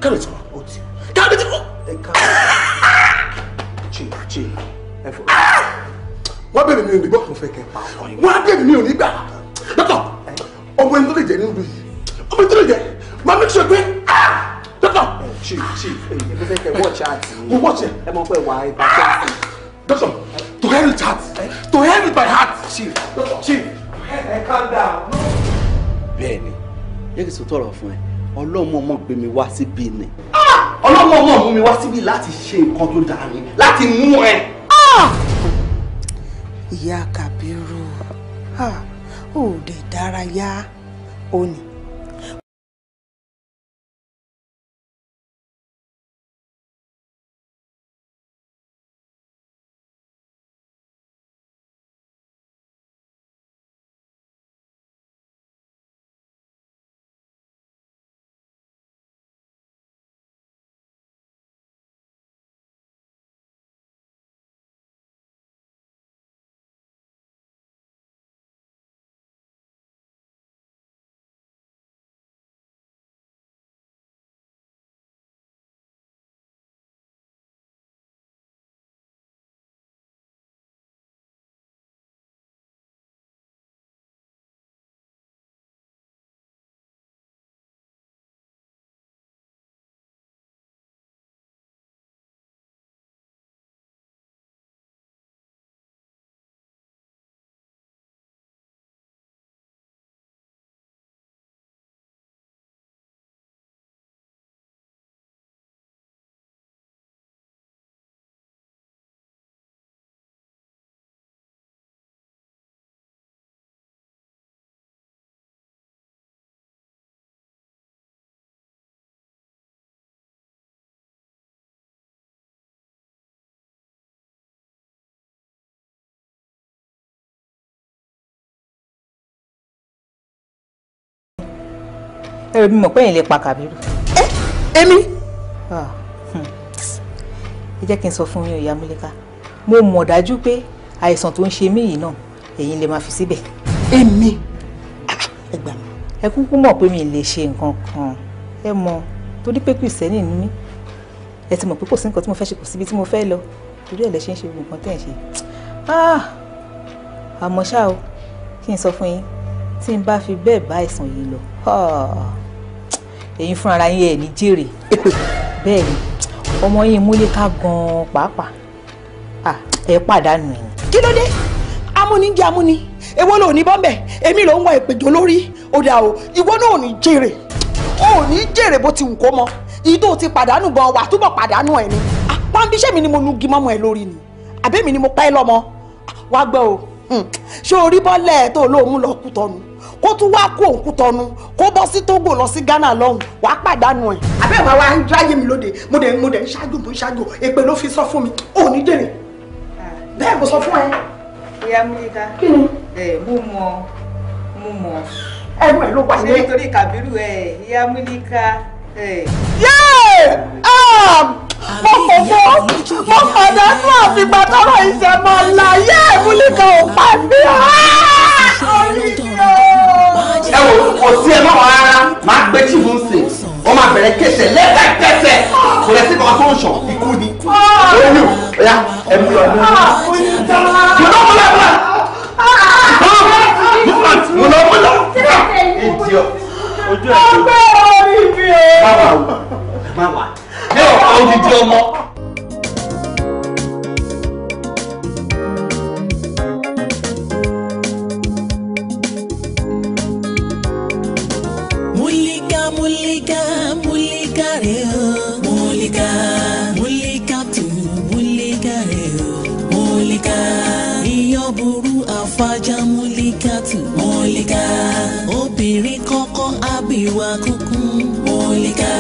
S4: Calm it. Oti.
S2: Calm it. Eh, calm.
S4: Ah! Chief, Chief.
S2: Eh, for. Wọ́n bẹ̀rẹ̀ mi ò ní gbọ́. Mo fẹ́ kẹ́ pa ọkọ yìí. Wọ́n á bẹ̀rẹ̀ mi ò ní gbà. Dọ́tọ̀, ọmọ ẹni tó lè jẹ nínú yìí. Ọmọ chief chief. èyí fẹ́ kẹ́ wọ́ọ̀chì àti. mo wọ́ọ̀chì. ẹ mọ pé wà doctor to hell with heart to hell with my heart. chief chief ẹ calm down. bẹ́ẹ̀ni yẹ kí n sọ tọrọ fún ẹ ọlọ́mọ ọmọ gbé mi wá síbí ni ah! ọlọ́mọ ọmọ mú mi wá síbí láti ṣe nǹkan tó dáa ni láti mú ẹ.
S3: Ah! ìyá kàbírù ò ah! lè dárayá ó ní. ẹ̀rọ mi mọ̀ pé ẹ̀yin lè pa Kàbírù. ẹ èmi. Ah, hmm. ẹ jẹ́ kí n sọ fún yín ìyá Múlíkà mo mọ̀ dájú pé àìsàn tó ń ṣe mí yìí náà ẹ̀yin lè máa fi síbẹ̀. èmi ẹ gbà mí. ẹ kúkú mọ̀ pé mi lè ṣe nǹkan kan ẹ mọ̀ torí pé kìrìsìtẹ́nì ni mí ẹ ti mọ̀ pé kò sí nǹkan tí mo fẹ́ ṣe kò síbi tí mo fẹ́ lọ torí ẹ̀ lẹ ṣe ń ṣe gbogbo nǹkan tẹ̀ ń ṣe. Ah, àmọ́ ṣá o kí n sọ fún yín tí n bá fi bẹ́ẹ̀ bá àìsàn yìí lọ. Ah
S1: ẹ̀yin fúnra ara yín ẹ̀ ní jèrè bẹ́ẹ̀ ni
S3: ọmọ yín múlẹ́ká gan-an pàápàá ẹ pàdánù ẹ̀yìn. kí ló dé
S2: amúnijẹ amúni èwo ló ní bọ́m̀bẹ̀ èmi ló ń wá ìpèjọ lórí ọ̀dà o ìwọ náà ò ní jèrè ò ní jèrè bó ti wù kó mọ èyí tó ti pàdánù gan wà túbọ̀ pàdánù
S3: ẹ̀ ni pàǹbíṣẹ́ mi ni mo nugi mọ́mọ́ ẹ lórí ni àbẹ́mi ni mo pa ẹ́ lọ́mọ wá gbọ́ o hmm. ṣé orí bọ́lẹ̀ tó lóun lọ kú tọ́nu kó tún wá kó òkú tọnu kó
S2: bọ́ sí Tógò lọ sí Ghana lọ́hùn wàá pàdánù ẹ̀. àbẹ́wò àwa ń jáyé mi lóde mo dẹ̀ mo dẹ̀ ń ṣáájú mo ń ṣáájú èpè ló fi sọ fún mi ò ní dèrè
S3: bẹ́ẹ̀ mo sọ fún ẹ. ìyá múlíta kí ni. ẹ mú mọ mú mọ. ẹnu ẹ ló wà ní. ṣé nítorí Kàbírù ẹ ìyá múlíka. yéè mo fòfò mo fọdẹ fún àfìgbà tọrọ ìṣẹ̀mọ̀ ọ̀la yéè múlíka ò pa mí ẹ wò kò sí ẹ mọ́
S2: rárá máa gbé tí mo ń sè wọ́n máa bẹ̀rẹ̀ kéṣẹ̀ lẹ́sẹ̀kẹsẹ̀ kò lẹ́ sí kankan tó ń sàn ikú ni oyún ọ̀yá ẹ mú lọ. mo lọ
S1: mú lọ mú lọ mo lọ mú lọ ìdí ọ.
S2: ọgbẹ́
S1: orí mi o. má wà
S2: má wà ní ọ̀pá odidi ọmọ.
S1: rẹ o. Mulika Mulika tunu Mulika rẹ o. Mulika iyán burú àfàjà Mulika tù. Mulika obìnrin kọ́kọ́ àbíwá kúkú. Mulika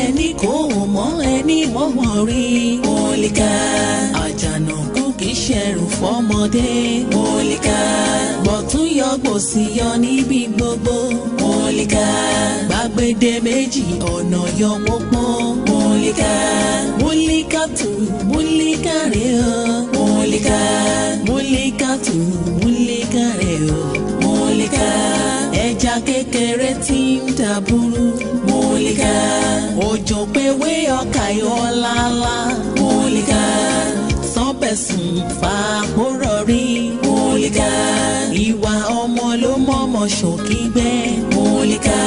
S1: ẹni kò mọ̀ ẹni mọ̀mọ́ rí. Mulika ṣẹ̀rù fọ́mọdé. Mọ̀líkà. Bọ̀tún yọ gbòsì yọ níbi gbogbo. Mọ̀líkà. Gbàgede méjì ọ̀nà yọ pọ́pọ́n. Mọ̀líkà. Múlíkà tù múlíkà rẹ̀ o. Mọ̀líkà. Múlíkà tù múlíkà rẹ̀ o. Mọ̀líkà. Ẹja kékeré tí ń dàbúrú. Mọ̀líkà. Òjò pé wé ọkà yọ lálá fàkúrọ̀ rí. Múlíkà. Ìwà ọmọ ló mọ̀mọ́ ṣòkígbẹ́. Múlíkà.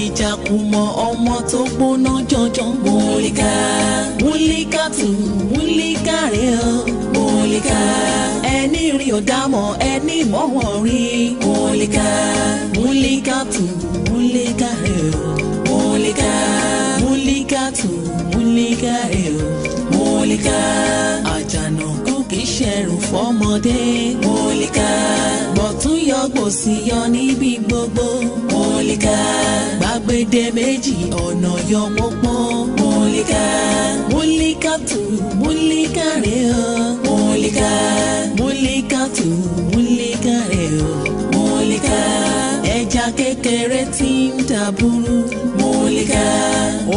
S1: Ìjàkùmọ̀ ọmọ tó gbóná jọjọ. Múlíkà. Múlíkà tù múlíkà rẹ̀ o. Múlíkà. Ẹni rí ò dámọ̀ ẹni mọ̀wọ̀ rí. Múlíkà. Múlíkà tù múlíkà rẹ̀ o. Múlíkà. Múlíkà tù múlíkà rẹ̀ o. Múlíkà dẹrù fọ́mọdé. Mólíkà. Bọ̀tún yọ gbòsì yọ níbi gbogbo. Mólíkà. Gbàgede méjì ọ̀nà yọ pọ́pọ́n. Mólíkà. Mólíkà tù Mólíkà rẹ̀ o. Mólíkà. Mólíkà tù Mólíkà rẹ̀ o. Mólíkà. Ẹja kékeré tí ń dàbúrú. Mólíkà.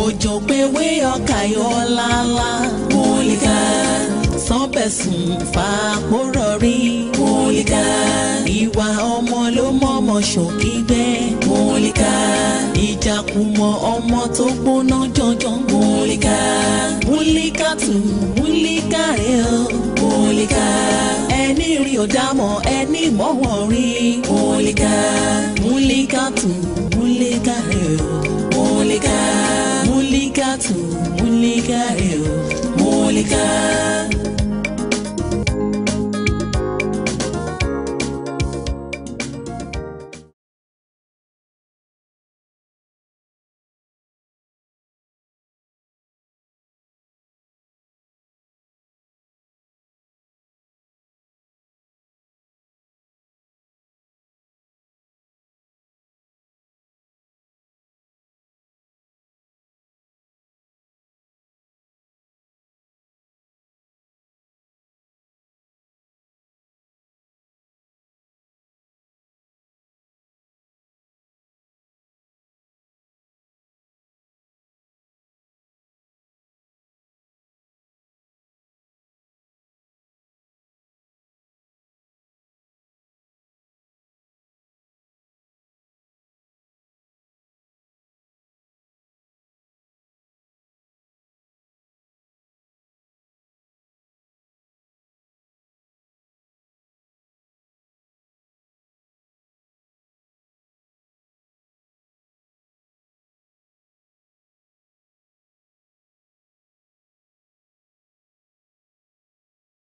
S1: Òjò pé wé ọkà yọ lálá. Mólíkà sanbẹ̀sùn fàpọ̀rọ̀ rí. Múlíkà. Ìwà ọmọ ló mọ̀mọ́ ṣòkígbẹ́. Múlíkà. Ìjàkùmọ̀ ọmọ tó gbóná jọjọ. Múlíkà. Múlíkà tù múlíkà rẹ̀ o. Múlíkà. Ẹni rí ò dámọ̀ ẹni mọ̀wọ̀n rí. Múlíkà. Múlíkà tù múlíkà rẹ̀ o. Múlíkà. Múlíkà tù múlíkà rẹ̀ o. Múlíkà.